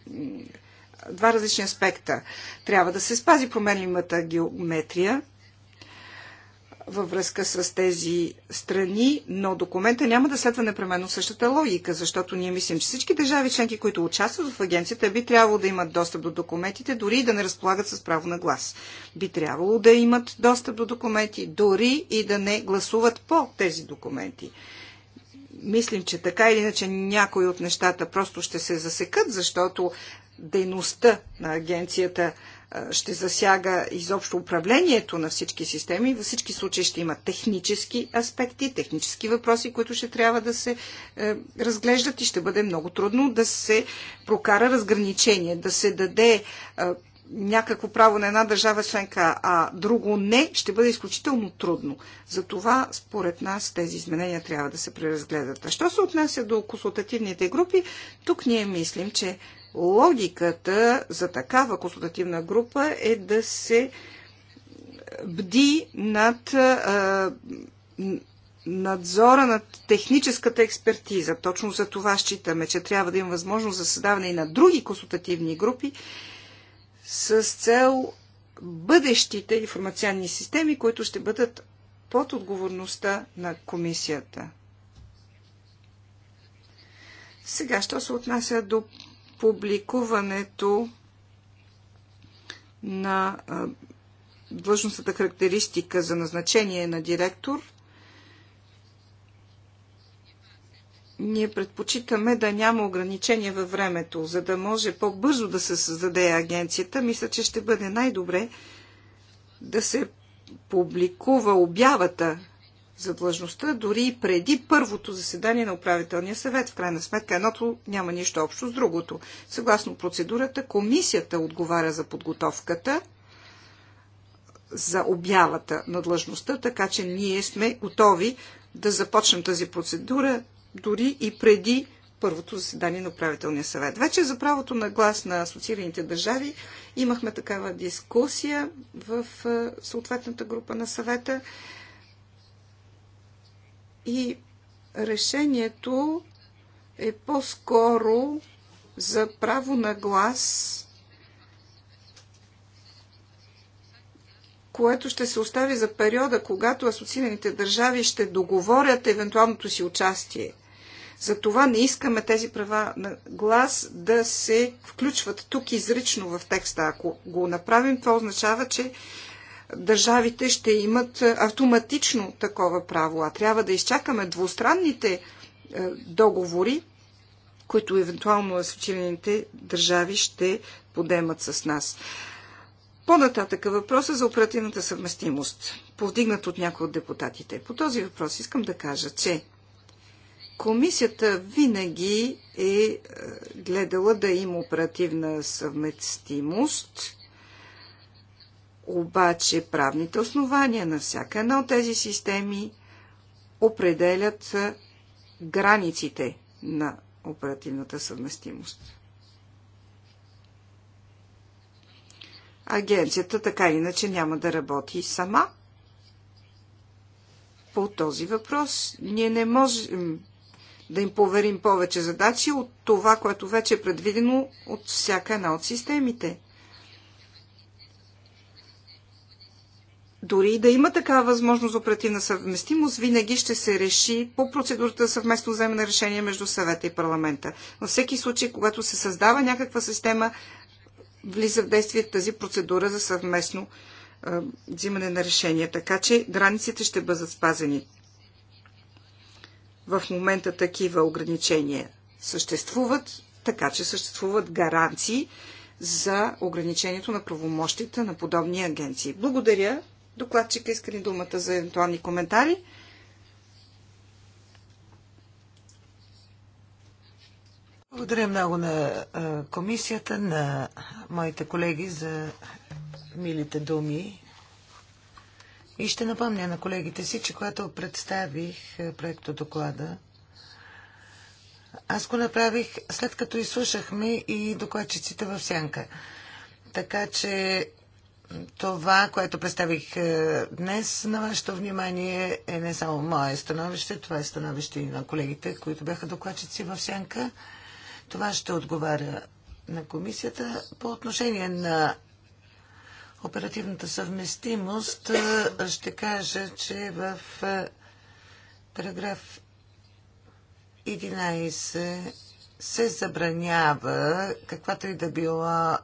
два различни аспекта. Трябва да се спази променлимата геометрия, във връзка с тези страни, но документа няма да следва непременно същата логика, защото ние мислим, че всички държави членки, които участват в агенцията, би трябвало да имат достъп до документите, дори и да не разполагат с право на глас. Би трябвало да имат достъп до документи, дори и да не гласуват по тези документи. Мислим, че така или иначе някои от нещата просто ще се засекат, защото дейността на агенцията ще засяга изобщо управлението на всички системи. Във всички случаи ще има технически аспекти, технически въпроси, които ще трябва да се разглеждат и ще бъде много трудно да се прокара разграничение, да се даде някакво право на една държава членка, а друго не, ще бъде изключително трудно. Затова, според нас, тези изменения трябва да се преразгледат. А що се отнася до консултативните групи, тук ние мислим, че логиката за такава консултативна група е да се бди над надзора над техническата експертиза. Точно за това считаме, че трябва да има възможност за създаване и на други консултативни групи с цел бъдещите информационни системи, които ще бъдат под отговорността на комисията. Сега, що се отнася до публикуването на длъжностната характеристика за назначение на директор, ние предпочитаме да няма ограничения във времето, за да може по-бързо да се създаде агенцията. Мисля, че ще бъде най-добре да се публикува обявата за длъжността, дори и преди първото заседание на управителния съвет. В крайна сметка едното няма нищо общо с другото. Съгласно процедурата, комисията отговаря за подготовката, за обявата на длъжността, така че ние сме готови да започнем тази процедура дори и преди първото заседание на управителния съвет. Вече за правото на глас на асоциираните държави имахме такава дискусия в е, съответната група на съвета и решението е по-скоро за право на глас, което ще се остави за периода, когато асоциираните държави ще договорят евентуалното си участие. Затова не искаме тези права на глас да се включват тук изрично в текста. Ако го направим, това означава, че държавите ще имат е, автоматично такова право, а трябва да изчакаме двустранните е, договори, които евентуално асоциираните държави ще подемат с нас. По-нататък е въпроса за оперативната съвместимост, повдигнат от някои от депутатите. По този въпрос искам да кажа, че комисията винаги е, е гледала да има оперативна съвместимост – обаче правните основания на всяка една от тези системи определят границите на оперативната съвместимост. Агенцията така иначе няма да работи сама. По този въпрос ние не можем да им поверим повече задачи от това, което вече е предвидено от всяка една от системите – дори да има такава възможност за оперативна съвместимост, винаги ще се реши по процедурата съвместно вземе на решение между съвета и парламента. Във всеки случай, когато се създава някаква система, влиза в действие тази процедура за съвместно е, взимане на решение. Така че границите ще бъдат спазени. В момента такива ограничения съществуват, така че съществуват гаранции за ограничението на правомощите на подобни агенции. Благодаря Докладчика иска ни думата за евентуални коментари. Благодаря много на комисията, на моите колеги за милите думи. И ще напомня на колегите си, че когато представих проекто доклада, аз го направих след като изслушахме и докладчиците в сянка. Така че това, което представих е, днес на вашето внимание е не само мое становище, това е становище и на колегите, които бяха докладчици в Сянка. Това ще отговаря на комисията. По отношение на оперативната съвместимост е, ще кажа, че в е, параграф 11 се забранява каквато и да била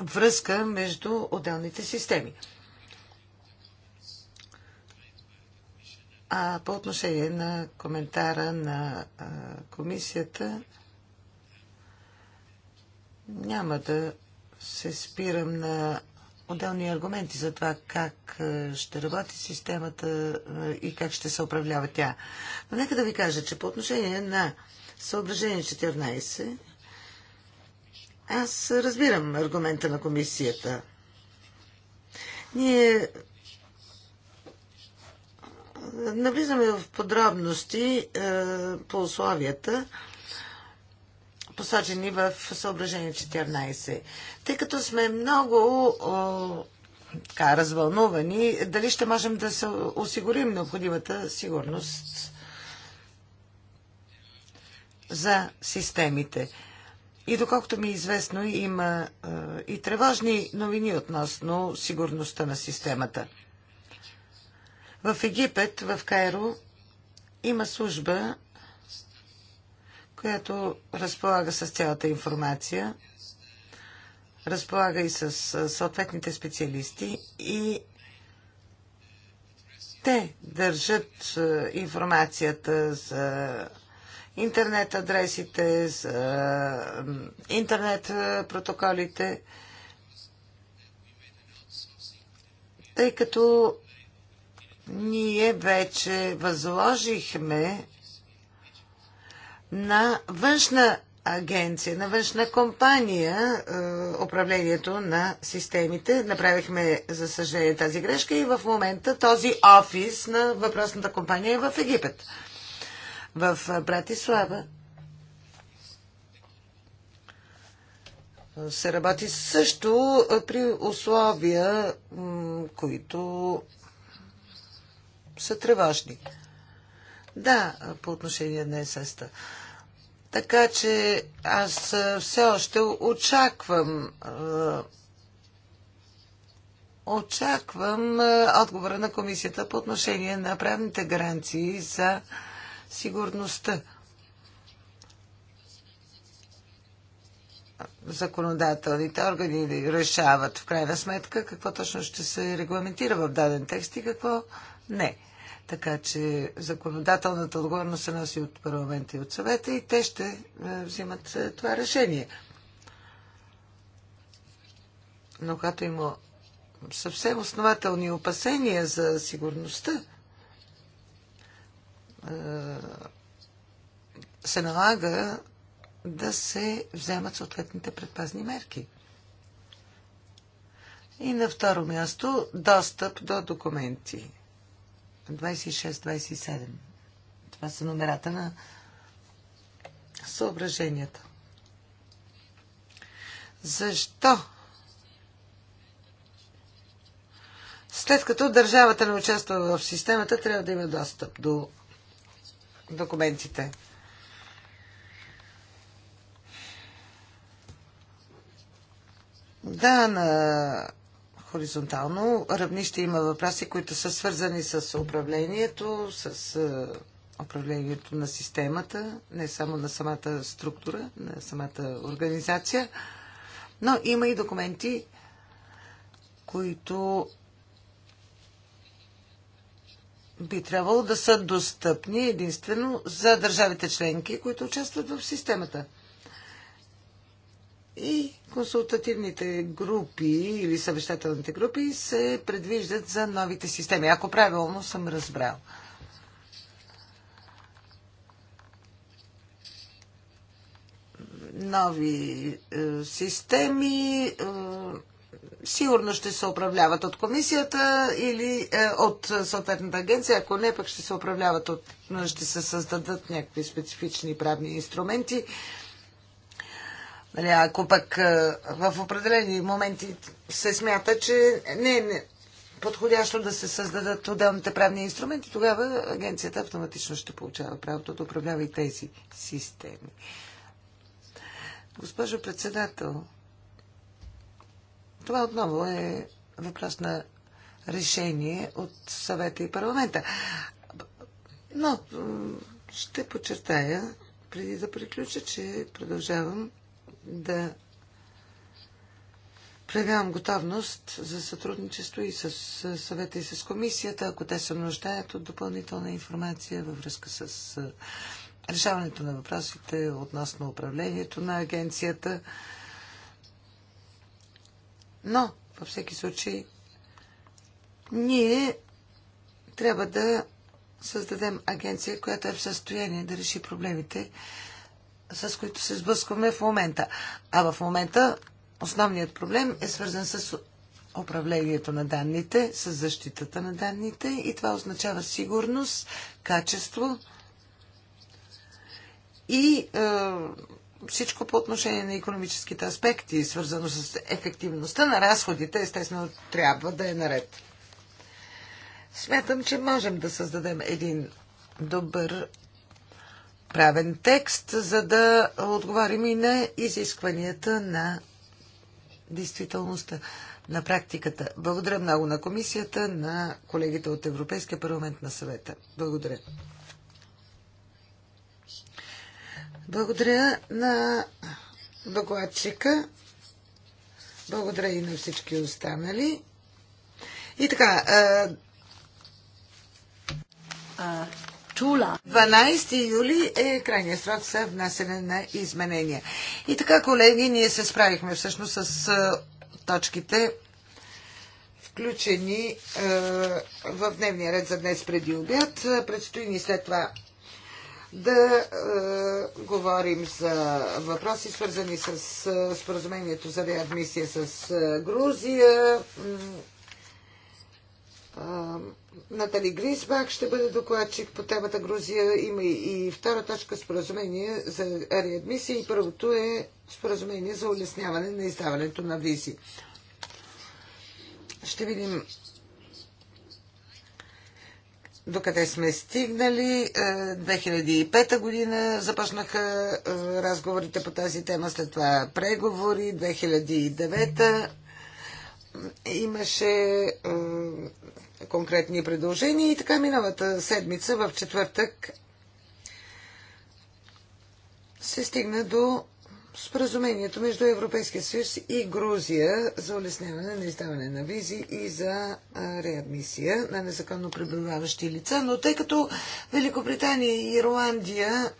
връзка между отделните системи. А по отношение на коментара на а, комисията, няма да се спирам на отделни аргументи за това как ще работи системата и как ще се управлява тя. Но нека да ви кажа, че по отношение на съображение 14, аз разбирам аргумента на комисията. Ние навлизаме в подробности е, по условията, посочени в съображение 14. Тъй като сме много о, така, развълнувани, дали ще можем да се осигурим необходимата сигурност за системите. И доколкото ми е известно, има и тревожни новини относно сигурността на системата. В Египет, в Кайро, има служба, която разполага с цялата информация, разполага и с съответните специалисти и те държат информацията за интернет адресите, интернет протоколите, тъй като ние вече възложихме на външна агенция, на външна компания управлението на системите. Направихме, за съжаление, тази грешка и в момента този офис на въпросната компания е в Египет в Братислава се работи също при условия, които са тревожни. Да, по отношение на есеста. Така че аз все още очаквам очаквам отговора на комисията по отношение на правните гаранции за сигурността. Законодателните органи решават в крайна сметка какво точно ще се регламентира в даден текст и какво не. Така че законодателната отговорност се носи от парламента и от съвета и те ще е, взимат е, това решение. Но когато има съвсем основателни опасения за сигурността е, се налага да се вземат съответните предпазни мерки. И на второ място достъп до документи. 26-27. Това са номерата на съображенията. Защо? След като държавата не участва в системата, трябва да има достъп до документите. Да, на хоризонтално равнище има въпроси, които са свързани с управлението, с е, управлението на системата, не само на самата структура, на самата организация, но има и документи, които би трябвало да са достъпни единствено за държавите членки, които участват в системата. И консултативните групи или съвещателните групи се предвиждат за новите системи, ако правилно съм разбрал. Нови е, системи. Е, сигурно ще се управляват от комисията или е, от съответната агенция, ако не, пък ще се управляват от, ще се създадат някакви специфични правни инструменти. Нали, ако пък е, в определени моменти се смята, че не е подходящо да се създадат отделните правни инструменти, тогава агенцията автоматично ще получава правото да управлява и тези системи. Госпожо председател, това отново е въпрос на решение от съвета и парламента. Но ще подчертая, преди да приключа, че продължавам да проявявам готовност за сътрудничество и с съвета и с комисията, ако те се нуждаят от допълнителна информация във връзка с решаването на въпросите относно управлението на агенцията. Но, във всеки случай, ние трябва да създадем агенция, която е в състояние да реши проблемите, с които се сблъскваме в момента. А в момента основният проблем е свързан с управлението на данните, с защитата на данните и това означава сигурност, качество и е, всичко по отношение на економическите аспекти, свързано с ефективността на разходите, естествено трябва да е наред. Смятам, че можем да създадем един добър правен текст, за да отговорим и на изискванията на действителността, на практиката. Благодаря много на комисията, на колегите от Европейския парламент на съвета. Благодаря. Благодаря на докладчика. Благодаря и на всички останали. И така. А... 12 юли е крайният срок за внасяне на изменения. И така, колеги, ние се справихме всъщност с точките, включени в дневния ред за днес преди обяд. Предстои ни след това да е, говорим за въпроси, свързани с е, споразумението за реадмисия с е, Грузия. Е, Натали Грисбак ще бъде докладчик по темата Грузия. Има и втора точка споразумение за реадмисия и първото е споразумение за улесняване на издаването на визи. Ще видим докъде сме стигнали. 2005 е, година започнаха е, разговорите по тази тема, след това преговори. 2009 имаше е, конкретни предложения и така миналата седмица в четвъртък се стигна до споразумението между Европейския съюз и Грузия за улесняване на издаване на визи и за реадмисия на незаконно пребиваващи лица. Но тъй като Великобритания и Ирландия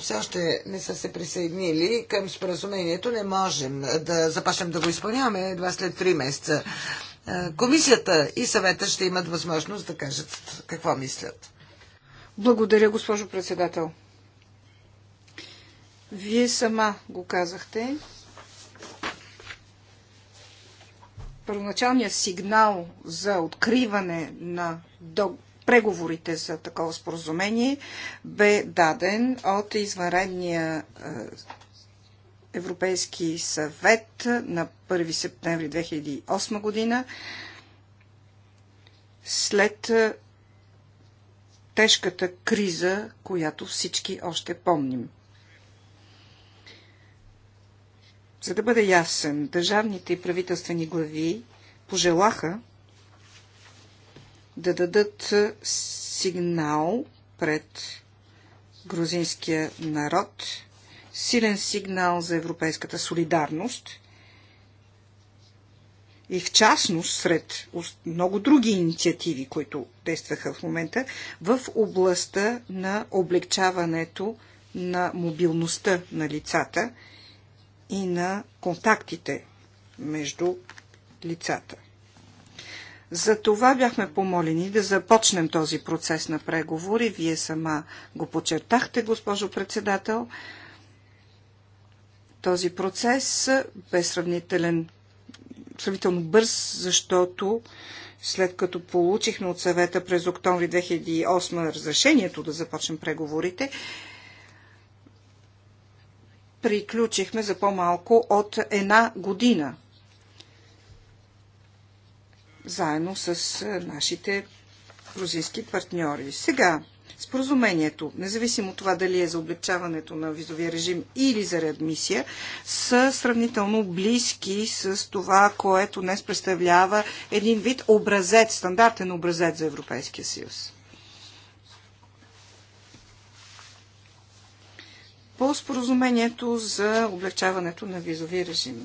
все още не са се присъединили към споразумението, не можем да започнем да го изпълняваме едва след 3 месеца. Комисията и съвета ще имат възможност да кажат какво мислят. Благодаря, госпожо председател. Вие сама го казахте. Първоначалният сигнал за откриване на преговорите за такова споразумение бе даден от извънредния е, Европейски съвет на 1 септември 2008 година след е, тежката криза, която всички още помним. За да бъде ясен, държавните и правителствени глави пожелаха да дадат сигнал пред грузинския народ, силен сигнал за европейската солидарност и в частност сред много други инициативи, които действаха в момента, в областта на облегчаването на мобилността на лицата – и на контактите между лицата. За това бяхме помолени да започнем този процес на преговори. Вие сама го подчертахте, госпожо председател. Този процес бе сравнителен, сравнително бърз, защото след като получихме от съвета през октомври 2008 разрешението да започнем преговорите, приключихме за по-малко от една година. Заедно с е, нашите грузински партньори. Сега, споразумението, независимо от това дали е за облегчаването на визовия режим или за реадмисия, са сравнително близки с това, което днес представлява един вид образец, стандартен образец за Европейския съюз. по споразумението за облегчаването на визови режими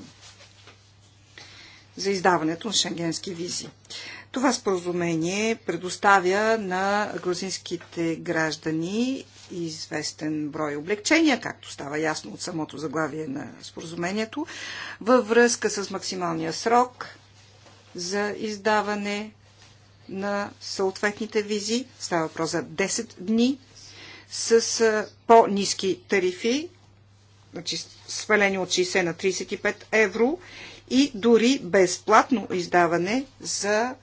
за издаването на шенгенски визи. Това споразумение предоставя на грузинските граждани известен брой облегчения, както става ясно от самото заглавие на споразумението, във връзка с максималния срок за издаване на съответните визи. Става въпрос за 10 дни с по-низки тарифи, значи свалени от 60 на 35 евро и дори безплатно издаване за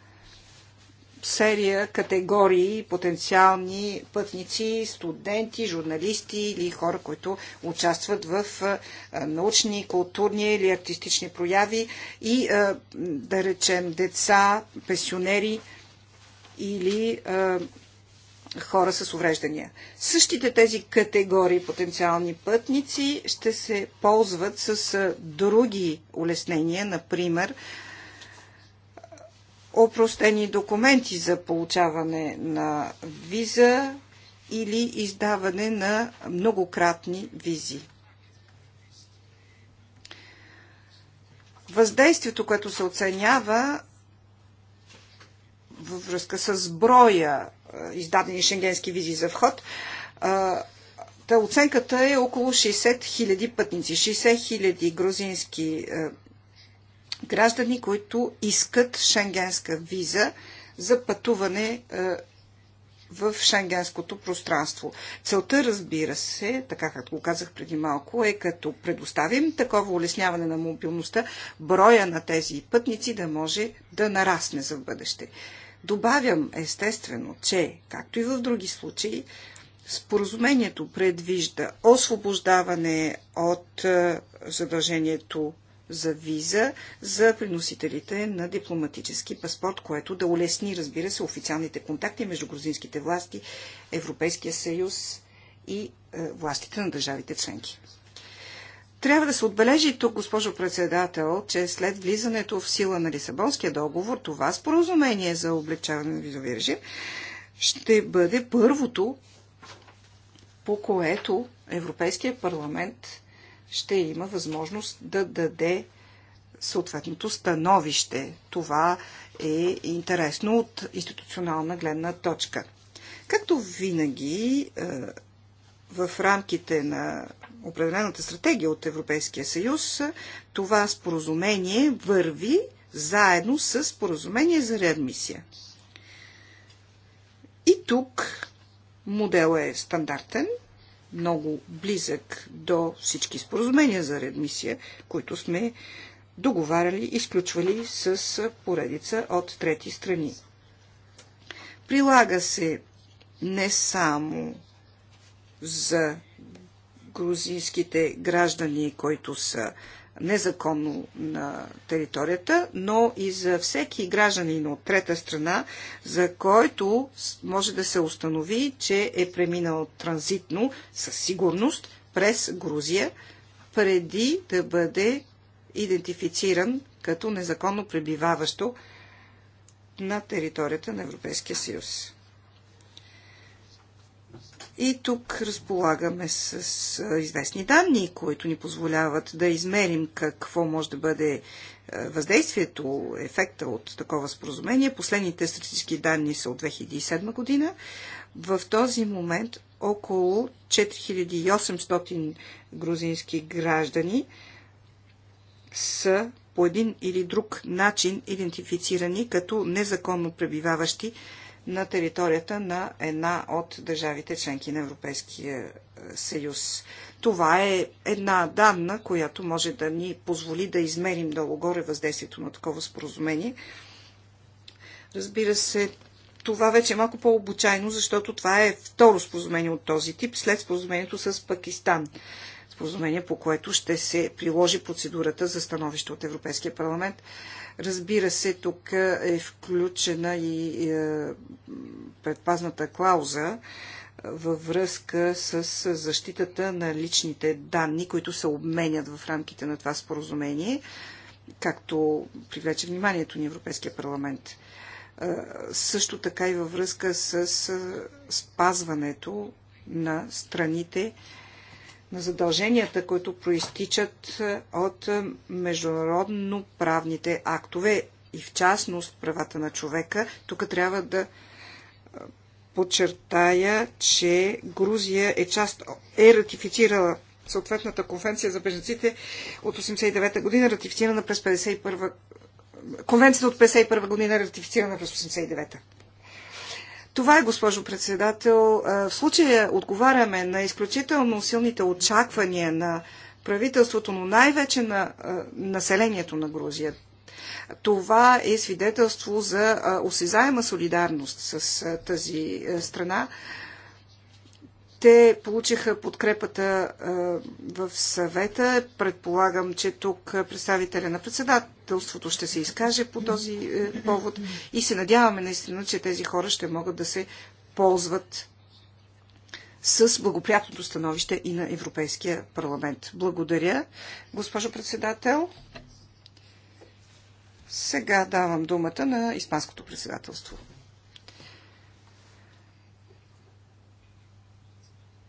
серия категории потенциални пътници, студенти, журналисти или хора, които участват в научни, културни или артистични прояви и да речем деца, пенсионери или хора с увреждания. Същите тези категории потенциални пътници ще се ползват с други улеснения, например опростени документи за получаване на виза или издаване на многократни визи. Въздействието, което се оценява във връзка с броя издадени шенгенски визи за вход. Та оценката е около 60 000 пътници, 60 000 грузински граждани, които искат шенгенска виза за пътуване в шенгенското пространство. Целта, разбира се, така както го казах преди малко, е като предоставим такова улесняване на мобилността, броя на тези пътници да може да нарасне за бъдеще. Добавям естествено, че, както и в други случаи, споразумението предвижда освобождаване от е, задължението за виза за приносителите на дипломатически паспорт, което да улесни, разбира се, официалните контакти между грузинските власти, Европейския съюз и е, властите на държавите членки. Трябва да се отбележи тук, госпожо председател, че след влизането в сила на Лисабонския договор, това споразумение за облегчаване на визови режим ще бъде първото, по което Европейския парламент ще има възможност да даде съответното становище. Това е интересно от институционална гледна точка. Както винаги, е, в рамките на определената стратегия от Европейския съюз, това споразумение върви заедно с споразумение за реадмисия. И тук моделът е стандартен, много близък до всички споразумения за реадмисия, които сме договаряли и изключвали с поредица от трети страни. Прилага се не само за грузийските граждани, които са незаконно на територията, но и за всеки гражданин от трета страна, за който може да се установи, че е преминал транзитно със сигурност през Грузия, преди да бъде идентифициран като незаконно пребиваващо на територията на Европейския съюз. И тук разполагаме с известни данни, които ни позволяват да измерим какво може да бъде въздействието, ефекта от такова споразумение. Последните статистически данни са от 2007 година. В този момент около 4800 грузински граждани са по един или друг начин идентифицирани като незаконно пребиваващи на територията на една от държавите членки на Европейския е, съюз. Това е една данна, която може да ни позволи да измерим горе въздействието на такова споразумение. Разбира се, това вече е малко по-обучайно, защото това е второ споразумение от този тип, след споразумението с Пакистан споразумение, по което ще се приложи процедурата за становище от Европейския парламент. Разбира се, тук е включена и е, предпазната клауза е, във връзка с защитата на личните данни, които се обменят в рамките на това споразумение, както привлече вниманието ни Европейския парламент е, също така и във връзка с спазването на страните на задълженията, които проистичат е, от е, международно правните актове и в частност правата на човека. Тук трябва да е, подчертая, че Грузия е, част, е ратифицирала съответната конвенция за беженците от 89-та година, ратифицирана през 51 Конвенцията от 51 година е ратифицирана през 89-та. Това е, госпожо председател. В случая отговаряме на изключително силните очаквания на правителството, но най-вече на населението на Грузия. Това е свидетелство за осезаема солидарност с тази страна, те получиха подкрепата в съвета. Предполагам, че тук представителя на председателството ще се изкаже по този е, повод и се надяваме наистина, че тези хора ще могат да се ползват с благоприятното становище и на Европейския парламент. Благодаря, госпожо председател. Сега давам думата на Испанското председателство.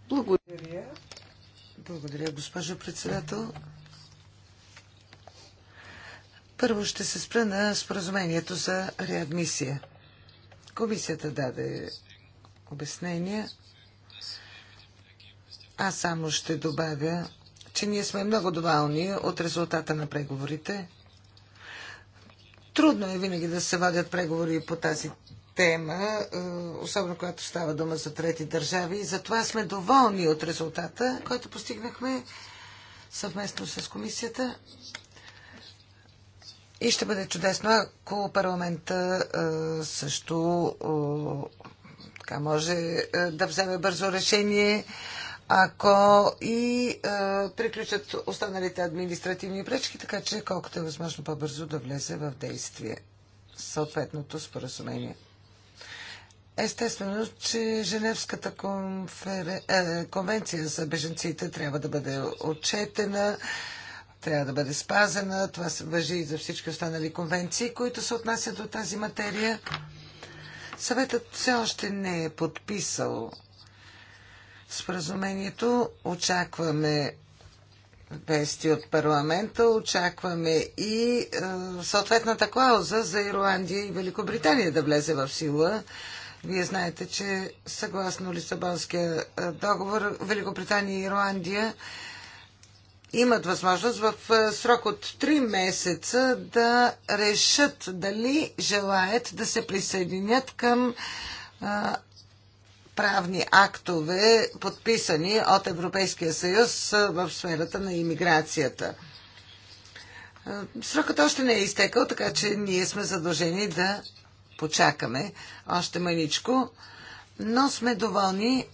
Благодаря. Благодаря, госпожо председател. Първо ще се спра на споразумението за реадмисия. Комисията даде обяснения. Аз само ще добавя, че ние сме много доволни от резултата на преговорите. Трудно е винаги да се водят преговори по тази тема, е, особено когато става дума за трети държави. И затова сме доволни от резултата, който постигнахме съвместно с комисията. И ще бъде чудесно, ако парламента е, също е, така може да вземе бързо решение, ако и приключат останалите административни пречки, така че колкото е възможно по-бързо да влезе в действие съответното споразумение. Естествено, че Женевската е, конвенция за беженците трябва да бъде отчетена, трябва да бъде спазена. Това се въжи и за всички останали конвенции, които се отнасят до тази материя. Съветът все още не е подписал споразумението. Очакваме вести от парламента, очакваме и е, съответната клауза за Ирландия и Великобритания да влезе в сила. Вие знаете, че съгласно Лисабонския е, договор Великобритания и Ирландия имат възможност в е, срок от 3 месеца да решат дали желаят да се присъединят към е, правни актове, подписани от Европейския съюз в сферата на иммиграцията. Срокът още не е изтекал, така че ние сме задължени да почакаме още мъничко, но сме доволни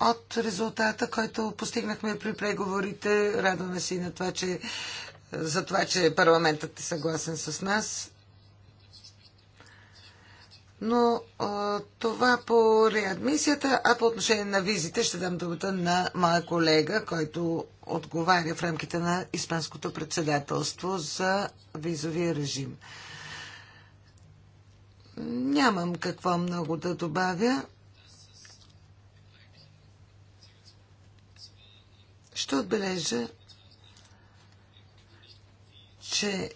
от резултата, който постигнахме при преговорите. Радваме се и на това, че за това, че парламентът е съгласен с нас. Но а, това по реадмисията, а по отношение на визите ще дам думата на моя колега, който отговаря в рамките на Испанското председателство за визовия режим. Нямам какво много да добавя. Ще отбележа, че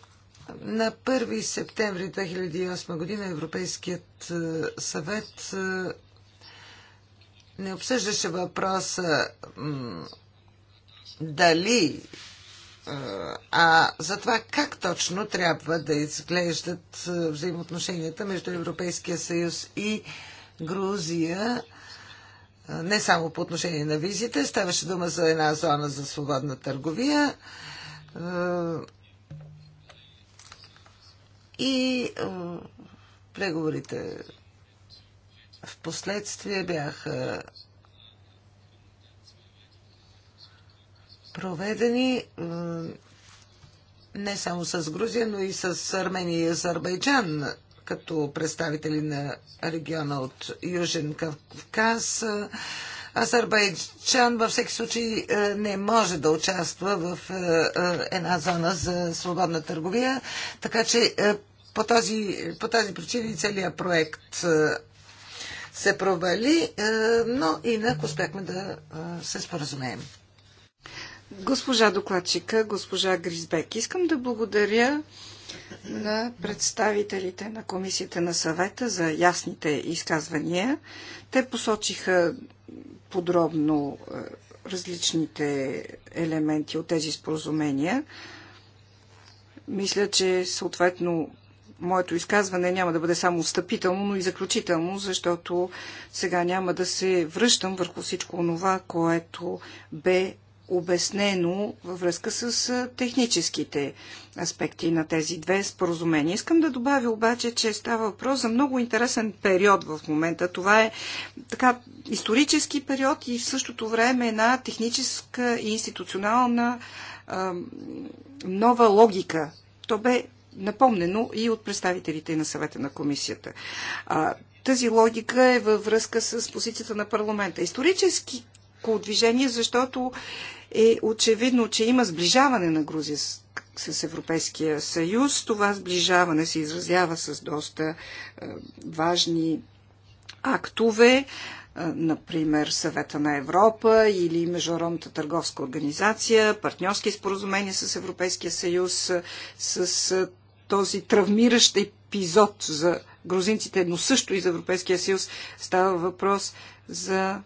на 1 септември 2008 година Европейският е, съвет е, не обсъждаше въпроса дали а за това как точно трябва да изглеждат взаимоотношенията между Европейския съюз и Грузия, не само по отношение на визите, ставаше дума за една зона за свободна търговия. И преговорите в последствие бяха проведени не само с Грузия, но и с Армения и Азербайджан като представители на региона от Южен Кавказ. Азербайджан във всеки случай е, не може да участва в е, е, една зона за свободна търговия, така че по, тази, по тази причина и целият проект се провали, но инак успяхме да се споразумеем. Госпожа докладчика, госпожа Гризбек, искам да благодаря на представителите на комисията на съвета за ясните изказвания. Те посочиха подробно е, различните елементи от тези споразумения. Мисля, че съответно моето изказване няма да бъде само встъпително, но и заключително, защото сега няма да се връщам върху всичко това, което бе обяснено във връзка с техническите аспекти на тези две споразумения. Искам да добавя обаче, че става въпрос за много интересен период в момента. Това е така исторически период и в същото време една техническа и институционална а, нова логика. То бе напомнено и от представителите на съвета на комисията. А, тази логика е във връзка с позицията на парламента. Исторически движение, защото е очевидно, че има сближаване на Грузия с, с Европейския съюз. Това сближаване се изразява с доста е, важни актове, е, например Съвета на Европа или Международната търговска организация, партньорски споразумения с Европейския съюз, е, с, с е, този травмиращ епизод за грузинците, но също и за Европейския съюз става въпрос за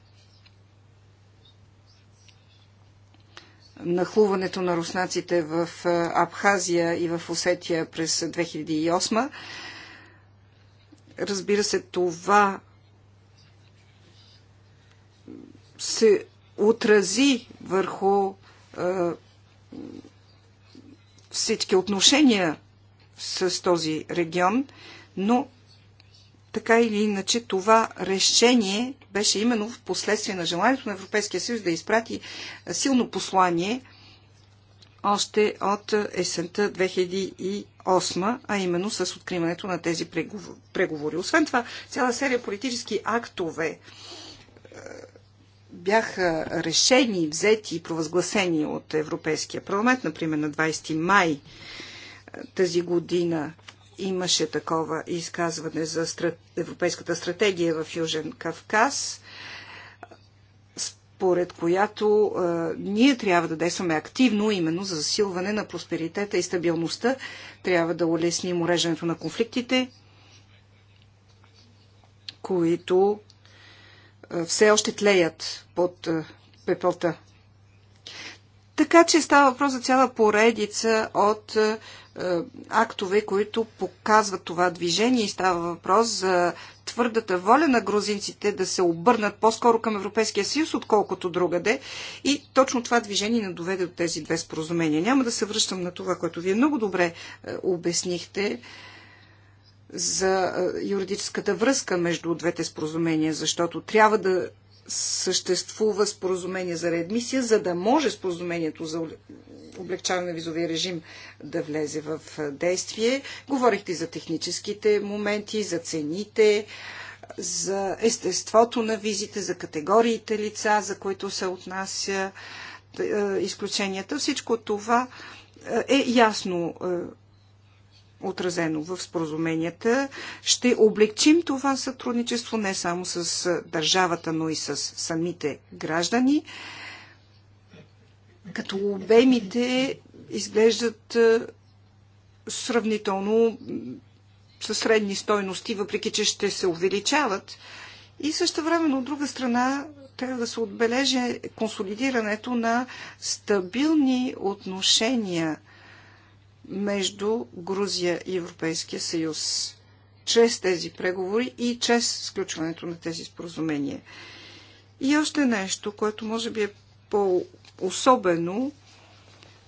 нахлуването на руснаците в Абхазия и в Осетия през 2008. Разбира се, това се отрази върху всички отношения с този регион, но така или иначе това решение беше именно в последствие на желанието на Европейския съюз да изпрати силно послание още от есента 2008, а именно с откриването на тези преговори. Освен това, цяла серия политически актове бяха решени, взети и провъзгласени от Европейския парламент, например на 20 май тази година Имаше такова изказване за Европейската стратегия в Южен Кавказ, според която е, ние трябва да действаме активно именно за засилване на просперитета и стабилността. Трябва да улесним уреждането на конфликтите, които е, все още тлеят под е, пепелта. Така че става въпрос за цяла поредица от е, актове, които показват това движение и става въпрос за твърдата воля на грузинците да се обърнат по-скоро към Европейския съюз, отколкото другаде. И точно това движение не доведе до тези две споразумения. Няма да се връщам на това, което вие много добре е, обяснихте за е, юридическата връзка между двете споразумения, защото трябва да съществува споразумение за реадмисия, за да може споразумението за облегчаване на визовия режим да влезе в действие. Говорихте за техническите моменти, за цените, за естеството на визите, за категориите лица, за които се отнася изключенията. Всичко това е ясно отразено в споразуменията. Ще облегчим това сътрудничество не само с държавата, но и с самите граждани като обемите изглеждат е, сравнително със средни стойности, въпреки че ще се увеличават. И също времено, от друга страна, трябва да се отбележи консолидирането на стабилни отношения между Грузия и Европейския съюз чрез тези преговори и чрез сключването на тези споразумения. И още нещо, което може би е по Особено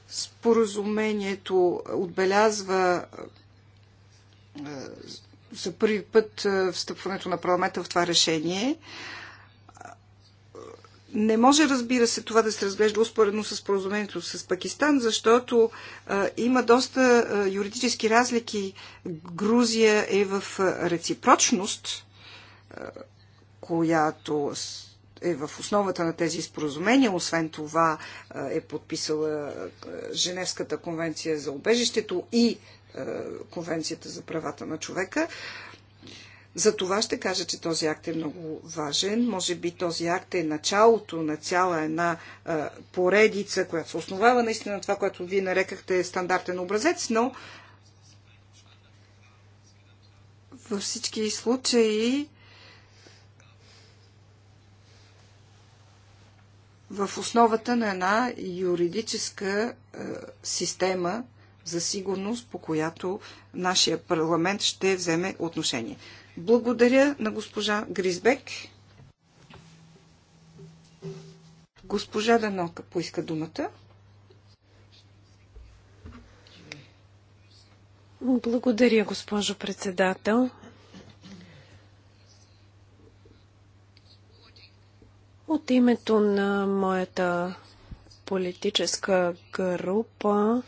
споразумението отбелязва е, за първи път е, встъпването на парламента в това решение. Не може, разбира се, това да се разглежда успоредно с споразумението с Пакистан, защото а, е, има доста а, юридически разлики. Грузия е в а, реципрочност, а, която е в основата на тези споразумения. Освен това е подписала Женевската конвенция за обежището и Конвенцията за правата на човека. За това ще кажа, че този акт е много важен. Може би този акт е началото на цяла една а, поредица, която се основава наистина на това, което вие нарекахте стандартен образец, но във всички случаи в основата на една юридическа е, система за сигурност, по която нашия парламент ще вземе отношение. Благодаря на госпожа Гризбек. Госпожа Данока поиска думата. Благодаря, госпожо председател. От името на моята политическа група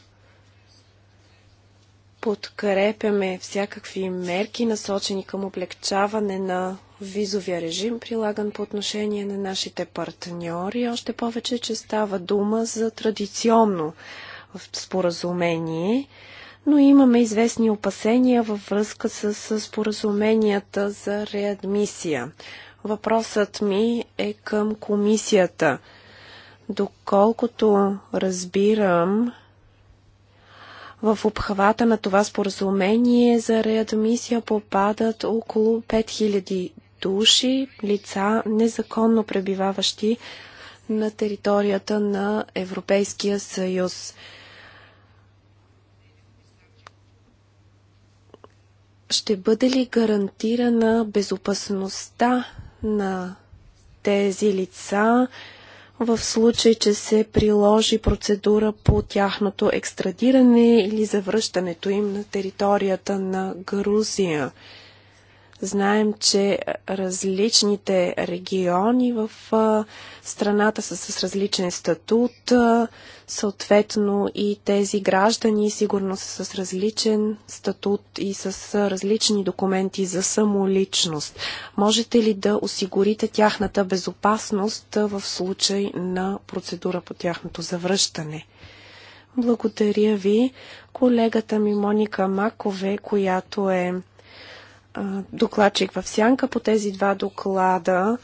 подкрепяме всякакви мерки, насочени към облегчаване на визовия режим, прилаган по отношение на нашите партньори. Още повече, че става дума за традиционно споразумение, но имаме известни опасения във връзка с споразуменията за реадмисия. Въпросът ми е към комисията. Доколкото разбирам, в обхвата на това споразумение за реадмисия попадат около 5000 души, лица, незаконно пребиваващи на територията на Европейския съюз. Ще бъде ли гарантирана безопасността на тези лица в случай, че се приложи процедура по тяхното екстрадиране или завръщането им на територията на Грузия. Знаем, че различните региони в страната са с различен статут, Съответно и тези граждани сигурно са с различен статут и с различни документи за самоличност. Можете ли да осигурите тяхната безопасност в случай на процедура по тяхното завръщане? Благодаря ви. Колегата ми Моника Макове, която е докладчик в сянка по тези два доклада,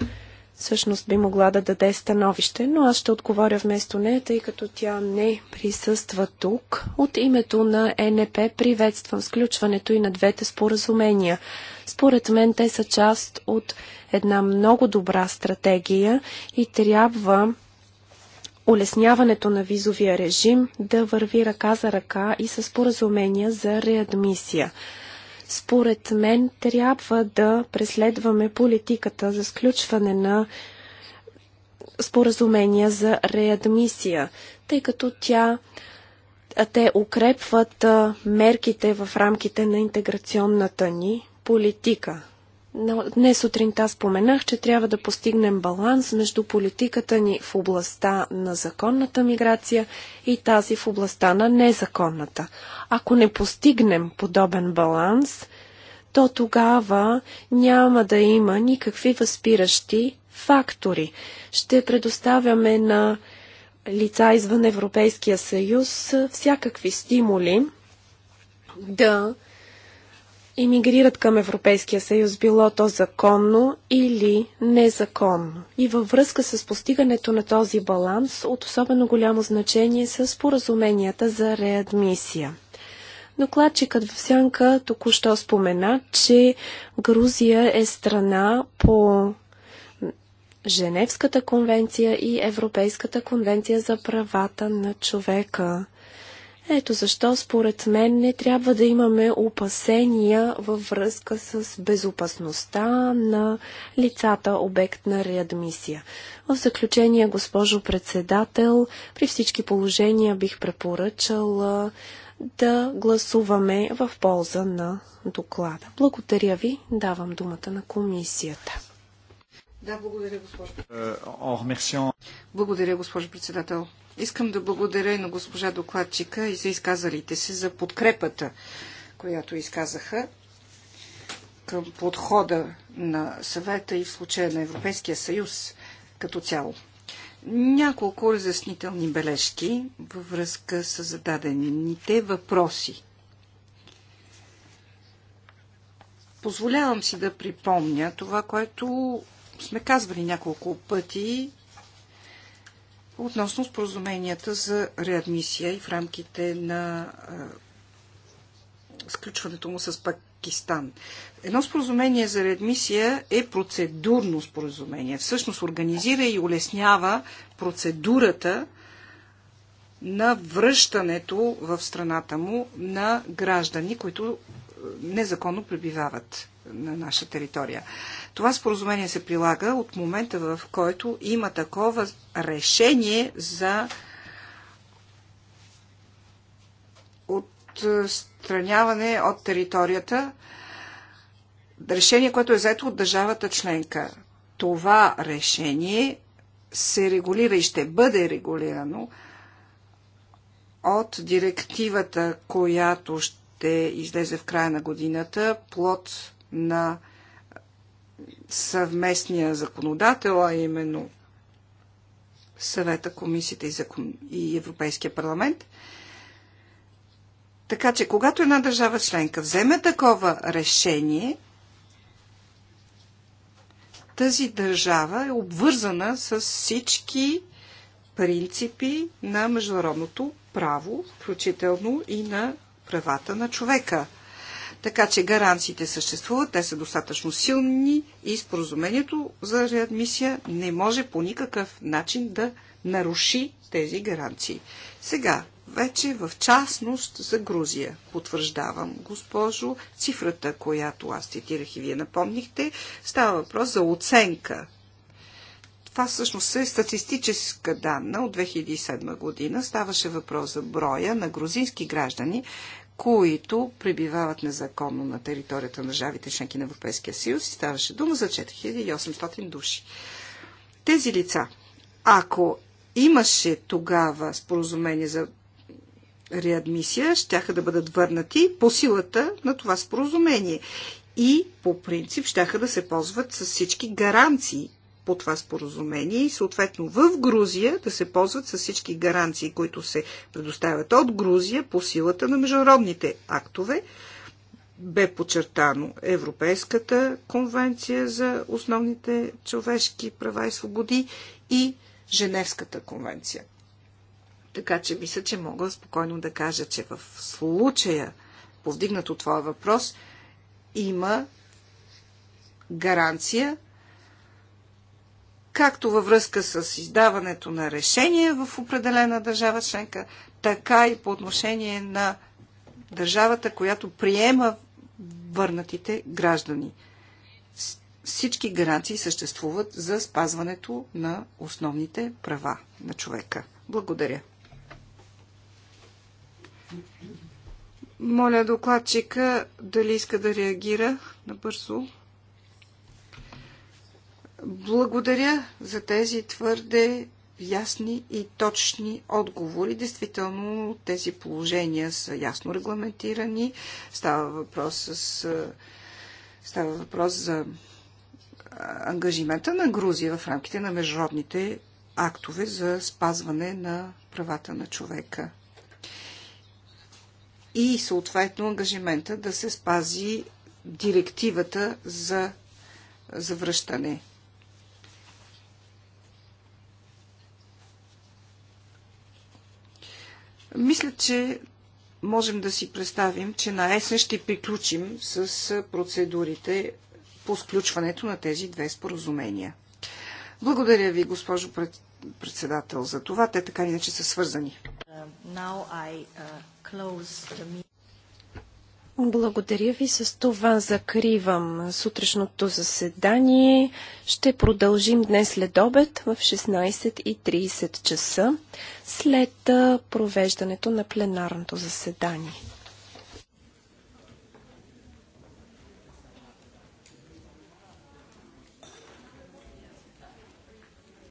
всъщност би могла да даде становище, но аз ще отговоря вместо нея, тъй като тя не присъства тук. От името на НП приветствам сключването и на двете споразумения. Според мен те са част от една много добра стратегия и трябва улесняването на визовия режим да върви ръка за ръка и с споразумения за реадмисия. Според мен трябва да преследваме политиката за сключване на споразумения за реадмисия, тъй като тя те укрепват мерките в рамките на интеграционната ни политика. Днес сутринта споменах, че трябва да постигнем баланс между политиката ни в областта на законната миграция и тази в областта на незаконната. Ако не постигнем подобен баланс, то тогава няма да има никакви възпиращи фактори. Ще предоставяме на лица извън Европейския съюз всякакви стимули да емигрират към Европейския съюз, било то законно или незаконно. И във връзка с постигането на този баланс, от особено голямо значение са споразуменията за реадмисия. Докладчикът в Сянка току-що спомена, че Грузия е страна по Женевската конвенция и Европейската конвенция за правата на човека. Ето защо според мен не трябва да имаме опасения във връзка с безопасността на лицата обект на реадмисия. В заключение, госпожо председател, при всички положения бих препоръчала да гласуваме в полза на доклада. Благодаря ви. Давам думата на комисията. Да, благодаря, госпожо. Е, благодаря, госпожо председател. Искам да благодаря и на госпожа докладчика и за изказалите се за подкрепата, която изказаха към подхода на съвета и в случая на Европейския съюз като цяло. Няколко разяснителни бележки във връзка с зададените въпроси. Позволявам си да припомня това, което сме казвали няколко пъти относно споразуменията за реадмисия и в рамките на сключването му с Пакистан. Едно споразумение за реадмисия е процедурно споразумение. Всъщност организира и улеснява процедурата на връщането в страната му на граждани, които незаконно пребивават на наша територия. Това споразумение се прилага от момента, в който има такова решение за отстраняване е, от територията, решение, което е взето от държавата членка. Това решение се регулира и ще бъде регулирано от директивата, която ще излезе в края на годината, плод на съвместния законодател, а именно съвета, комисията и, закон... и Европейския парламент. Така че, когато една държава членка вземе такова решение, тази държава е обвързана с всички принципи на международното право, включително и на правата на човека – така че гаранциите съществуват, те са достатъчно силни и споразумението за реадмисия не може по никакъв начин да наруши тези гаранции. Сега, вече в частност за Грузия, потвърждавам, госпожо, цифрата, която аз цитирах и вие напомнихте, става въпрос за оценка. Това всъщност е статистическа данна от 2007 година. Ставаше въпрос за броя на грузински граждани, които пребивават незаконно на територията на държавите членки на Европейския съюз и ставаше дума за 4800 души. Тези лица, ако имаше тогава споразумение за реадмисия, щяха да бъдат върнати по силата на това споразумение и по принцип щяха да се ползват с всички гаранции по това споразумение и съответно в Грузия да се ползват с всички гаранции, които се предоставят от Грузия по силата на международните актове. Бе подчертано Европейската конвенция за основните човешки права и свободи и Женевската конвенция. Така че мисля, че мога спокойно да кажа, че в случая, повдигнато това въпрос, има гаранция както във връзка с издаването на решение в определена държава членка, така и по отношение на държавата, която приема върнатите граждани. Всички гаранции съществуват за спазването на основните права на човека. Благодаря. Моля докладчика дали иска да реагира набързо. Благодаря за тези твърде ясни и точни отговори. Действително тези положения са ясно регламентирани. Става въпрос, с, става въпрос за ангажимента на Грузия в рамките на международните актове за спазване на правата на човека. И съответно ангажимента да се спази директивата за завръщане. Мисля, че можем да си представим, че на есен ще приключим с процедурите по сключването на тези две споразумения. Благодаря ви, госпожо председател, за това. Те така иначе са свързани. Uh, благодаря ви. С това закривам сутрешното заседание. Ще продължим днес след обед в 16.30 часа след провеждането на пленарното заседание.